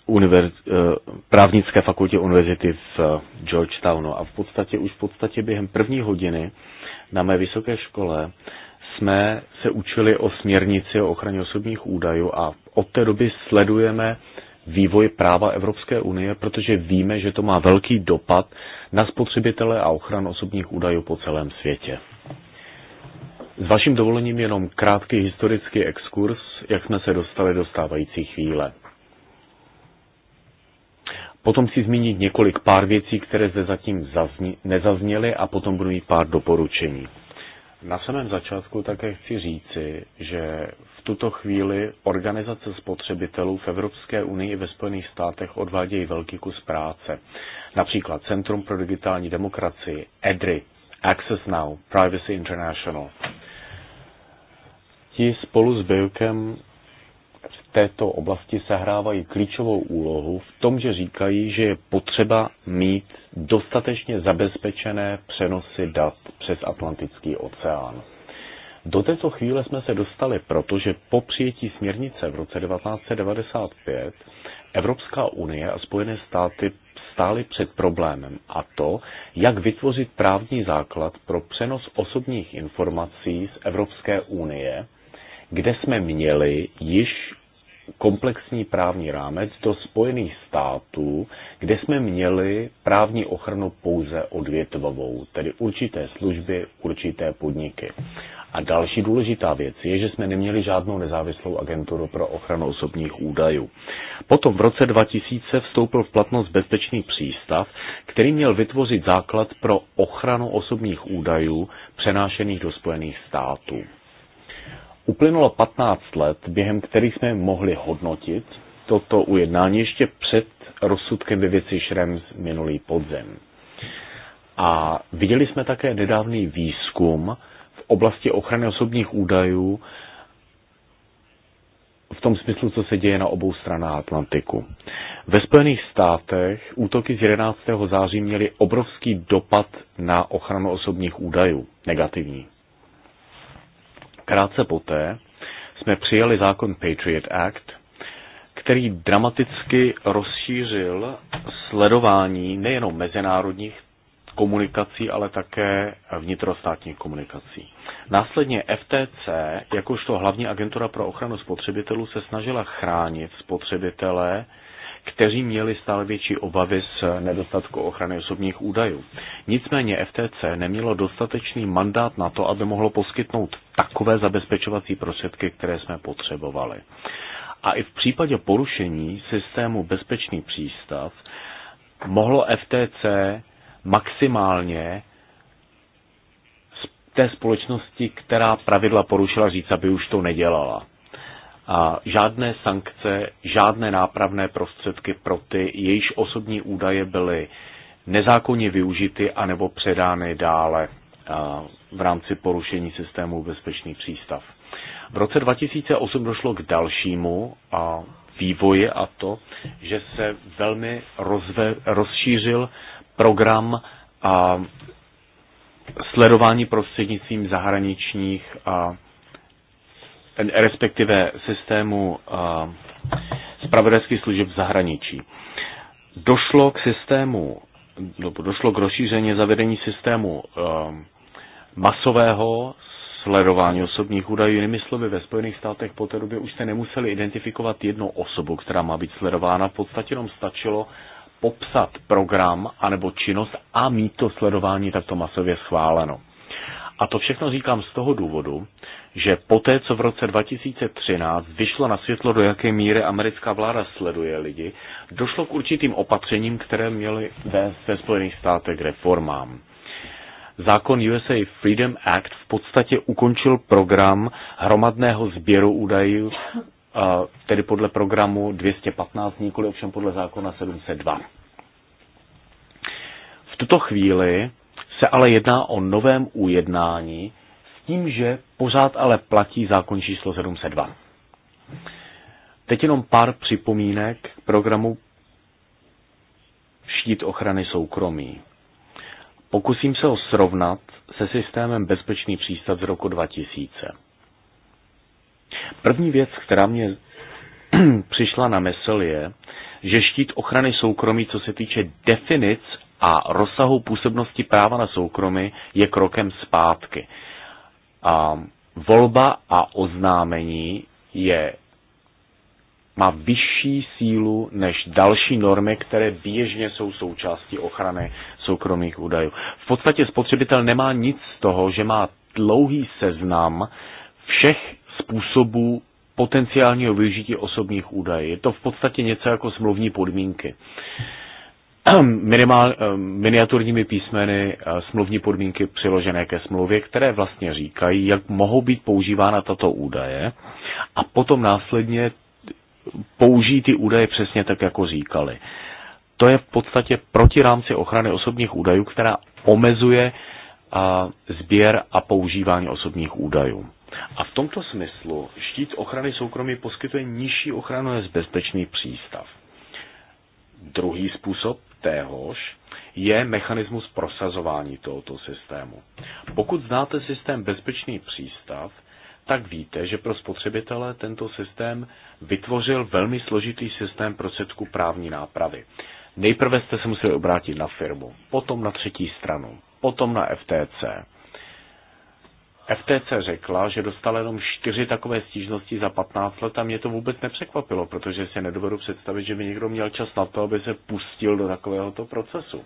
Speaker 3: univerz, e, právnické fakultě univerzity v Georgetownu. A v podstatě už v podstatě během první hodiny na mé vysoké škole jsme se učili o směrnici o ochraně osobních údajů a od té doby sledujeme vývoj práva Evropské unie, protože víme, že to má velký dopad na spotřebitele a ochranu osobních údajů po celém světě. S vaším dovolením jenom krátký historický exkurs, jak jsme se dostali do stávající chvíle. Potom si zmínit několik pár věcí, které zde zatím zazni- nezazněly a potom budu mít pár doporučení. Na samém začátku také chci říci, že v tuto chvíli organizace spotřebitelů v Evropské unii i ve Spojených státech odvádějí velký kus práce. Například Centrum pro digitální demokracii, EDRI, Access Now, Privacy International. Ti spolu s Bilkem této oblasti sehrávají klíčovou úlohu v tom, že říkají, že je potřeba mít dostatečně zabezpečené přenosy dat přes Atlantický oceán. Do této chvíle jsme se dostali, protože po přijetí směrnice v roce 1995 Evropská unie a Spojené státy stály před problémem a to, jak vytvořit právní základ pro přenos osobních informací z Evropské unie, kde jsme měli již komplexní právní rámec do Spojených států, kde jsme měli právní ochranu pouze odvětvovou, tedy určité služby, určité podniky. A další důležitá věc je, že jsme neměli žádnou nezávislou agenturu pro ochranu osobních údajů. Potom v roce 2000 vstoupil v platnost bezpečný přístav, který měl vytvořit základ pro ochranu osobních údajů přenášených do Spojených států. Uplynulo 15 let, během kterých jsme mohli hodnotit toto ujednání ještě před rozsudkem ve věci Šrems minulý podzem. A viděli jsme také nedávný výzkum v oblasti ochrany osobních údajů v tom smyslu, co se děje na obou stranách Atlantiku. Ve Spojených státech útoky z 11. září měly obrovský dopad na ochranu osobních údajů, negativní krátce poté jsme přijali zákon Patriot Act, který dramaticky rozšířil sledování nejenom mezinárodních komunikací, ale také vnitrostátních komunikací. Následně FTC, jakožto hlavní agentura pro ochranu spotřebitelů, se snažila chránit spotřebitele kteří měli stále větší obavy z nedostatku ochrany osobních údajů. Nicméně FTC nemělo dostatečný mandát na to, aby mohlo poskytnout takové zabezpečovací prostředky, které jsme potřebovali. A i v případě porušení systému bezpečný přístav mohlo FTC maximálně té společnosti, která pravidla porušila, říct, aby už to nedělala a žádné sankce, žádné nápravné prostředky pro ty, jejíž osobní údaje byly nezákonně využity anebo předány dále v rámci porušení systému bezpečný přístav. V roce 2008 došlo k dalšímu vývoji a to, že se velmi rozve, rozšířil program a sledování prostřednictvím zahraničních a respektive systému spravodajských služeb v zahraničí. Došlo k systému, došlo k rozšíření zavedení systému masového sledování osobních údajů. Jinými slovy, ve Spojených státech po té době už se nemuseli identifikovat jednu osobu, která má být sledována. V podstatě jenom stačilo popsat program anebo činnost a mít to sledování takto masově schváleno. A to všechno říkám z toho důvodu, že poté, co v roce 2013 vyšlo na světlo, do jaké míry americká vláda sleduje lidi, došlo k určitým opatřením, které měly vést ve Spojených státech reformám. Zákon USA Freedom Act v podstatě ukončil program hromadného sběru údajů, tedy podle programu 215, nikoli ovšem podle zákona 702. V tuto chvíli se ale jedná o novém ujednání, tím, že pořád ale platí zákon číslo 702. Teď jenom pár připomínek k programu štít ochrany soukromí. Pokusím se ho srovnat se systémem Bezpečný přístav z roku 2000. První věc, která mě *clears throat* přišla na mysl je, že štít ochrany soukromí, co se týče definic a rozsahu působnosti práva na soukromí, je krokem zpátky a volba a oznámení je, má vyšší sílu než další normy, které běžně jsou součástí ochrany soukromých údajů. V podstatě spotřebitel nemá nic z toho, že má dlouhý seznam všech způsobů potenciálního využití osobních údajů. Je to v podstatě něco jako smluvní podmínky. Uh, *clears throat* minimál, ehm, miniaturními písmeny eh, smluvní podmínky přiložené ke smlouvě, které vlastně říkají, jak mohou být používána tato údaje a potom následně použijí ty údaje přesně tak, jako říkali. To je v podstatě proti rámci ochrany osobních údajů, která omezuje eh, sběr a používání osobních údajů. A v tomto smyslu štít ochrany soukromí poskytuje nižší ochranu než bezpečný přístav. Druhý způsob, téhož je mechanismus prosazování tohoto systému. Pokud znáte systém bezpečný přístav, tak víte, že pro spotřebitele tento systém vytvořil velmi složitý systém prostředku právní nápravy. Nejprve jste se museli obrátit na firmu, potom na třetí stranu, potom na FTC. FTC řekla, že dostala jenom čtyři takové stížnosti za 15 let a mě to vůbec nepřekvapilo, protože si nedovedu představit, že by někdo měl čas na to, aby se pustil do takovéhoto procesu.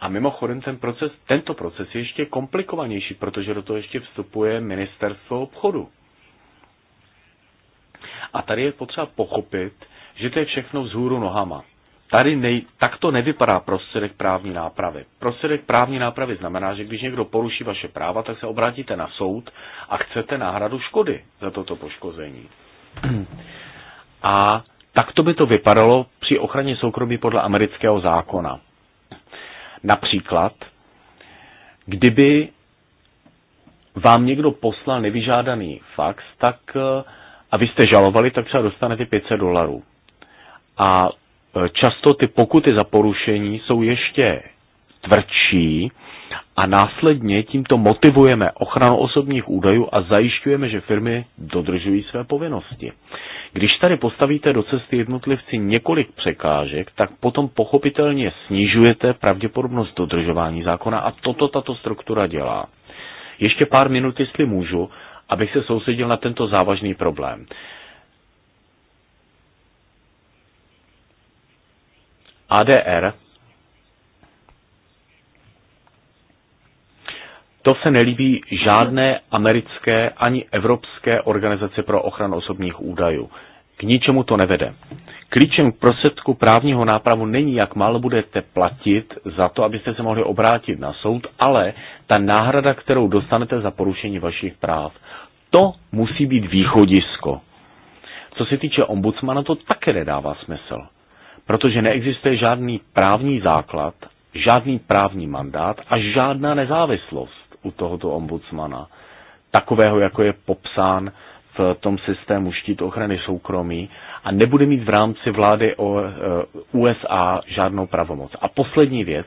Speaker 3: A mimochodem ten proces, tento proces je ještě komplikovanější, protože do toho ještě vstupuje ministerstvo obchodu. A tady je potřeba pochopit, že to je všechno vzhůru nohama. Tady nej, tak to nevypadá prostředek právní nápravy. Prostředek právní nápravy znamená, že když někdo poruší vaše práva, tak se obrátíte na soud a chcete náhradu škody za toto poškození. A tak to by to vypadalo při ochraně soukromí podle amerického zákona. Například, kdyby vám někdo poslal nevyžádaný fax, tak eh, a vy jste žalovali, tak třeba dostanete 500 dolarů. A Eh, často ty pokuty za porušení jsou ještě tvrdší a následně tímto motivujeme ochranu osobních údajů a zajišťujeme, že firmy dodržují své povinnosti. Když tady postavíte do cesty jednotlivci několik překážek, tak potom pochopitelně snižujete pravděpodobnost dodržování zákona a toto tato struktura dělá. Ještě pár minut, jestli můžu, abych se soustředil na tento závažný problém. ADR, to se nelíbí žádné americké ani evropské organizace pro ochranu osobních údajů. K ničemu to nevede. Klíčem k prostředku právního nápravu není, jak málo budete platit za to, abyste se mohli obrátit na soud, ale ta náhrada, kterou dostanete za porušení vašich práv. To musí být východisko. Co se týče ombudsmana, to také nedává smysl protože neexistuje žádný právní základ, žádný právní mandát a žádná nezávislost u tohoto ombudsmana, takového, jako je popsán v tom systému štít ochrany soukromí a nebude mít v rámci vlády e, USA žádnou pravomoc. A poslední věc,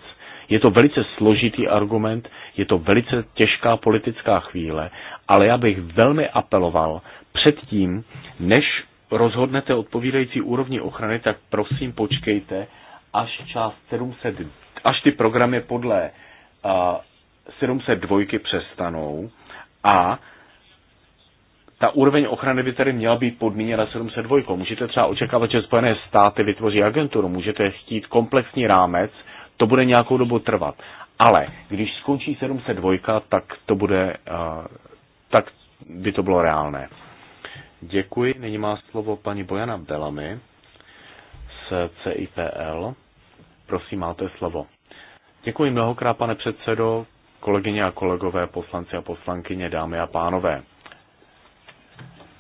Speaker 3: je to velice složitý argument, je to velice těžká politická chvíle, ale já bych velmi apeloval předtím, než rozhodnete odpovídající úrovni ochrany, tak prosím počkejte až část 700, až ty programy podle uh, 702 přestanou a ta úroveň ochrany by tedy měla být podmíněna 702. Můžete třeba očekávat, že Spojené státy vytvoří agenturu, můžete chtít komplexní rámec, to bude nějakou dobu trvat. Ale když skončí 702, tak to bude, uh, tak by to bylo reálné. Děkuji. Nyní má slovo paní Bojana Belami z CIPL. Prosím, máte slovo. Děkuji mnohokrát, pane předsedo, kolegyně a kolegové, poslanci a poslankyně, dámy a pánové.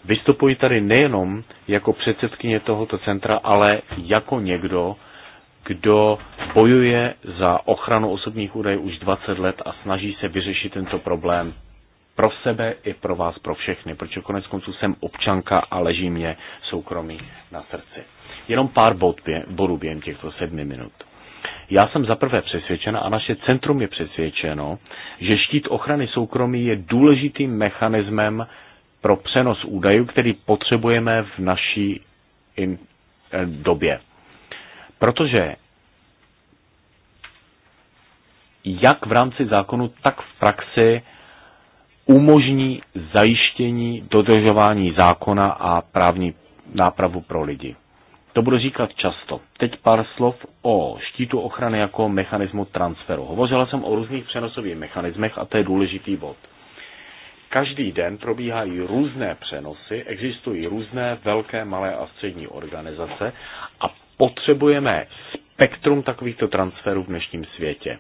Speaker 3: Vystupuji tady nejenom jako předsedkyně tohoto centra, ale jako někdo, kdo bojuje za ochranu osobních údajů už 20 let a snaží se vyřešit tento problém pro sebe i pro vás, pro všechny, protože konec konců jsem občanka a leží mě soukromí na srdci. Jenom pár bod, bodů během těchto sedmi minut. Já jsem zaprvé přesvědčena a naše centrum je přesvědčeno, že štít ochrany soukromí je důležitým mechanismem pro přenos údajů, který potřebujeme v naší in, eh, době. Protože jak v rámci zákonu, tak v praxi umožní zajištění dodržování zákona a právní nápravu pro lidi. To budu říkat často. Teď pár slov o štítu ochrany jako mechanismu transferu. Hovořila jsem o různých přenosových mechanismech a to je důležitý bod. Každý den probíhají různé přenosy, existují různé velké, malé a střední organizace a potřebujeme spektrum takovýchto transferů v dnešním světě.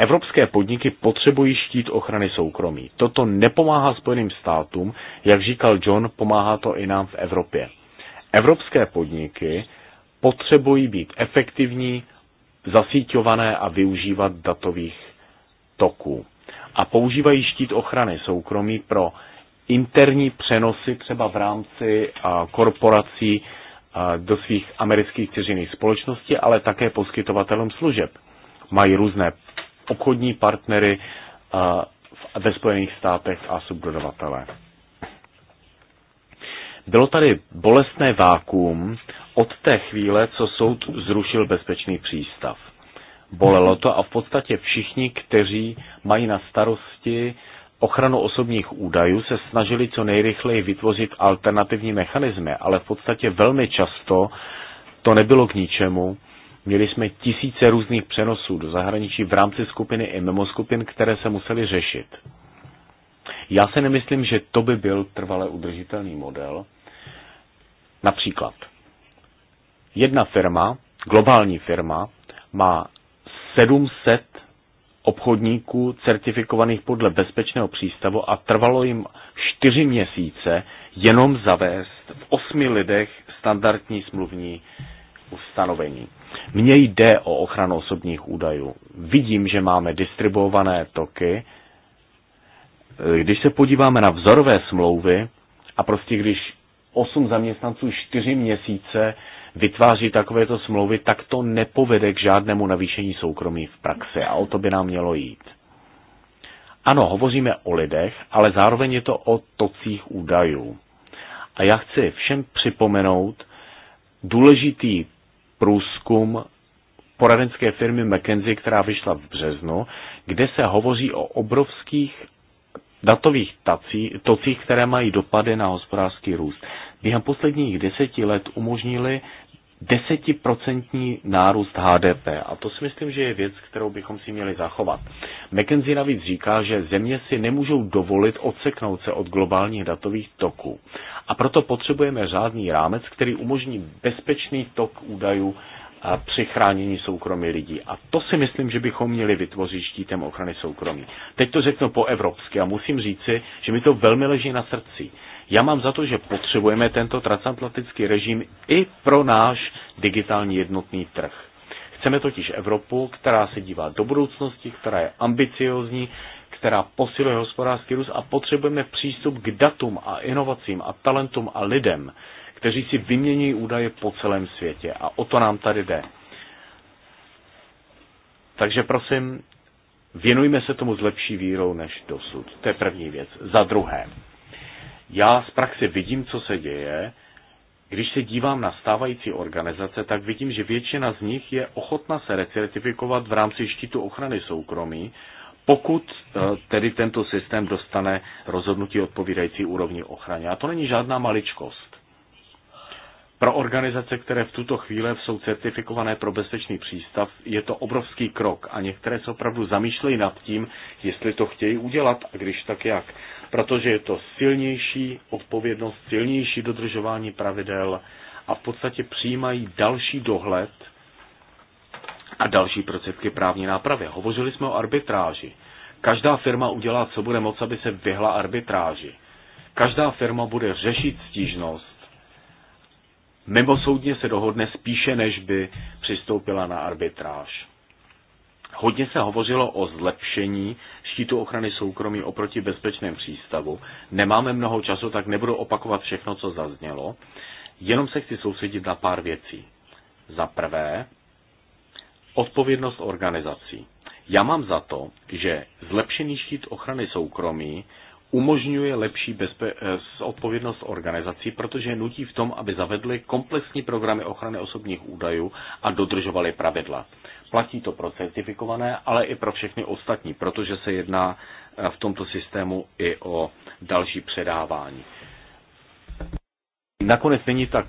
Speaker 3: Evropské podniky potřebují štít ochrany soukromí. Toto nepomáhá Spojeným státům, jak říkal John, pomáhá to i nám v Evropě. Evropské podniky potřebují být efektivní, zasíťované a využívat datových toků. A používají štít ochrany soukromí pro interní přenosy třeba v rámci korporací do svých amerických ceřiných společností, ale také poskytovatelům služeb. Mají různé obchodní partnery eh, ve Spojených státech a subdodavatele. Bylo tady bolestné vákuum od té chvíle, co soud zrušil bezpečný přístav. Bolelo to a v podstatě všichni, kteří mají na starosti ochranu osobních údajů, se snažili co nejrychleji vytvořit alternativní mechanismy, ale v podstatě velmi často to nebylo k ničemu Měli jsme tisíce různých přenosů do zahraničí v rámci skupiny i mimo skupin, které se museli řešit. Já se nemyslím, že to by byl trvale udržitelný model. Například, jedna firma, globální firma, má 700 obchodníků certifikovaných podle bezpečného přístavu a trvalo jim 4 měsíce jenom zavést v osmi lidech standardní smluvní ustanovení. Mně jde o ochranu osobních údajů. Vidím, že máme distribuované toky. E, když se podíváme na vzorové smlouvy a prostě když 8 zaměstnanců 4 měsíce vytváří takovéto smlouvy, tak to nepovede k žádnému navýšení soukromí v praxi a o to by nám mělo jít. Ano, hovoříme o lidech, ale zároveň je to o tocích údajů. A já chci všem připomenout důležitý průzkum poradenské firmy McKenzie, která vyšla v březnu, kde se hovoří o obrovských datových tací, tocích, které mají dopady na hospodářský růst. Během posledních deseti let umožnili desetiprocentní nárůst HDP. A to si myslím, že je věc, kterou bychom si měli zachovat. McKenzie navíc říká, že země si nemůžou dovolit odseknout se od globálních datových toků. A proto potřebujeme řádný rámec, který umožní bezpečný tok údajů a při chránění soukromí lidí. A to si myslím, že bychom měli vytvořit štítem ochrany soukromí. Teď to řeknu po evropsky a musím říci, že mi to velmi leží na srdci. Já mám za to, že potřebujeme tento transatlantický režim i pro náš digitální jednotný trh. Chceme totiž Evropu, která se dívá do budoucnosti, která je ambiciozní, která posiluje hospodářský růst a potřebujeme přístup k datům a inovacím a talentům a lidem, kteří si vymění údaje po celém světě. A o to nám tady jde. Takže prosím, věnujme se tomu s lepší vírou než dosud. To je první věc. Za druhé, já z praxe vidím, co se děje. Když se dívám na stávající organizace, tak vidím, že většina z nich je ochotna se recertifikovat v rámci štítu ochrany soukromí, pokud e, tedy tento systém dostane rozhodnutí odpovídající úrovni ochrany. A to není žádná maličkost. Pro organizace, které v tuto chvíli jsou certifikované pro bezpečný přístav, je to obrovský krok a některé se opravdu zamýšlejí nad tím, jestli to chtějí udělat a když tak jak protože je to silnější odpovědnost, silnější dodržování pravidel a v podstatě přijímají další dohled a další prostředky právní nápravy. Hovořili jsme o arbitráži. Každá firma udělá, co bude moc, aby se vyhla arbitráži. Každá firma bude řešit stížnost. soudně se dohodne spíše, než by přistoupila na arbitráž. Hodně se hovořilo o zlepšení štítu ochrany soukromí oproti bezpečném přístavu. Nemáme mnoho času, tak nebudu opakovat všechno, co zaznělo. Jenom se chci soustředit na pár věcí. Za prvé, odpovědnost organizací. Já mám za to, že zlepšený štít ochrany soukromí umožňuje lepší bezpe- eh, odpovědnost organizací, protože nutí v tom, aby zavedly komplexní programy ochrany osobních údajů a dodržovaly pravidla. Platí to pro certifikované, ale i pro všechny ostatní, protože se jedná eh, v tomto systému i o další předávání. Nakonec není tak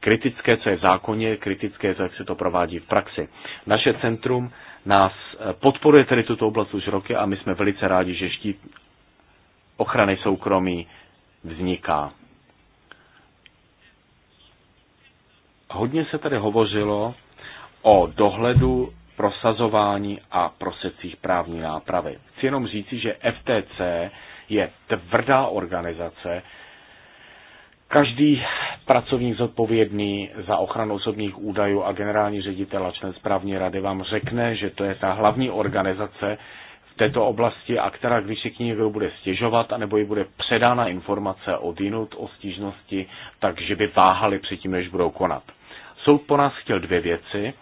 Speaker 3: kritické, co je v zákoně, kritické, co jak se to provádí v praxi. Naše centrum nás eh, podporuje tedy tuto oblast už roky a my jsme velice rádi, že štít ochrany soukromí vzniká. Hodně se tady hovořilo o dohledu, prosazování a prosecích právní nápravy. Chci jenom říci, že FTC je tvrdá organizace, Každý pracovník zodpovědný za ochranu osobních údajů a generální ředitel a člen správní rady vám řekne, že to je ta hlavní organizace v této oblasti a která, když si k ní někdo bude stěžovat anebo ji bude předána informace od jinut o stížnosti, takže by váhali předtím, než budou konat. Soud po nás chtěl dvě věci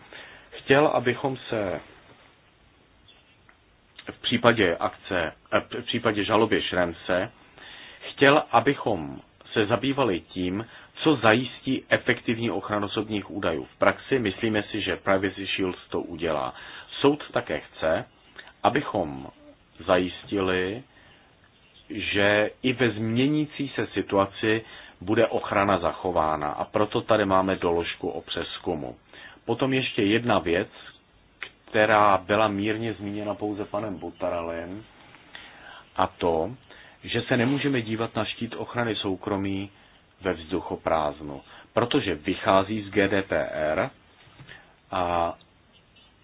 Speaker 3: chtěl, abychom se v případě akce, eh, v případě žaloby Šremse, chtěl, abychom se zabývali tím, co zajistí efektivní ochranu osobních údajů. V praxi myslíme si, že Privacy Shield to udělá. Soud také chce, abychom zajistili, že i ve změnící se situaci bude ochrana zachována a proto tady máme doložku o přeskumu. Potom ještě jedna věc, která byla mírně zmíněna pouze panem Butaralem, a to, že se nemůžeme dívat na štít ochrany soukromí ve vzduchoprázdnu, protože vychází z GDPR a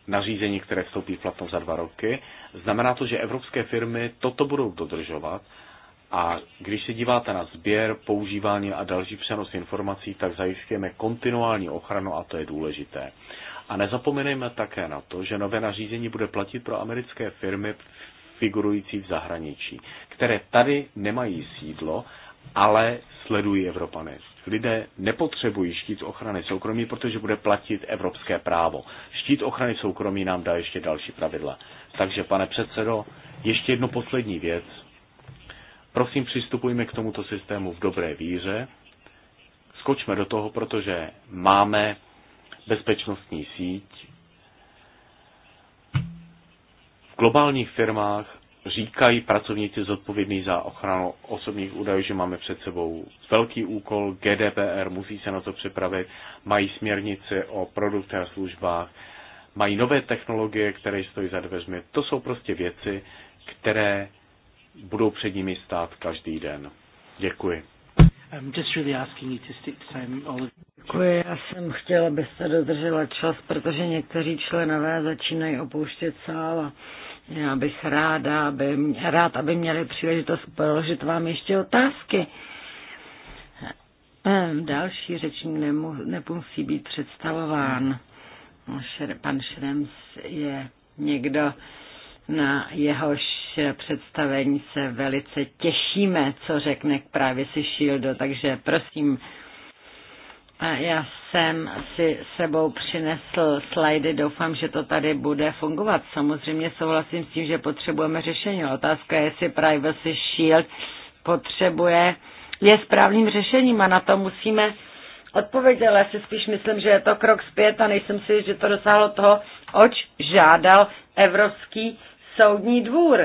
Speaker 3: nařízení, které vstoupí v platnost za dva roky. Znamená to, že evropské firmy toto budou dodržovat a když se díváte na sběr, používání a další přenos informací, tak zajistíme kontinuální ochranu a to je důležité. A nezapomeňme také na to, že nové nařízení bude platit pro americké firmy figurující v zahraničí, které tady nemají sídlo, ale sledují Evropané. Lidé nepotřebují štít ochrany soukromí, protože bude platit evropské právo. Štít ochrany soukromí nám dá ještě další pravidla. Takže, pane předsedo, ještě jednu poslední věc Prosím, přistupujme k tomuto systému v dobré víře. Skočme do toho, protože máme bezpečnostní síť. V globálních firmách říkají pracovníci zodpovědní za ochranu osobních údajů, že máme před sebou velký úkol, GDPR musí se na to připravit, mají směrnice o produktech a službách, mají nové technologie, které stojí za dveřmi. To jsou prostě věci, které budou před nimi stát každý den. Děkuji.
Speaker 2: Děkuji, já jsem chtěla, abyste dodržela čas, protože někteří členové začínají opouštět sál a já bych ráda, aby, rád, aby měli příležitost položit vám ještě otázky. Ehm, další řečník nemusí být představován. Pan Šrems je někdo, na jehož představení se velice těšíme, co řekne k právě si Shieldo, takže prosím. A já jsem si sebou přinesl slajdy, doufám, že to tady bude fungovat. Samozřejmě souhlasím s tím, že potřebujeme řešení. Otázka je, jestli Privacy Shield potřebuje, je správným řešením a na to musíme odpovědět, ale Já si spíš myslím, že je to krok zpět a nejsem si, že to dosáhlo toho, oč žádal Evropský soudní dvůr,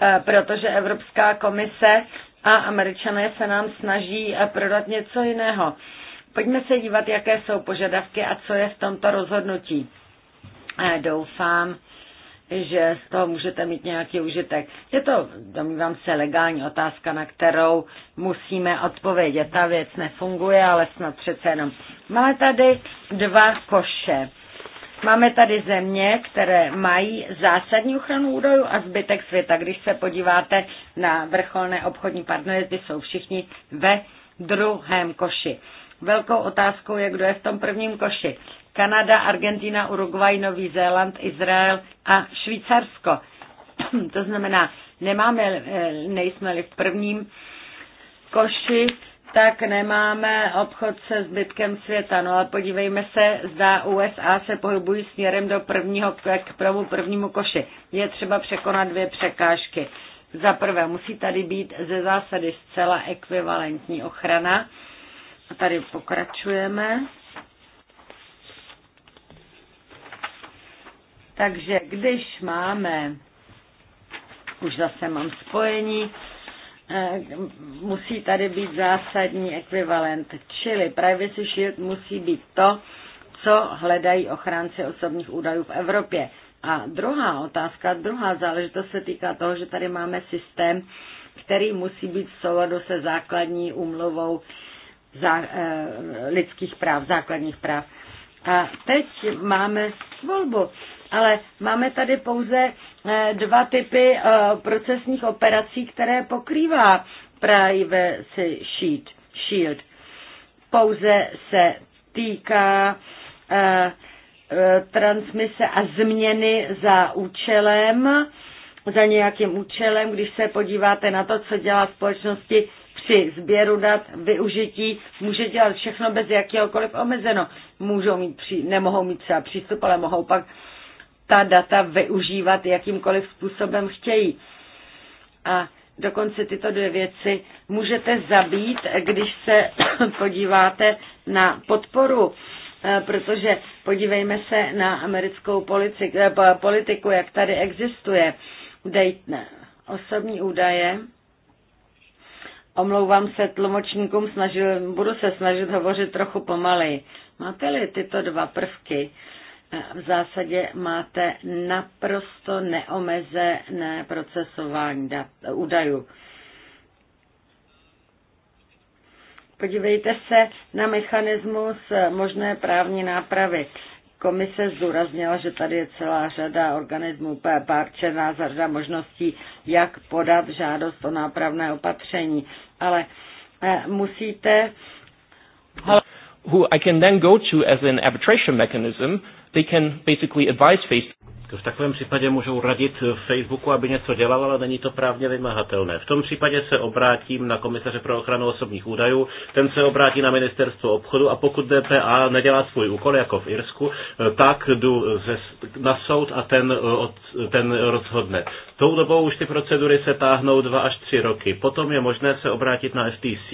Speaker 2: eh, protože Evropská komise a američané se nám snaží eh, prodat něco jiného. Pojďme se dívat, jaké jsou požadavky a co je v tomto rozhodnutí. Eh, doufám, že z toho můžete mít nějaký užitek. Je to, domnívám se, legální otázka, na kterou musíme odpovědět. Ta věc nefunguje, ale snad přece jenom. Máme tady dva koše. Máme tady země, které mají zásadní ochranu údajů a zbytek světa. Když se podíváte na vrcholné obchodní partnery, ty jsou všichni ve druhém koši. Velkou otázkou je, kdo je v tom prvním koši. Kanada, Argentina, Uruguay, Nový Zéland, Izrael a Švýcarsko. to znamená, nemáme, eh, nejsme-li v prvním koši, tak nemáme obchod se zbytkem světa. No ale podívejme se, zda USA se pohybují směrem do prvního, k prvu prvnímu koši. Je třeba překonat dvě překážky. Za prvé, musí tady být ze zásady zcela ekvivalentní ochrana. A tady pokračujeme. Takže když máme, už zase mám spojení, Eh, musí tady být zásadní ekvivalent, čili Privacy Shield musí být to, co hledají ochránci osobních údajů v Evropě. A druhá otázka, druhá záležitost se týká toho, že tady máme systém, který musí být v souladu se základní úmluvou zá, e, eh, lidských práv, základních práv. A teď máme volbu ale máme tady pouze eh, dva typy eh, procesních operací, které pokrývá Privacy Shield. Pouze se týká eh, transmise a změny za účelem, za nějakým účelem, když se podíváte na to, co dělá společnosti při sběru dat, využití, může dělat všechno bez jakéhokoliv omezeno. Můžou mít, nemohou mít třeba přístup, ale mohou pak ta data využívat jakýmkoliv způsobem chtějí. A dokonce tyto dvě věci můžete zabít, když se *coughs* podíváte na podporu eh, protože podívejme se na americkou eh, politiku, jak tady existuje. Dejte osobní údaje. Omlouvám se tlumočníkům, snažil, budu se snažit hovořit trochu pomaleji. Máte-li tyto dva prvky, v zásadě máte naprosto neomezené procesování dat, údajů. Podívejte se na mechanismus možné právní nápravy. Komise zdůraznila, že tady je celá řada organismů, párčená řada možností, jak podat žádost o nápravné opatření. Ale eh, musíte...
Speaker 1: Who I can then go to as an arbitration mechanism they can basically advise Facebook. V takovém případě můžou radit Facebooku, aby něco dělal, ale není to právně vymahatelné. V tom případě se obrátím na komisaře pro ochranu osobních údajů, ten se obrátí na ministerstvo obchodu a pokud DPA nedělá svůj úkol, jako v Irsku, tak jdu ze, na soud a ten, eh, od, ten rozhodne. Tou dobou už ty procedury se táhnou dva až tři roky. Potom je možné se obrátit na STC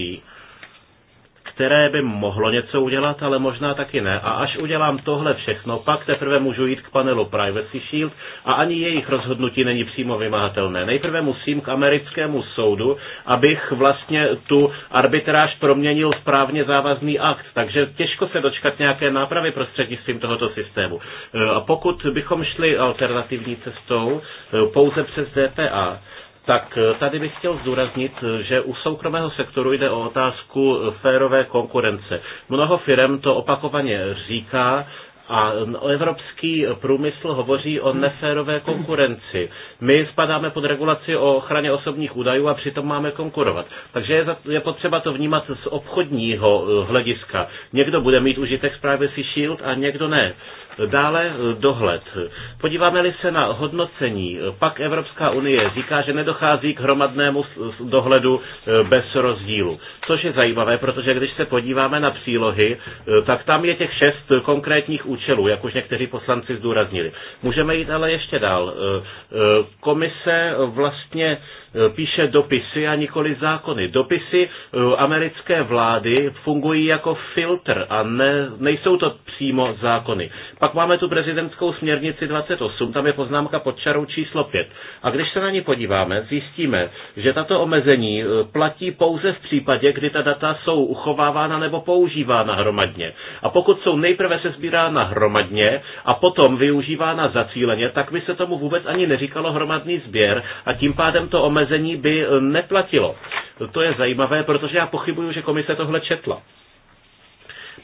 Speaker 1: které by mohlo něco udělat, ale možná taky ne. A až udělám tohle všechno, pak teprve můžu jít k panelu Privacy Shield a ani jejich rozhodnutí není přímo vymahatelné. Nejprve musím k americkému soudu, abych vlastně tu arbitráž proměnil v právně závazný akt. Takže těžko se dočkat nějaké nápravy prostřednictvím tohoto systému. E, a pokud bychom šli alternativní cestou e, pouze přes DPA, tak eh, tady bych chtěl zdůraznit, eh, že u soukromého sektoru jde o otázku eh, férové konkurence. Mnoho firm to opakovaně říká, a evropský průmysl hovoří o neférové konkurenci. My spadáme pod regulaci o ochraně osobních údajů a přitom máme konkurovat. Takže je potřeba to vnímat z obchodního hlediska. Někdo bude mít užitek z Privacy Shield a někdo ne. Dále eh, dohled. Podíváme-li se na hodnocení, eh, pak Evropská unie říká, že nedochází k hromadnému dohledu eh, bez rozdílu. Což je zajímavé, protože když se podíváme na přílohy, tak tam je těch šest konkrétních účelů, jak už někteří poslanci zdůraznili. Můžeme jít ale ještě dál. Komise vlastně Eh, píše dopisy a nikoli zákony. Dopisy eh, americké vlády fungují jako filtr a ne, nejsou to přímo zákony. Pak máme tu prezidentskou směrnici 28, tam je poznámka pod čarou číslo 5. A když se na ní podíváme, zjistíme, že tato omezení eh, platí pouze v případě, kdy ta data jsou uchovávána nebo používána hromadně. A pokud jsou nejprve se sbírána hromadně a potom využívána zacíleně, tak by se tomu vůbec ani neříkalo hromadný sběr a tím pádem to omezení omezení by eh, neplatilo. To je zajímavé, protože já pochybuju, že komise tohle četla.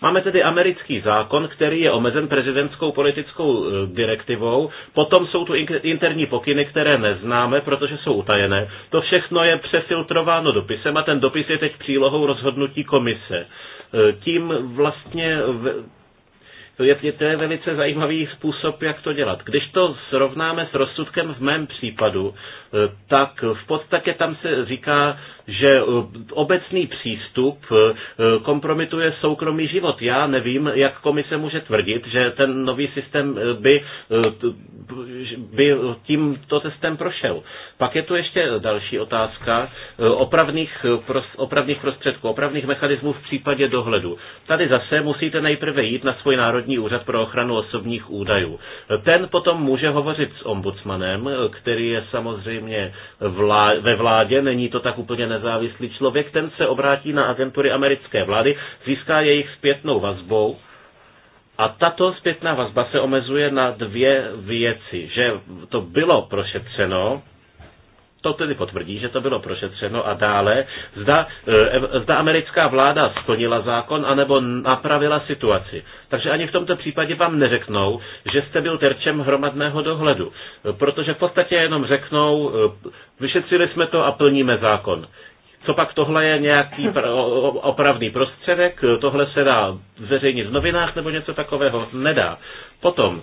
Speaker 1: Máme tedy americký zákon, který je omezen prezidentskou politickou eh, direktivou, potom jsou tu interní pokyny, které neznáme, protože jsou utajené. To všechno je přefiltrováno dopisem a ten dopis je teď přílohou rozhodnutí komise. Eh, tím vlastně je, to je velice zajímavý způsob, jak to dělat. Když to srovnáme s rozsudkem v mém případu, eh, tak v podstatě tam se říká, že eh, obecný přístup eh, eh, kompromituje soukromý život. Já nevím, jak komise může tvrdit, že ten nový systém by, by tímto testem prošel. Pak je tu ještě další otázka opravných, opravných prostředků, opravných mechanismů v případě dohledu. Tady zase musíte nejprve jít na svůj Národní úřad pro ochranu osobních údajů. Ten potom může hovořit s ombudsmanem, který je samozřejmě vlá- ve vládě, není to tak úplně nezávislý člověk, ten se obrátí na agentury americké vlády, získá jejich zpětnou vazbou a tato zpětná vazba se omezuje na dvě věci, že to bylo prošetřeno, to tedy potvrdí, že to bylo prošetřeno a dále, zda, e, zda americká vláda splnila zákon anebo napravila situaci. Takže ani v tomto případě vám neřeknou, že jste byl terčem hromadného dohledu, e, protože v podstatě jenom řeknou, e, vyšetřili jsme to a plníme zákon. Co pak tohle je nějaký opravný prostředek, tohle se dá zveřejnit v novinách nebo něco takového? Nedá. Potom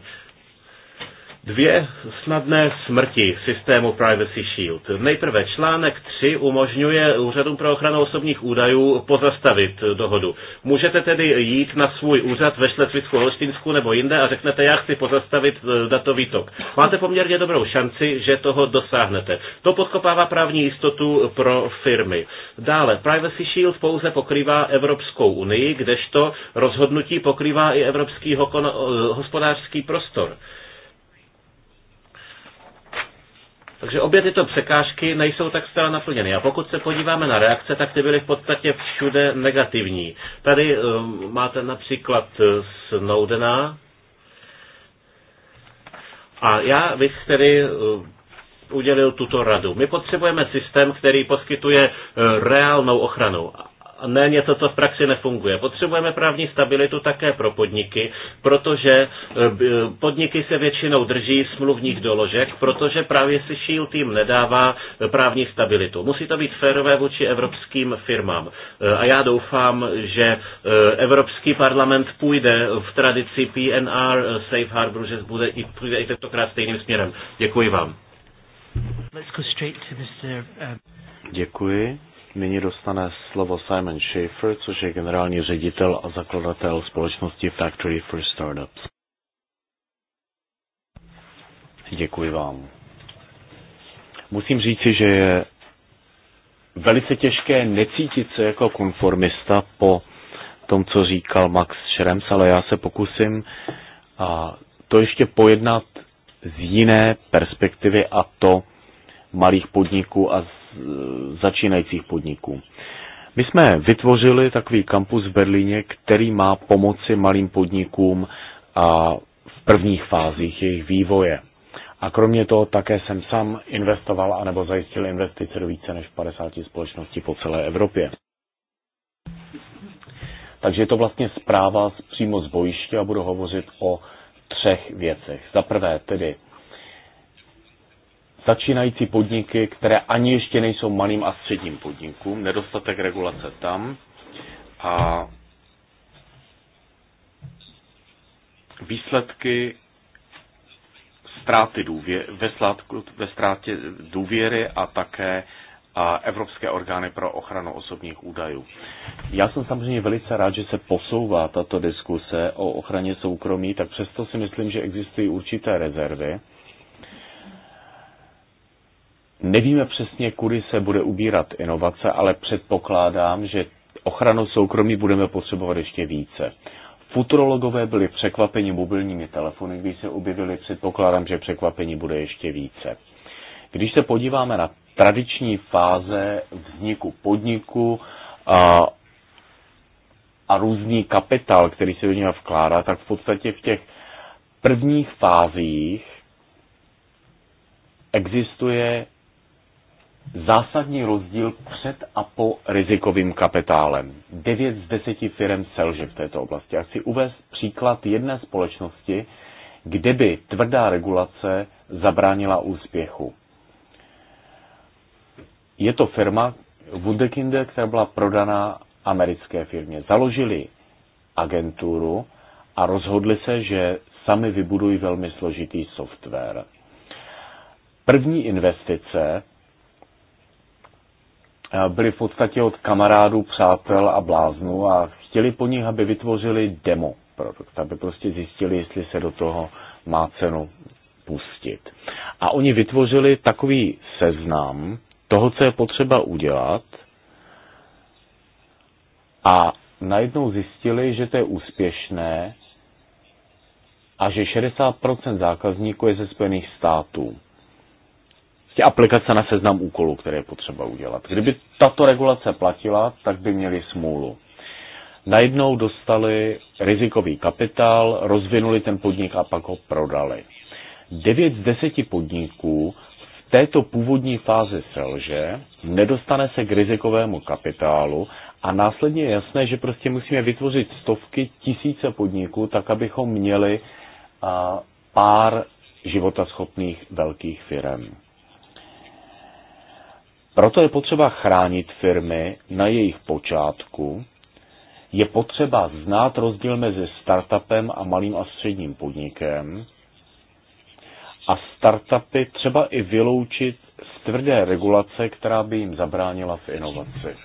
Speaker 1: Dvě snadné smrti systému Privacy Shield. Nejprve článek 3 umožňuje úřadům pro ochranu osobních údajů pozastavit dohodu. Můžete tedy jít na svůj úřad ve Šlesvicku, Holštinsku nebo jinde a řeknete, já chci pozastavit e, datový tok. Máte poměrně dobrou šanci, že toho dosáhnete. To podkopává právní jistotu pro firmy. Dále, Privacy Shield pouze pokrývá Evropskou unii, kdežto rozhodnutí pokrývá i Evropský e, hospodářský prostor. Takže obě tyto překážky nejsou tak stále naplněny. A pokud se podíváme na reakce, tak ty byly v podstatě všude negativní. Tady um, máte například eh, Snowdena. A já bych tedy eh, udělil tuto radu. My potřebujeme systém, který poskytuje reálnou ochranu ne něco, co v praxi nefunguje. Potřebujeme právní stabilitu také pro podniky, protože e, podniky se většinou drží smluvních doložek, protože právě si Shield tým nedává právní stabilitu. Musí to být férové vůči evropským firmám. E, a já doufám, že e, Evropský parlament půjde v tradici PNR Safe Harbor, že bude i, půjde i tentokrát stejným směrem. Děkuji vám.
Speaker 2: Uh,
Speaker 3: Děkuji. Nyní dostane slovo Simon Schaefer, což je generální ředitel a zakladatel společnosti Factory for Startups. Děkuji vám. Musím říci, že je velice těžké necítit se jako konformista po tom, co říkal Max Schrems, ale já se pokusím a to ještě pojednat z jiné perspektivy a to malých podniků a začínajících podniků. My jsme vytvořili takový kampus v Berlíně, který má pomoci malým podnikům a v prvních fázích jejich vývoje. A kromě toho také jsem sám investoval anebo zajistil investice do více než 50 společností po celé Evropě. Takže je to vlastně zpráva přímo z bojiště a budu hovořit o třech věcech. Za prvé tedy začínající podniky, které ani ještě nejsou malým a středním podnikům, nedostatek regulace tam a výsledky ztráty důvěry, ve, sládku, ve ztrátě důvěry a také a Evropské orgány pro ochranu osobních údajů. Já jsem samozřejmě velice rád, že se posouvá tato diskuse o ochraně soukromí, tak přesto si myslím, že existují určité rezervy Nevíme přesně, kudy se bude ubírat inovace, ale předpokládám, že ochranu soukromí budeme potřebovat ještě více. Futurologové byli překvapeni mobilními telefony, když se objevili, předpokládám, že překvapení bude ještě více. Když se podíváme na tradiční fáze vzniku podniku a, a různý kapitál, který se do něho vkládá, tak v podstatě v těch prvních fázích existuje zásadní rozdíl před a po rizikovým kapitálem. 9 z 10 firm selže v této oblasti. A chci uvést příklad jedné společnosti, kde by tvrdá regulace zabránila úspěchu. Je to firma Wunderkinder, která byla prodaná americké firmě. Založili agenturu a rozhodli se, že sami vybudují velmi složitý software. První investice Eh, byli v podstatě od kamarádů, přátel a bláznů a chtěli po nich, aby vytvořili demo produkt, aby prostě zjistili, jestli se do toho má cenu pustit. A oni vytvořili takový seznam toho, co je potřeba udělat a najednou zjistili, že to je úspěšné a že 60% zákazníků je ze Spojených států ty prostě aplikace na seznam úkolů, které je potřeba udělat. Kdyby tato regulace platila, tak by měli smůlu. Najednou dostali rizikový kapitál, rozvinuli ten podnik a pak ho prodali. 9 z 10 podniků v této původní fázi selže, nedostane se k rizikovému kapitálu a následně je jasné, že prostě musíme vytvořit stovky, tisíce podniků, tak abychom měli pár životaschopných velkých firm. Proto je potřeba chránit firmy na jejich počátku, je potřeba znát rozdíl mezi startupem a malým a středním podnikem a startupy třeba i vyloučit z tvrdé regulace, která by jim zabránila v inovaci.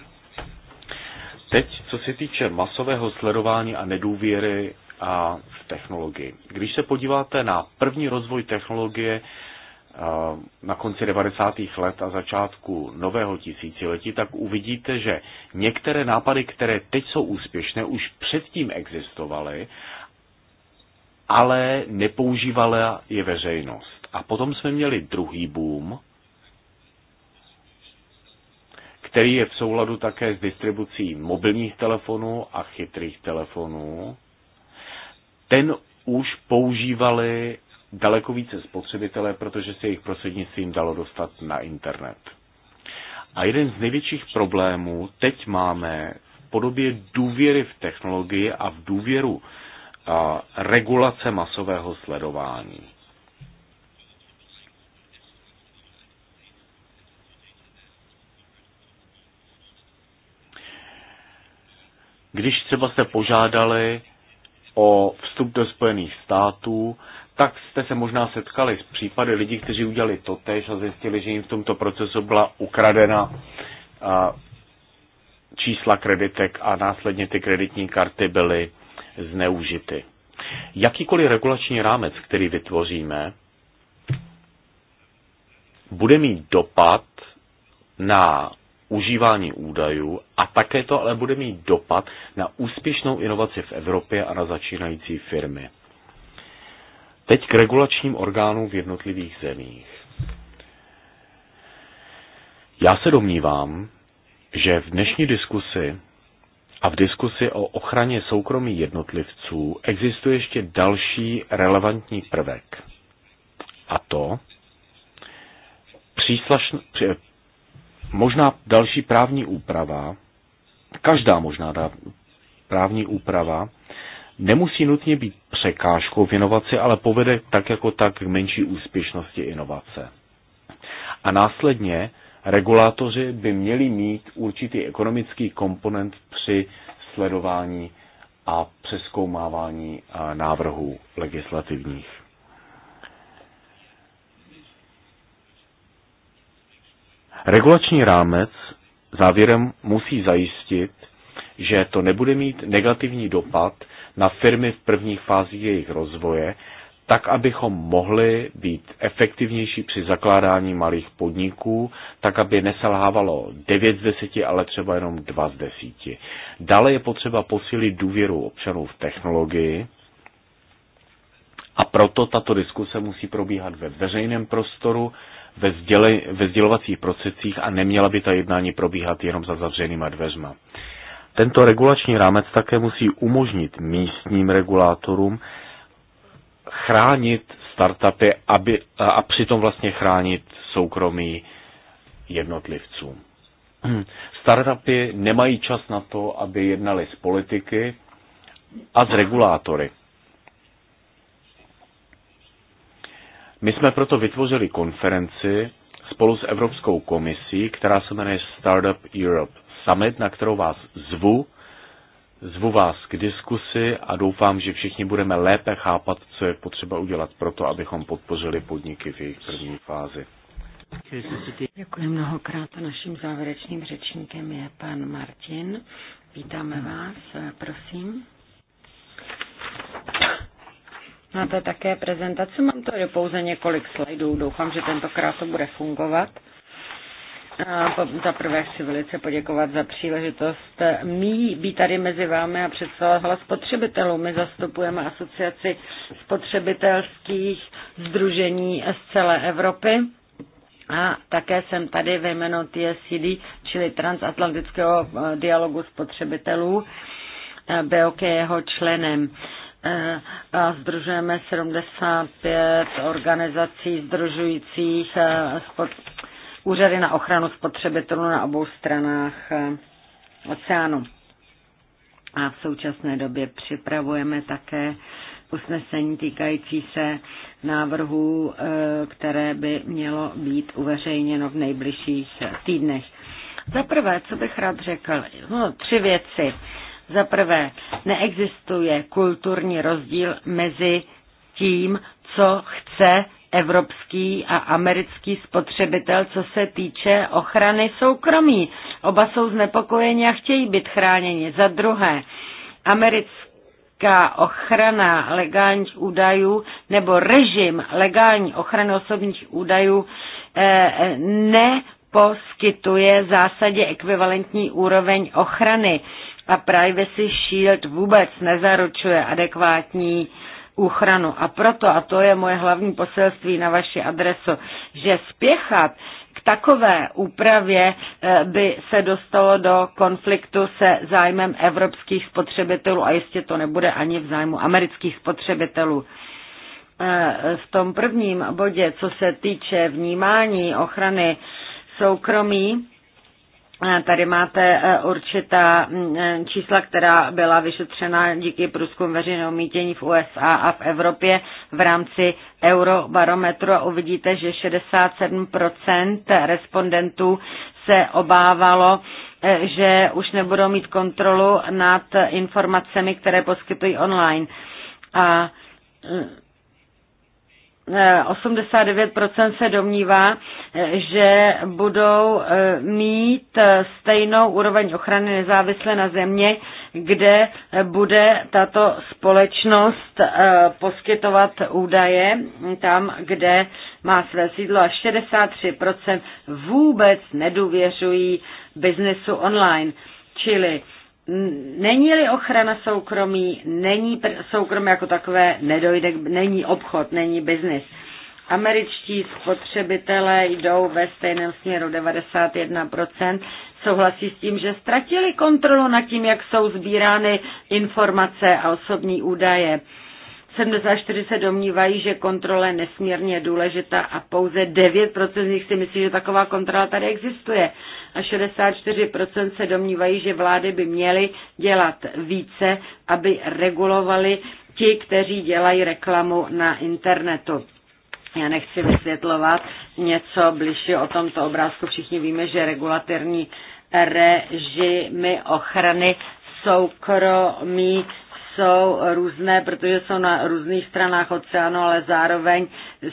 Speaker 3: Teď, co se týče masového sledování a nedůvěry a v technologii. Když se podíváte na první rozvoj technologie na konci 90. let a začátku nového tisíciletí, tak uvidíte, že některé nápady, které teď jsou úspěšné, už předtím existovaly, ale nepoužívala je veřejnost. A potom jsme měli druhý boom, který je v souladu také s distribucí mobilních telefonů a chytrých telefonů. Ten už používali daleko více spotřebitelé, protože se jejich prostřednictvím dalo dostat na internet. A jeden z největších problémů teď máme v podobě důvěry v technologii a v důvěru a, regulace masového sledování. Když třeba jste požádali o vstup do Spojených států, tak jste se možná setkali s případy lidí, kteří udělali tež a zjistili, že jim v tomto procesu byla ukradena čísla kreditek a následně ty kreditní karty byly zneužity. Jakýkoliv regulační rámec, který vytvoříme, bude mít dopad na užívání údajů a také to ale bude mít dopad na úspěšnou inovaci v Evropě a na začínající firmy. Teď k regulačním orgánům v jednotlivých zemích. Já se domnívám, že v dnešní diskusi a v diskusi o ochraně soukromí jednotlivců existuje ještě další relevantní prvek. A to příslašn, možná další právní úprava, každá možná právní úprava, nemusí nutně být překážkou v inovaci, ale povede tak jako tak k menší úspěšnosti inovace. A následně regulátoři by měli mít určitý ekonomický komponent při sledování a přeskoumávání návrhů legislativních. Regulační rámec závěrem musí zajistit, že to nebude mít negativní dopad na firmy v prvních fázích jejich rozvoje, tak abychom mohli být efektivnější při zakládání malých podniků, tak aby neselhávalo 9 z 10, ale třeba jenom 2 z 10. Dále je potřeba posílit důvěru občanů v technologii, a proto tato diskuse musí probíhat ve veřejném prostoru, ve, sděle, ve sdělovacích procesích a neměla by ta jednání probíhat jenom za zavřenýma dveřma. Tento regulační rámec také musí umožnit místním regulátorům chránit startupy aby, a přitom vlastně chránit soukromí jednotlivců. *clears throat* Startupy nemají čas na to, aby jednali s politiky a s regulátory. My jsme proto vytvořili konferenci spolu s Evropskou komisí, která se jmenuje Startup Europe summit, na kterou vás zvu. Zvu vás k diskusi a doufám, že všichni budeme lépe chápat, co je potřeba udělat pro to, abychom podpořili podniky v jejich první fázi.
Speaker 2: Děkuji mnohokrát. Naším závěrečným řečníkem je pan Martin. Vítáme vás, prosím. Máte také prezentaci, mám tady pouze několik slajdů, doufám, že tentokrát to bude fungovat. Za prvé chci velice poděkovat za příležitost eh, mý být tady mezi vámi a představovat hlas spotřebitelů. My zastupujeme asociaci spotřebitelských združení z celé Evropy. A také jsem tady ve jménu TSCD, čili Transatlantického eh, dialogu spotřebitelů. Eh, BOK je jeho členem. A združujeme 75 organizací združujících úřady na ochranu spotřebitelů na obou stranách eh, oceánu. A v současné době připravujeme také usnesení týkající se návrhů, eh, které by mělo být uveřejněno v nejbližších týdnech. Za prvé, co bych rád řekl, no, tři věci. Za prvé, neexistuje kulturní rozdíl mezi tím, co chce evropský a americký spotřebitel, co se týče ochrany soukromí. Oba jsou znepokojeni a chtějí být chráněni. Za druhé, americká ochrana legálních údajů nebo režim legální ochrany osobních údajů eh, neposkytuje zásadě ekvivalentní úroveň ochrany a Privacy Shield vůbec nezaručuje adekvátní eh, úchranu. A proto, a to je moje hlavní poselství na vaši adresu, že spěchat k takové úpravě eh, by se dostalo do konfliktu se zájmem evropských spotřebitelů a jistě to nebude ani v zájmu amerických spotřebitelů eh, v tom prvním bodě, co se týče vnímání ochrany soukromí, Eh, tady máte eh, určitá mm, eh, čísla, která byla vyšetřena díky průzkum veřejného mítění v USA a v Evropě v rámci eurobarometru a uvidíte, že 67% respondentů se obávalo, že už nebudou mít kontrolu nad informacemi, které poskytují online. A 89% se domnívá, že budou eh, mít stejnou úroveň ochrany nezávisle na země, kde bude tato společnost eh, poskytovat údaje tam, kde má své sídlo a 63% vůbec nedůvěřují biznesu online. Čili Není-li ochrana soukromí, není soukromí jako takové, nedojde, není obchod, není biznis. Američtí spotřebitelé jdou ve stejném směru 91%, souhlasí s tím, že ztratili kontrolu nad tím, jak jsou sbírány informace a osobní údaje. 74 se domnívají, že kontrola je nesmírně důležitá a pouze 9% z nich si myslí, že taková kontrola tady existuje a 64% se domnívají, že vlády by měly dělat více, aby regulovali ti, kteří dělají reklamu na internetu. Já nechci vysvětlovat něco bližší o tomto obrázku. Všichni víme, že regulatorní režimy ochrany soukromí jsou různé, protože jsou na různých stranách oceánu, ale zároveň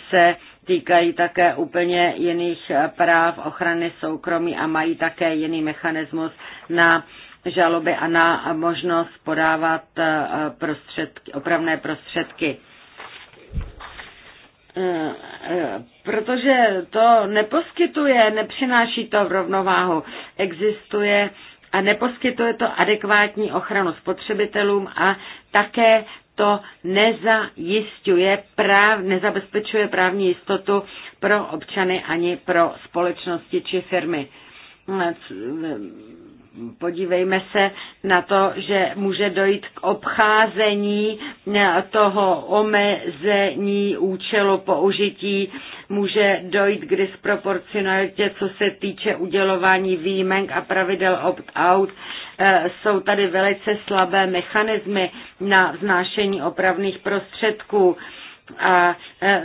Speaker 2: se týkají také úplně jiných práv ochrany soukromí a mají také jiný mechanismus na žaloby a na možnost podávat eh, prostředky, opravné prostředky eh, eh, protože to neposkytuje, nepřináší to v rovnováhu. Existuje a neposkytuje to adekvátní ochranu spotřebitelům a také to nezajistuje práv, nezabezpečuje právní jistotu pro občany ani pro společnosti či firmy podívejme se na to, že může dojít k obcházení toho omezení účelu použití, může dojít k disproporcionalitě, co se týče udělování výjimek a pravidel opt-out. Eh, jsou tady velice slabé mechanismy na vznášení opravných prostředků a e,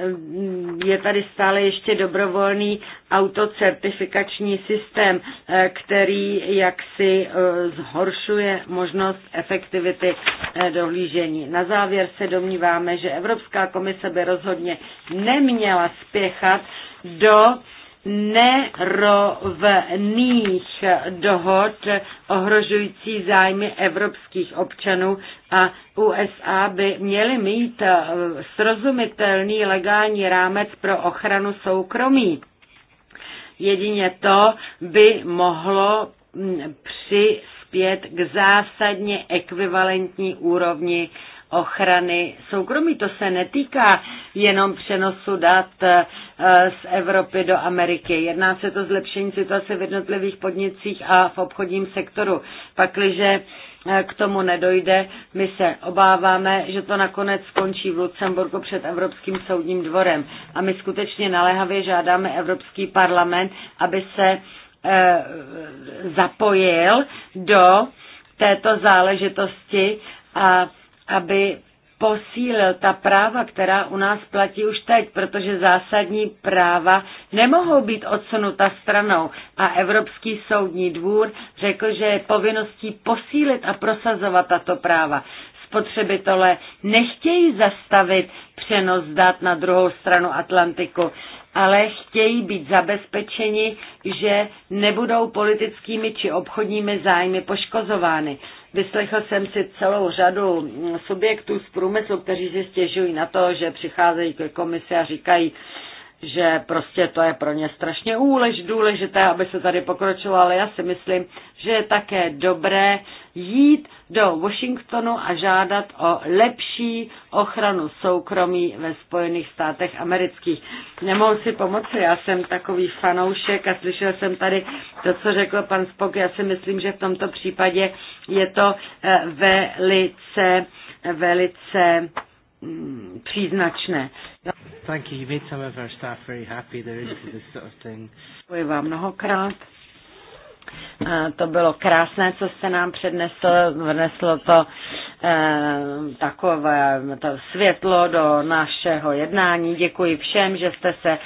Speaker 2: je tady stále ještě dobrovolný autocertifikační systém, e, který jaksi e, zhoršuje možnost efektivity dohlížení. Na závěr se domníváme, že Evropská komise by rozhodně neměla spěchat do nerovných dohod ohrožující zájmy evropských občanů a USA by měly mít eh, srozumitelný legální rámec pro ochranu soukromí. Jedině to by mohlo mm, přispět k zásadně ekvivalentní úrovni ochrany soukromí. To se netýká jenom přenosu dat eh, z Evropy do Ameriky. Jedná se to zlepšení situace v jednotlivých podnicích a v obchodním sektoru. Pakliže eh, k tomu nedojde. My se obáváme, že to nakonec skončí v Lucemburku před Evropským soudním dvorem. A my skutečně naléhavě žádáme Evropský parlament, aby se eh, zapojil do této záležitosti a aby posílil ta práva, která u nás platí už teď, protože zásadní práva nemohou být odsunuta stranou. A Evropský soudní dvůr řekl, že je povinností posílit a prosazovat tato práva. Spotřebitelé nechtějí zastavit přenos dat na druhou stranu Atlantiku, ale chtějí být zabezpečeni, že nebudou politickými či obchodními zájmy poškozovány. Vyslechl jsem si celou řadu subjektů z průmyslu, kteří si stěžují na to, že přicházejí ke komisi a říkají, že prostě to je pro ně strašně úlež, důležité, aby se tady pokročilo, ale já si myslím, že je také dobré jít do Washingtonu a žádat o lepší ochranu soukromí ve Spojených státech amerických. Nemohu si pomoci, já jsem takový fanoušek a slyšel jsem tady to, co řekl pan Spok. Já si myslím, že v tomto případě je to eh, velice, velice Hmm, příznačné. No, Thank you. You made some of our staff very happy there is this sort of thing. Děkuji vám mnohokrát. To bylo krásné, co jste nám přednesl. Vneslo to eh, takové to světlo do našeho jednání. Děkuji všem, že jste se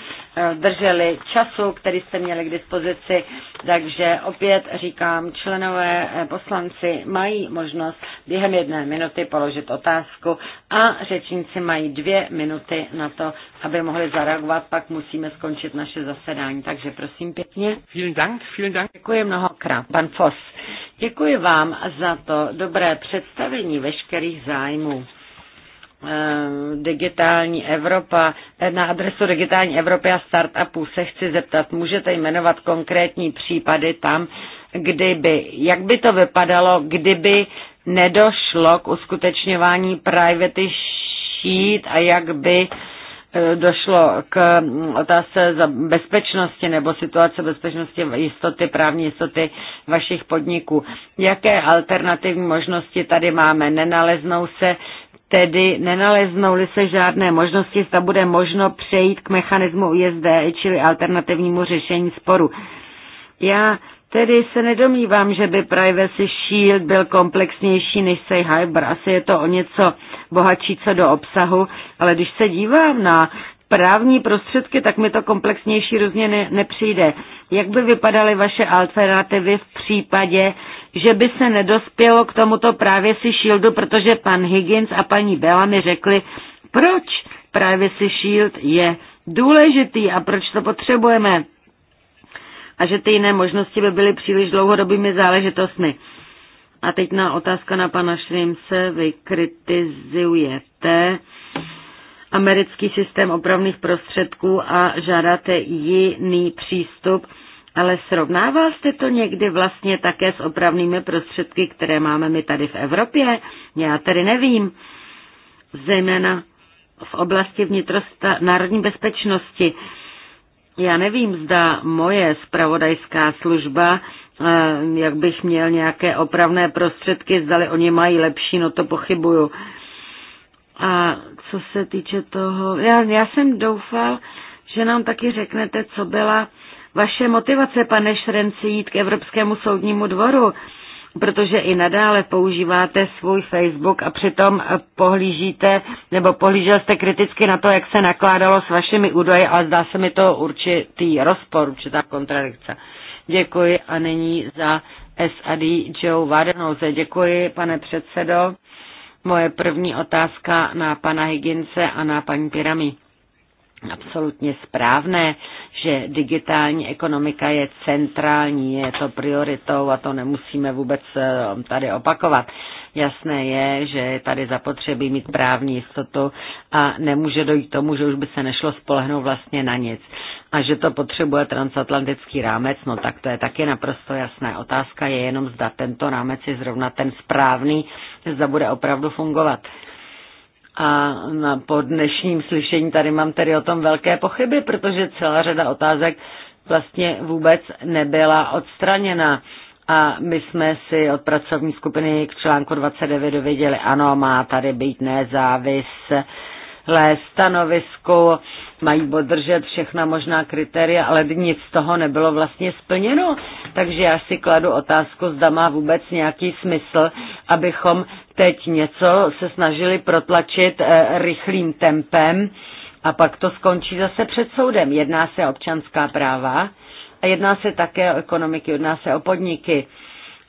Speaker 2: drželi času, který jste měli k dispozici, takže opět říkám, členové eh, poslanci mají možnost během jedné minuty položit otázku a řečníci mají dvě minuty na to, aby mohli zareagovat, pak musíme skončit naše zasedání, takže prosím pěkně. Vielen Dank, vielen Dank. Děkuji mnohokrát, pan Foss. Děkuji vám za to dobré představení veškerých zájmů. Eh, digitální Evropa, eh, na adresu digitální Evropy a startupů se chci zeptat, můžete jmenovat konkrétní případy tam, kdyby, jak by to vypadalo, kdyby nedošlo k uskutečňování private sheet a jak by eh, došlo k mm, otázce za bezpečnosti nebo situace bezpečnosti jistoty, právní jistoty vašich podniků. Jaké alternativní možnosti tady máme? Nenaleznou se Tedy nenaleznou-li se žádné možnosti, zda bude možno přejít k mechanismu USD, e, čili alternativnímu řešení sporu. Já tedy se nedomývám, že by Privacy Shield byl komplexnější než Say Hyper. Asi je to o něco bohatší co do obsahu, ale když se dívám na právní prostředky, tak mi to komplexnější rozně ne, nepřijde. Jak by vypadaly vaše alternativy v případě, že by se nedospělo k tomuto právě si shieldu, protože pan Higgins a paní Bela mi řekli, proč právě si shield je důležitý a proč to potřebujeme a že ty jiné možnosti by byly příliš dlouhodobými záležitostmi. A teď na otázka na pana Šrimse. Vy kritizujete americký systém opravných prostředků a žádáte jiný přístup, ale srovnával jste to někdy vlastně také s opravnými prostředky, které máme my tady v Evropě? Já tedy nevím. Zejména v oblasti vnitrosta národní bezpečnosti. Já nevím, zda moje spravodajská služba, eh, jak bych měl nějaké opravné prostředky, zdali oni mají lepší, no to pochybuju. A co se týče toho, já, já jsem doufal, že nám taky řeknete, co byla vaše motivace, pane Šrenci, jít k Evropskému soudnímu dvoru, protože i nadále používáte svůj Facebook a přitom pohlížíte, nebo pohlížel jste kriticky na to, jak se nakládalo s vašimi údaji, ale zdá se mi to určitý rozpor, určitá kontradikce. Děkuji a nyní za SAD Joe Wadenhose. Děkuji, pane předsedo. Moje první otázka na pana Higince a na paní Pirami. Absolutně správné, že digitální ekonomika je centrální, je to prioritou a to nemusíme vůbec eh, tady opakovat. Jasné je, že je tady zapotřebí mít právní jistotu a nemůže dojít k tomu, že už by se nešlo spolehnout vlastně na nic. A že to potřebuje transatlantický rámec, no tak to je taky naprosto jasné. Otázka je jenom, zda tento rámec je zrovna ten správný, zda bude opravdu fungovat. A na, po dnešním slyšení tady mám tedy o tom velké pochyby, protože celá řada otázek vlastně vůbec nebyla odstraněna a my jsme si od pracovní skupiny k článku 29 dověděli, ano, má tady být nezávislé stanovisko, mají podržet všechna možná kritéria, ale nic z toho nebylo vlastně splněno. Takže já si kladu otázku, zda má vůbec nějaký smysl, abychom teď něco se snažili protlačit eh, rychlým tempem a pak to skončí zase před soudem. Jedná se občanská práva, a jedná se také o ekonomiky, jedná se o podniky.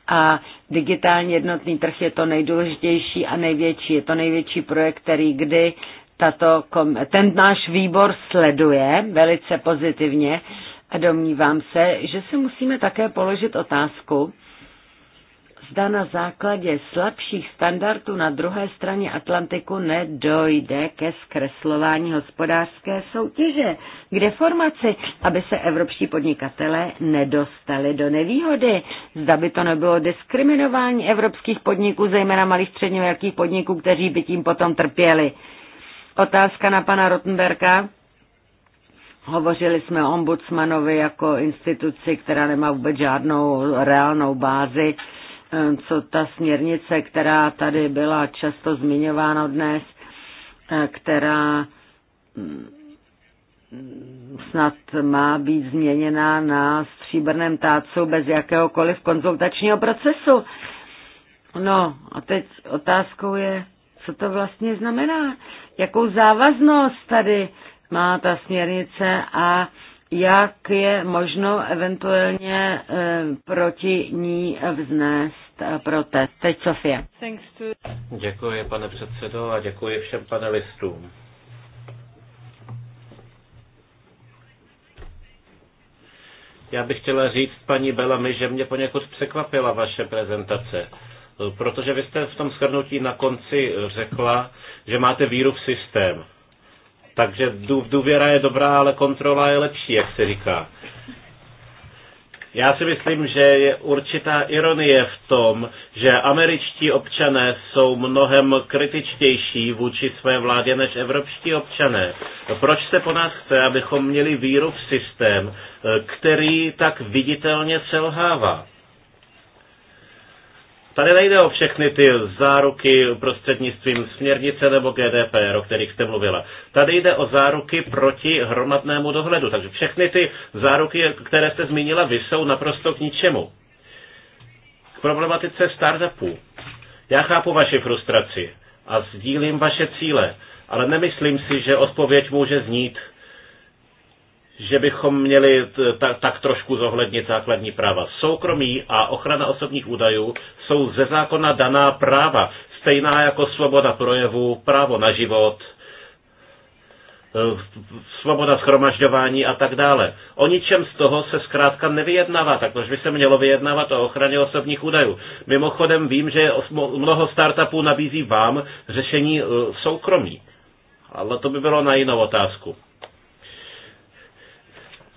Speaker 2: A digitální jednotný trh je to nejdůležitější a největší. Je to největší projekt, který kdy tato, ten náš výbor sleduje velice pozitivně a domnívám se, že si musíme také položit otázku, zda na základě slabších standardů na druhé straně Atlantiku nedojde ke zkreslování hospodářské soutěže, k deformaci, aby se evropští podnikatelé nedostali do nevýhody. Zda by to nebylo diskriminování evropských podniků, zejména malých středně velkých podniků, kteří by tím potom trpěli. Otázka na pana Rottenberka. Hovořili jsme o ombudsmanovi jako instituci, která nemá vůbec žádnou reálnou bázi Ehm, co ta směrnice, která tady byla často zmiňována dnes, eh, která mm, snad má být změněna na stříbrném tácu bez jakéhokoliv konzultačního procesu. No a teď otázkou je, co to vlastně znamená, jakou závaznost tady má ta směrnice a jak je možno eventuálně eh, proti ní vznést eh, protest. Teď Sofie.
Speaker 1: Děkuji, pane předsedo, a děkuji všem panelistům. Já bych chtěla říct paní Belami, že mě poněkud překvapila vaše prezentace, protože vy jste v tom shrnutí na konci řekla, že máte víru v systém. Takže důvěra je dobrá, ale kontrola je lepší, jak se říká. Já si myslím, že je určitá ironie v tom, že američtí občané jsou mnohem kritičtější vůči své vládě než evropští občané. Proč se po nás chce, abychom měli víru v systém, eh, který tak viditelně selhává? Tady nejde o všechny ty záruky prostřednictvím směrnice nebo GDPR, o kterých jste mluvila. Tady jde o záruky proti hromadnému dohledu. Takže všechny ty záruky, které jste zmínila, vy jsou naprosto k ničemu. K problematice startupů. Já chápu vaši frustraci a sdílím vaše cíle, ale nemyslím si, že odpověď může znít – že bychom měli ta, tak trošku zohlednit základní práva. Soukromí a ochrana osobních údajů jsou ze zákona daná práva, stejná jako svoboda projevu, právo na život, e, svoboda schromažďování a tak dále. O ničem z toho se zkrátka nevyjednává, tak proč by se mělo vyjednávat o ochraně osobních údajů? Mimochodem vím, že mnoho startupů nabízí vám řešení e, soukromí, ale to by bylo na jinou otázku.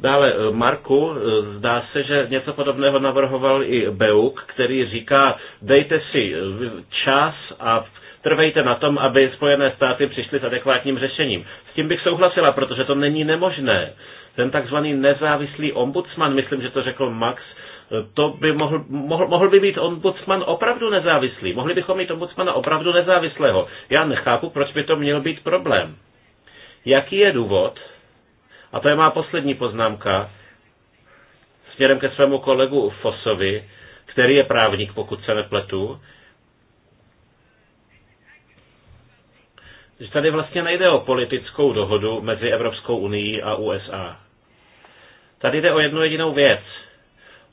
Speaker 1: Dále eh, Marku, eh, zdá se, že něco podobného navrhoval i Beuk, který říká, dejte si eh, čas a trvejte na tom, aby Spojené státy přišly s adekvátním řešením. S tím bych souhlasila, protože to není nemožné. Ten takzvaný nezávislý ombudsman, myslím, že to řekl Max, to by mohl, mohl, mohl by být ombudsman opravdu nezávislý. Mohli bychom mít ombudsmana opravdu nezávislého. Já nechápu, proč by to měl být problém. Jaký je důvod, a to je má poslední poznámka směrem ke svému kolegu Fosovi, který je právník, pokud se nepletu. Že tady vlastně nejde o politickou dohodu mezi Evropskou unii a USA. Tady jde o jednu jedinou věc.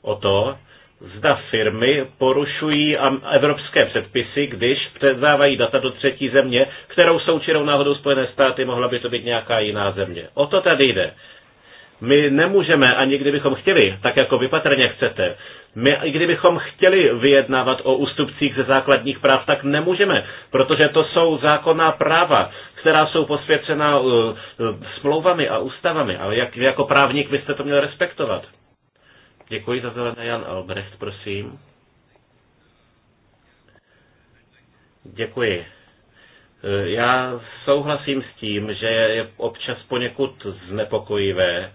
Speaker 1: O to, zda firmy porušují evropské předpisy, když předávají data do třetí země, kterou součinou náhodou Spojené státy, mohla by to být nějaká jiná země. O to tady jde. My nemůžeme, ani kdybychom chtěli, tak jako vy patrně chcete, my, i kdybychom chtěli vyjednávat o ústupcích ze základních práv, tak nemůžeme, protože to jsou zákonná práva, která jsou posvěcena uh, uh, smlouvami a ústavami. A jak, jako právník byste to měl respektovat. Děkuji za zelené Jan Albrecht, prosím. Děkuji. Eh, já souhlasím s tím, že je občas poněkud znepokojivé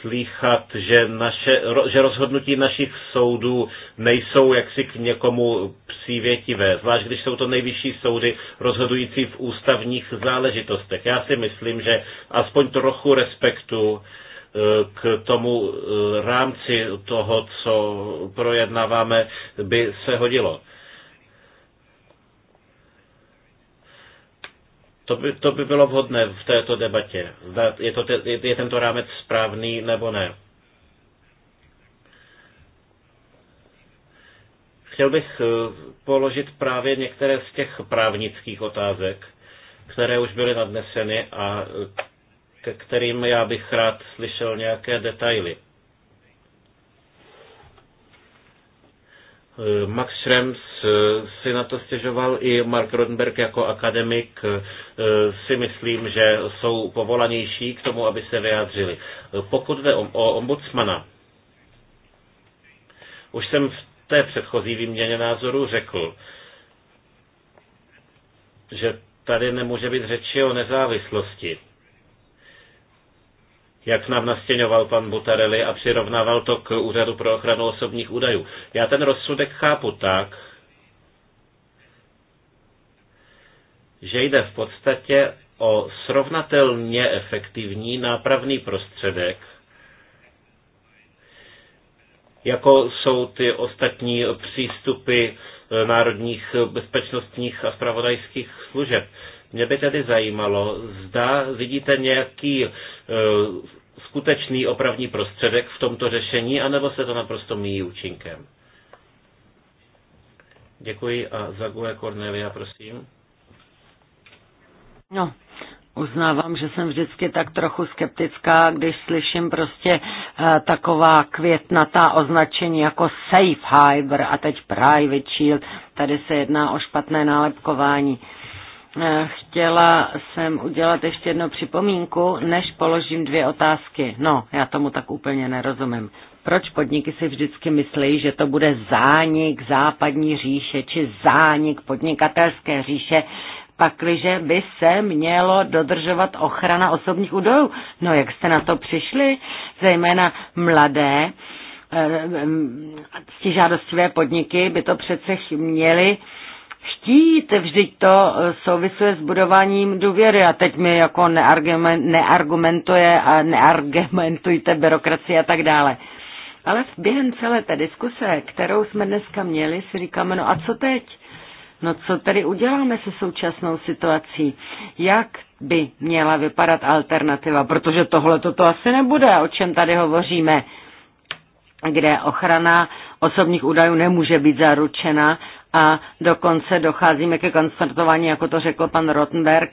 Speaker 1: slýchat, že, naše, že rozhodnutí našich soudů nejsou jaksi k někomu přívětivé, zvlášť když jsou to nejvyšší soudy rozhodující v ústavních záležitostech. Já si myslím, že aspoň trochu respektu k tomu eh, rámci toho, co projednáváme, by se hodilo. To by, to by bylo vhodné v této debatě. Zda je, to, je, je tento rámec správný nebo ne. Chtěl bych eh, položit právě některé z těch právnických otázek, které už byly nadneseny a eh, ke kterým já bych rád slyšel nějaké detaily. Eh, Max Schrems eh, si na to stěžoval i Mark Rodenberg jako akademik eh, si myslím, že jsou povolanější k tomu, aby se vyjádřili. Pokud jde o ombudsmana, už jsem v té předchozí výměně názoru řekl, že tady nemůže být řeči o nezávislosti jak nám nastěňoval pan Butarelli a přirovnával to k Úřadu pro ochranu osobních údajů. Já ten rozsudek chápu tak, že jde v podstatě o srovnatelně efektivní nápravný prostředek, jako jsou ty ostatní přístupy eh, národních bezpečnostních a spravodajských služeb. Mě by tedy zajímalo, zda vidíte nějaký e, skutečný opravní prostředek v tomto řešení, anebo se to naprosto míjí účinkem. Děkuji a Zague Cornelia, prosím.
Speaker 2: No, uznávám, že jsem vždycky tak trochu skeptická, když slyším prostě uh, taková květnatá označení jako safe harbor a teď private shield. Tady se jedná o špatné nálepkování. Uh, Chtěla jsem udělat ještě jednu připomínku, než položím dvě otázky. No, já tomu tak úplně nerozumím. Proč podniky si vždycky myslí, že to bude zánik západní říše či zánik podnikatelské říše, pakliže by se mělo dodržovat ochrana osobních údajů? No, jak jste na to přišli? Zejména mladé, stižádostivé eh, eh, podniky by to přece měly chtít. Vždyť to eh, souvisuje s budováním důvěry a teď mi jako neargument, neargumentuje a neargumentujte byrokracie a tak dále. Ale během celé té diskuse, kterou jsme dneska měli, si říkáme, no a co teď? No co tedy uděláme se současnou situací? Jak by měla vypadat alternativa? Protože tohle toto asi nebude, o čem tady hovoříme, kde ochrana osobních údajů nemůže být zaručena a dokonce docházíme ke konstatování, jako to řekl pan Rottenberg,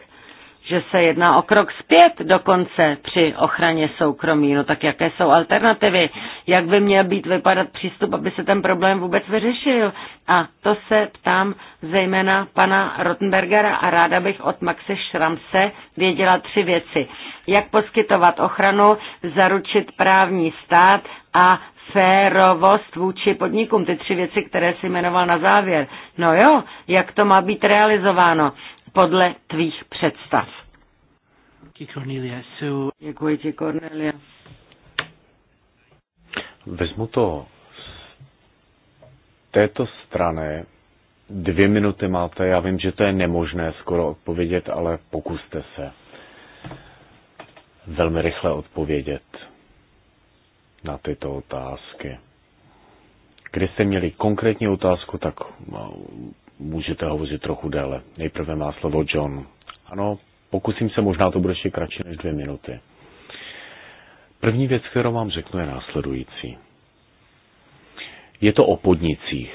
Speaker 2: že se jedná o krok zpět dokonce při ochraně soukromí. No tak jaké jsou alternativy? Jak by měl být vypadat přístup, aby se ten problém vůbec vyřešil? A to se ptám zejména pana Rottenbergera a ráda bych od Maxe Šramse věděla tři věci. Jak poskytovat ochranu, zaručit právní stát a férovost vůči podnikům, ty tři věci, které si jmenoval na závěr. No jo, jak to má být realizováno podle tvých představ? Děkuji ti, Cornelia.
Speaker 3: Vezmu to z této strany. Dvě minuty máte, já vím, že to je nemožné skoro odpovědět, ale pokuste se velmi rychle odpovědět na tyto otázky. Když jste měli konkrétní otázku, tak no, můžete hovořit trochu déle. Nejprve má slovo John. Ano, pokusím se, možná to bude ještě kratší než dvě minuty. První věc, kterou vám řeknu, je následující. Je to o podnicích.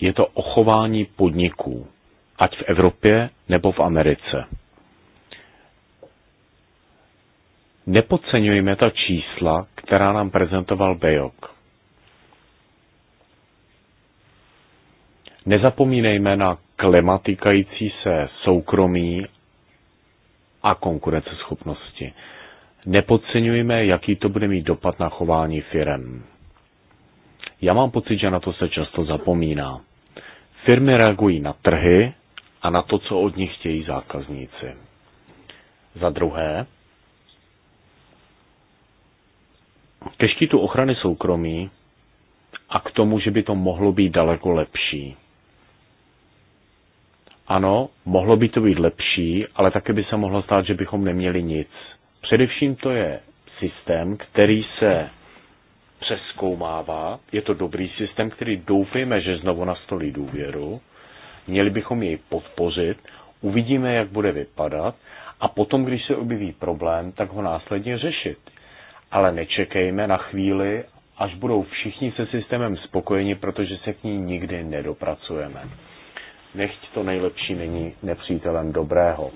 Speaker 3: Je to o chování podniků, ať v Evropě nebo v Americe. nepodceňujme ta čísla, která nám prezentoval Bejok. Nezapomínejme na klimatikající se soukromí a konkurenceschopnosti. Nepodceňujme, jaký to bude mít dopad na chování firem. Já mám pocit, že na to se často zapomíná. Firmy reagují na trhy a na to, co od nich chtějí zákazníci. Za druhé, ke štítu ochrany soukromí a k tomu, že by to mohlo být daleko lepší. Ano, mohlo by to být lepší, ale také by se mohlo stát, že bychom neměli nic. Především to je systém, který se přeskoumává. Je to dobrý systém, který doufejme, že znovu nastolí důvěru. Měli bychom jej podpořit, uvidíme, jak bude vypadat a potom, když se objeví problém, tak ho následně řešit ale nečekejme na chvíli, až budou všichni se systémem spokojeni, protože se k ní nikdy nedopracujeme. Nechť to nejlepší není nepřítelem dobrého.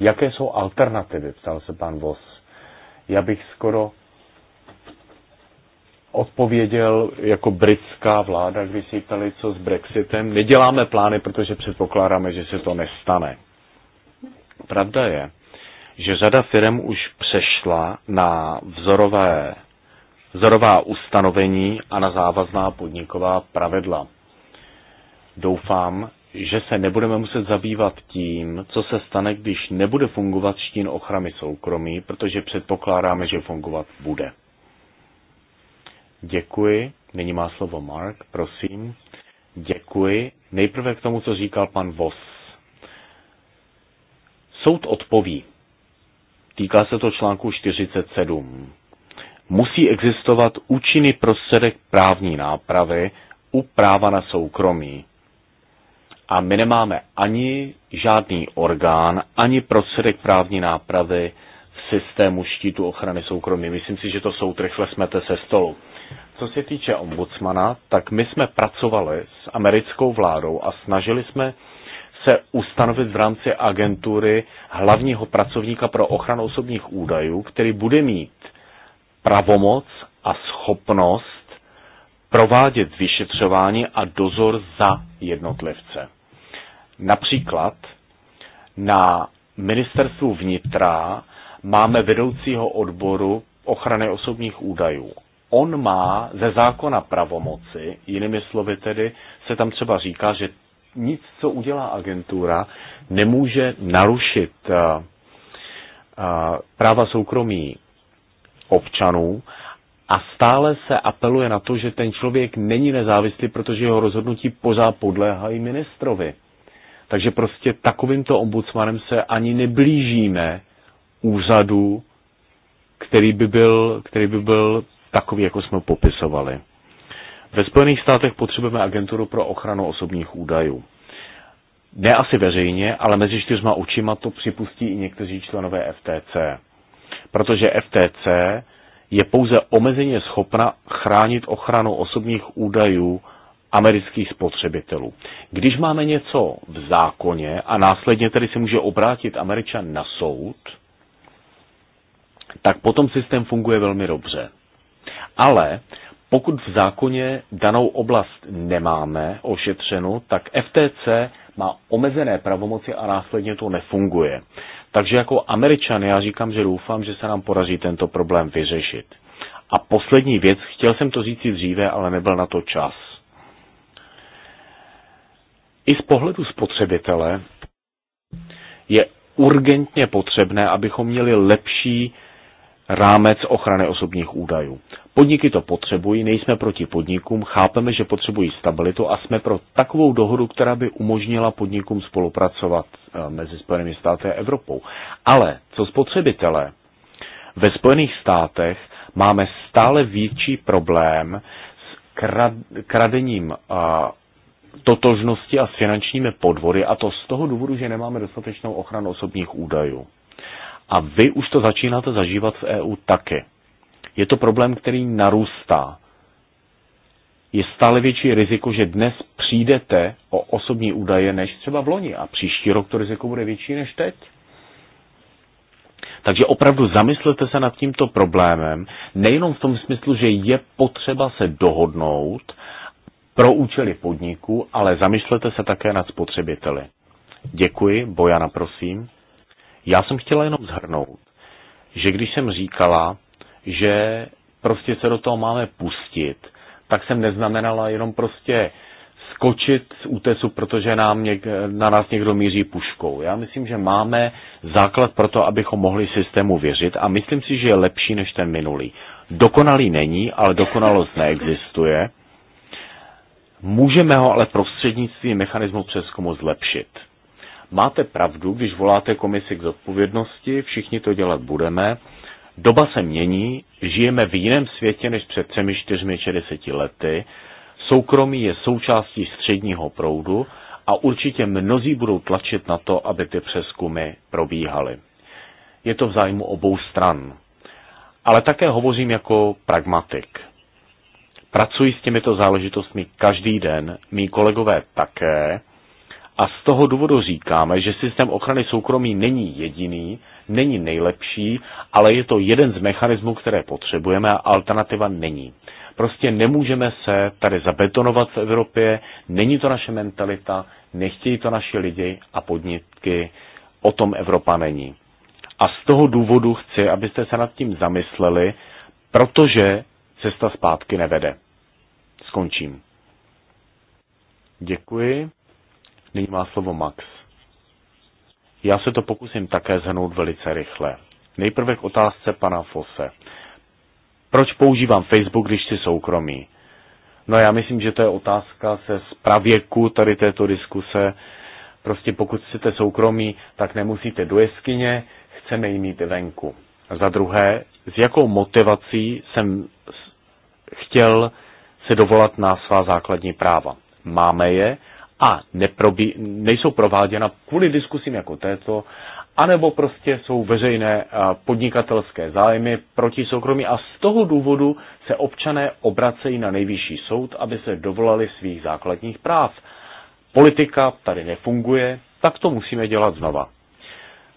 Speaker 3: Jaké jsou alternativy, ptal se pan Vos. Já bych skoro odpověděl jako britská vláda, když si ptali, co s Brexitem. Neděláme plány, protože předpokládáme, že se to nestane. Pravda je, že řada firm už přešla na vzorové, vzorová ustanovení a na závazná podniková pravidla. Doufám, že se nebudeme muset zabývat tím, co se stane, když nebude fungovat štín ochrany soukromí, protože předpokládáme, že fungovat bude. Děkuji. Nyní má slovo Mark, prosím. Děkuji. Nejprve k tomu, co říkal pan Vos. Soud odpoví. Týká se to článku 47. Musí existovat účinný prostředek právní nápravy u práva na soukromí. A my nemáme ani žádný orgán, ani prostředek právní nápravy v systému štítu ochrany soukromí. Myslím si, že to jsou trychle smete se stolu. Co se týče ombudsmana, tak my jsme pracovali s americkou vládou a snažili jsme chce ustanovit v rámci agentury hlavního pracovníka pro ochranu osobních údajů, který bude mít pravomoc a schopnost provádět vyšetřování a dozor za jednotlivce. Například na ministerstvu vnitra máme vedoucího odboru ochrany osobních údajů. On má ze zákona pravomoci, jinými slovy tedy se tam třeba říká, že nic, co udělá agentura, nemůže narušit eh, eh, práva soukromí občanů a stále se apeluje na to, že ten člověk není nezávislý, protože jeho rozhodnutí pořád podléhají ministrovi. Takže prostě takovýmto ombudsmanem se ani neblížíme úřadu, který by byl, který by byl takový, jako jsme popisovali. Ve Spojených státech potřebujeme agenturu pro ochranu osobních údajů. Ne asi veřejně, ale mezi čtyřma očima to připustí i někteří členové FTC. Protože FTC je pouze omezeně schopna chránit ochranu osobních údajů amerických spotřebitelů. Když máme něco v zákoně a následně tedy se může obrátit Američan na soud, tak potom systém funguje velmi dobře. Ale pokud v zákoně danou oblast nemáme ošetřenu, tak FTC má omezené pravomoci a následně to nefunguje. Takže jako američan já říkám, že doufám, že se nám podaří tento problém vyřešit. A poslední věc, chtěl jsem to říct dříve, ale nebyl na to čas. I z pohledu spotřebitele je urgentně potřebné, abychom měli lepší rámec ochrany osobních údajů. Podniky to potřebují, nejsme proti podnikům, chápeme, že potřebují stabilitu a jsme pro takovou dohodu, která by umožnila podnikům spolupracovat eh, mezi Spojenými státy a Evropou. Ale co spotřebitelé? Ve Spojených státech máme stále větší problém s krad, kradením a, eh, totožnosti a s finančními podvody, a to z toho důvodu, že nemáme dostatečnou ochranu osobních údajů. A vy už to začínáte zažívat v EU taky. Je to problém, který narůstá. Je stále větší riziko, že dnes přijdete o osobní údaje než třeba v loni a příští rok to riziko bude větší než teď. Takže opravdu zamyslete se nad tímto problémem, nejenom v tom smyslu, že je potřeba se dohodnout pro účely podniku, ale zamyslete se také nad spotřebiteli. Děkuji, Bojana, prosím. Já jsem chtěla jenom zhrnout, že když jsem říkala, že prostě se do toho máme pustit, tak jsem neznamenala jenom prostě skočit z útesu, protože nám něk, na nás někdo míří puškou. Já myslím, že máme základ pro to, abychom mohli systému věřit a myslím si, že je lepší než ten minulý. Dokonalý není, ale dokonalost neexistuje. Můžeme ho ale prostřednictvím mechanismu přeskumu zlepšit. Máte pravdu, když voláte komisi k zodpovědnosti, všichni to dělat budeme. Doba se mění, žijeme v jiném světě než před třemi, čtyřmi, čtyřiceti lety. Soukromí je součástí středního proudu a určitě mnozí budou tlačit na to, aby ty přeskumy probíhaly. Je to v zájmu obou stran. Ale také hovořím jako pragmatik. Pracuji s těmito záležitostmi každý den, mý kolegové také, a z toho důvodu říkáme, že systém ochrany soukromí není jediný, není nejlepší, ale je to jeden z mechanismů, které potřebujeme a alternativa není. Prostě nemůžeme se tady zabetonovat v Evropě, není to naše mentalita, nechtějí to naši lidi a podniky, o tom Evropa není. A z toho důvodu chci, abyste se nad tím zamysleli, protože cesta zpátky nevede. Skončím. Děkuji. Nyní má slovo Max. Já se to pokusím také zhrnout velice rychle. Nejprve k otázce pana Fose. Proč používám Facebook, když si soukromí? No já myslím, že to je otázka se pravěku tady této diskuse. Prostě pokud jste soukromí, tak nemusíte do jeskyně, chceme ji mít venku. Za druhé, s jakou motivací jsem chtěl se dovolat na svá základní práva. Máme je, a neprobí, nejsou prováděna kvůli diskusím jako této, anebo prostě jsou veřejné eh, podnikatelské zájmy proti soukromí a z toho důvodu se občané obracejí na nejvyšší soud, aby se dovolali svých základních práv. Politika tady nefunguje, tak to musíme dělat znova.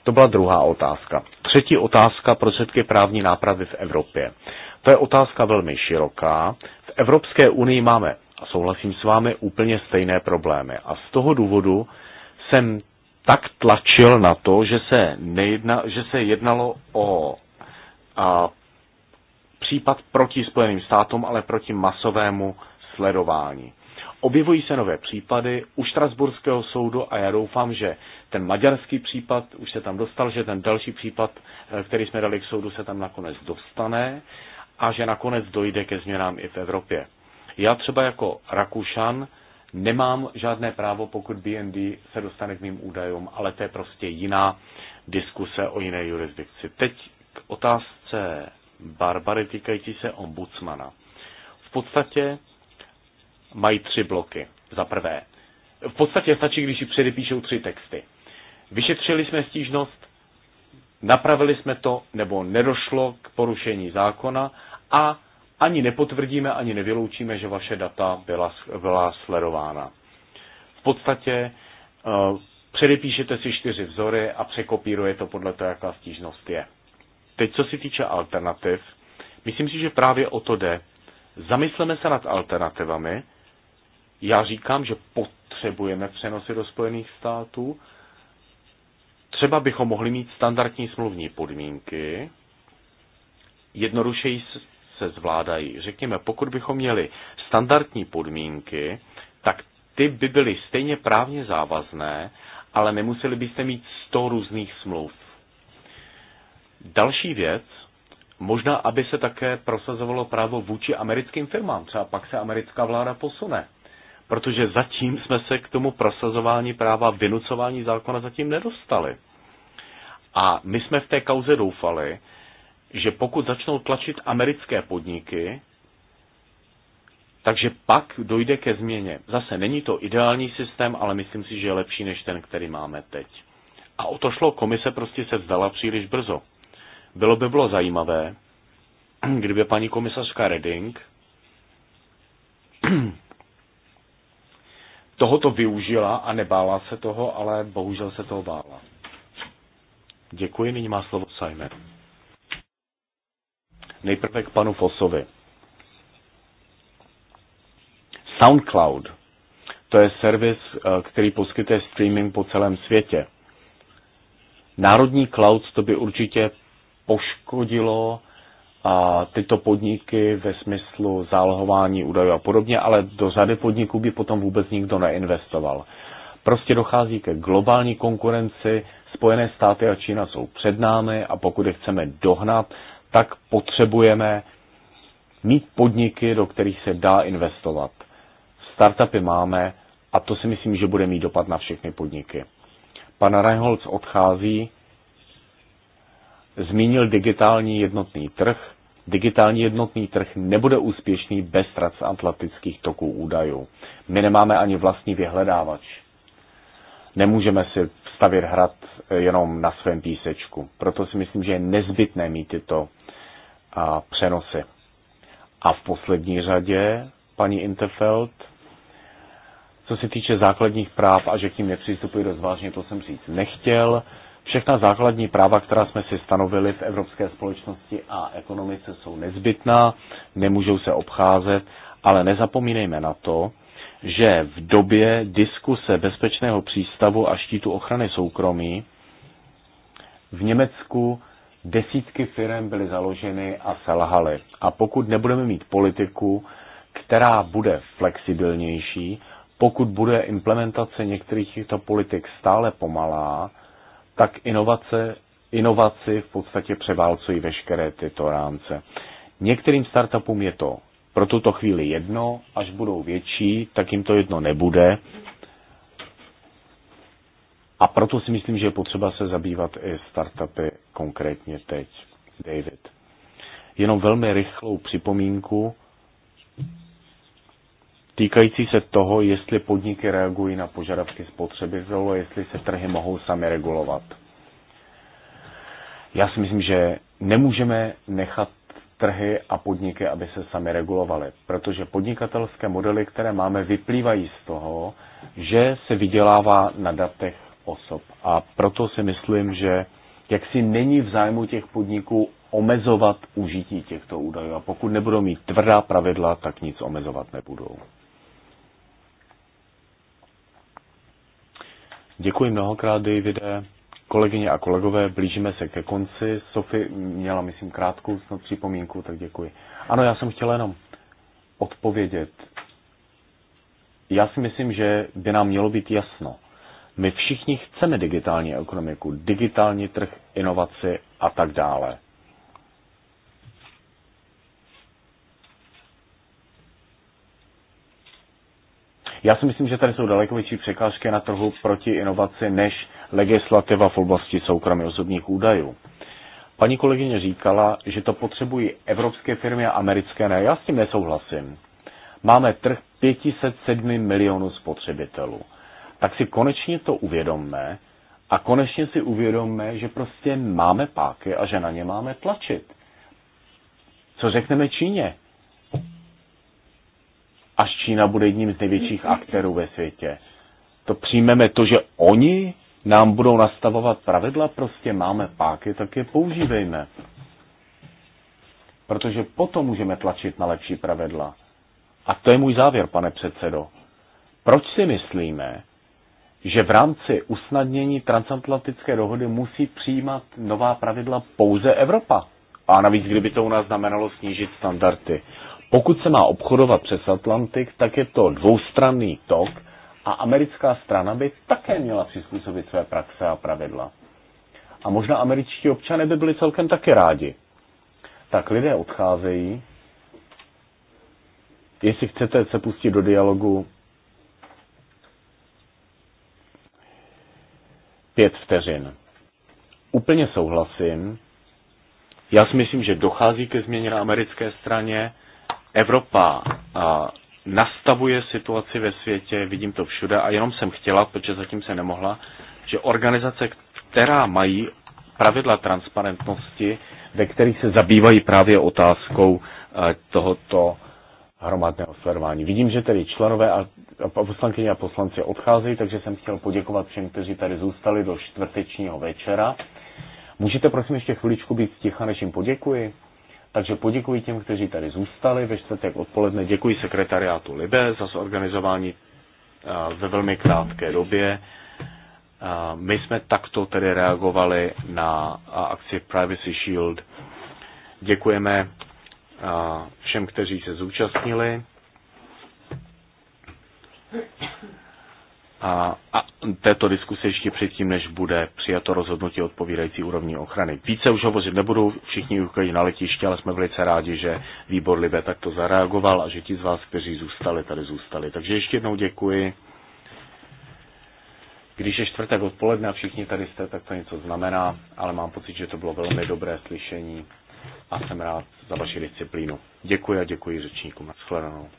Speaker 3: To byla druhá otázka. Třetí otázka prostředky právní nápravy v Evropě. To je otázka velmi široká. V Evropské unii máme a souhlasím s vámi, úplně stejné problémy. A z toho důvodu jsem tak tlačil na to, že se, nejedna, že se jednalo o a, případ proti Spojeným státům, ale proti masovému sledování. Objevují se nové případy u Štrasburského soudu a já doufám, že ten maďarský případ už se tam dostal, že ten další případ, eh, který jsme dali k soudu, se tam nakonec dostane a že nakonec dojde ke změnám i v Evropě. Já třeba jako Rakušan nemám žádné právo, pokud BND se dostane k mým údajům, ale to je prostě jiná diskuse o jiné jurisdikci. Teď k otázce Barbary týkající se ombudsmana. V podstatě mají tři bloky. Za prvé, v podstatě stačí, když si předepíšou tři texty. Vyšetřili jsme stížnost, napravili jsme to, nebo nedošlo k porušení zákona a ani nepotvrdíme, ani nevyloučíme, že vaše data byla, byla sledována. V podstatě eh, předepíšete si čtyři vzory a překopíruje to podle toho, jaká stížnost je. Teď, co se týče alternativ, myslím si, že právě o to jde. Zamysleme se nad alternativami. Já říkám, že potřebujeme přenosy do Spojených států. Třeba bychom mohli mít standardní smluvní podmínky, jednodušeji se zvládají. Řekněme, pokud bychom měli standardní podmínky, tak ty by byly stejně právně závazné, ale nemuseli byste mít 100 různých smluv. Další věc, možná, aby se také prosazovalo právo vůči americkým firmám. Třeba pak se americká vláda posune. Protože zatím jsme se k tomu prosazování práva, vynucování zákona zatím nedostali. A my jsme v té kauze doufali, že pokud začnou tlačit americké podniky, takže pak dojde ke změně. Zase není to ideální systém, ale myslím si, že je lepší než ten, který máme teď. A o to šlo, komise prostě se vzdala příliš brzo. Bylo by bylo zajímavé, *clears throat* kdyby paní komisařka Reding *clears throat* tohoto využila a nebála se toho, ale bohužel se toho bála. Děkuji, nyní má slovo Simon. Nejprve k panu Fosovi. SoundCloud, to je servis, eh, který poskytuje streaming po celém světě. Národní cloud to by určitě poškodilo a tyto podniky ve smyslu zálohování údajů a podobně, ale do řady podniků by potom vůbec nikdo neinvestoval. Prostě dochází ke globální konkurenci, Spojené státy a Čína jsou před námi a pokud je chceme dohnat, tak potřebujeme mít podniky, do kterých se dá investovat. Startupy máme a to si myslím, že bude mít dopad na všechny podniky. Pan Reinholz odchází, zmínil digitální jednotný trh. Digitální jednotný trh nebude úspěšný bez transatlantických toků údajů. My nemáme ani vlastní vyhledávač. Nemůžeme si stavět hrad jenom na svém písečku. Proto si myslím, že je nezbytné mít tyto a přenosy. A v poslední řadě, paní Interfeld, co se týče základních práv a že k tím nepřistupuji dost vážně, to jsem říct nechtěl. Všechna základní práva, která jsme si stanovili v evropské společnosti a ekonomice, jsou nezbytná, nemůžou se obcházet, ale nezapomínejme na to, že v době diskuse bezpečného přístavu a štítu ochrany soukromí v Německu Desítky firm byly založeny a selhaly. A pokud nebudeme mít politiku, která bude flexibilnější, pokud bude implementace některých těchto politik stále pomalá, tak inovace, inovaci v podstatě převálcují veškeré tyto rámce. Některým startupům je to pro tuto chvíli jedno, až budou větší, tak jim to jedno nebude a proto si myslím, že je potřeba se zabývat i startupy konkrétně teď. David. Jenom velmi rychlou připomínku týkající se toho, jestli podniky reagují na požadavky spotřebitelů a jestli se trhy mohou sami regulovat. Já si myslím, že nemůžeme nechat trhy a podniky, aby se sami regulovaly, protože podnikatelské modely, které máme, vyplývají z toho, že se vydělává na datech osob. A proto si myslím, že jaksi není v zájmu těch podniků omezovat užití těchto údajů. A pokud nebudou mít tvrdá pravidla, tak nic omezovat nebudou. Děkuji mnohokrát, Davide. Kolegyně a kolegové, blížíme se ke konci. Sofie měla, myslím, krátkou snad připomínku, tak děkuji. Ano, já jsem chtěl jenom odpovědět. Já si myslím, že by nám mělo být jasno, my všichni chceme digitální ekonomiku, digitální trh, inovaci a tak dále. Já si myslím, že tady jsou daleko větší překážky na trhu proti inovaci než legislativa v oblasti soukromí osobních údajů. Paní kolegyně říkala, že to potřebují evropské firmy a americké ne. Já s tím nesouhlasím. Máme trh 507 milionů spotřebitelů tak si konečně to uvědomme a konečně si uvědomme, že prostě máme páky a že na ně máme tlačit. Co řekneme Číně? Až Čína bude jedním z největších aktérů ve světě. To přijmeme to, že oni nám budou nastavovat pravidla, prostě máme páky, tak je používejme. Protože potom můžeme tlačit na lepší pravidla. A to je můj závěr, pane předsedo. Proč si myslíme, že v rámci usnadnění transatlantické dohody musí přijímat nová pravidla pouze Evropa. A navíc, kdyby to u nás znamenalo snížit standardy. Pokud se má obchodovat přes Atlantik, tak je to dvoustranný tok a americká strana by také měla přizpůsobit své praxe a pravidla. A možná američtí občané by byli celkem taky rádi. Tak lidé odcházejí. Jestli chcete se pustit do dialogu, Pět vteřin. Úplně souhlasím. Já si myslím, že dochází ke změně na americké straně. Evropa a, nastavuje situaci ve světě, vidím to všude a jenom jsem chtěla, protože zatím se nemohla, že organizace, která mají pravidla transparentnosti, ve kterých se zabývají právě otázkou eh, tohoto hromadného sledování. Vidím, že tedy členové a poslankyně a poslanci odcházejí, takže jsem chtěl poděkovat všem, kteří tady zůstali do čtvrtečního večera. Můžete prosím ještě chviličku být ticha, než jim poděkuji? Takže poděkuji těm, kteří tady zůstali ve čtvrtek odpoledne. Děkuji sekretariátu Libe za zorganizování ve velmi krátké době. My jsme takto tedy reagovali na akci Privacy Shield. Děkujeme a všem, kteří se zúčastnili. A, a této diskuse ještě předtím, než bude přijato rozhodnutí odpovídající úrovni ochrany. Více už hovořit nebudu, všichni ukají na letiště, ale jsme velice rádi, že výbor Libe takto zareagoval a že ti z vás, kteří zůstali, tady zůstali. Takže ještě jednou děkuji. Když je čtvrtek odpoledne a všichni tady jste, tak to něco znamená, ale mám pocit, že to bylo velmi dobré slyšení a jsem rád za vaši disciplínu. Děkuji a děkuji řečníkům. Shledanou.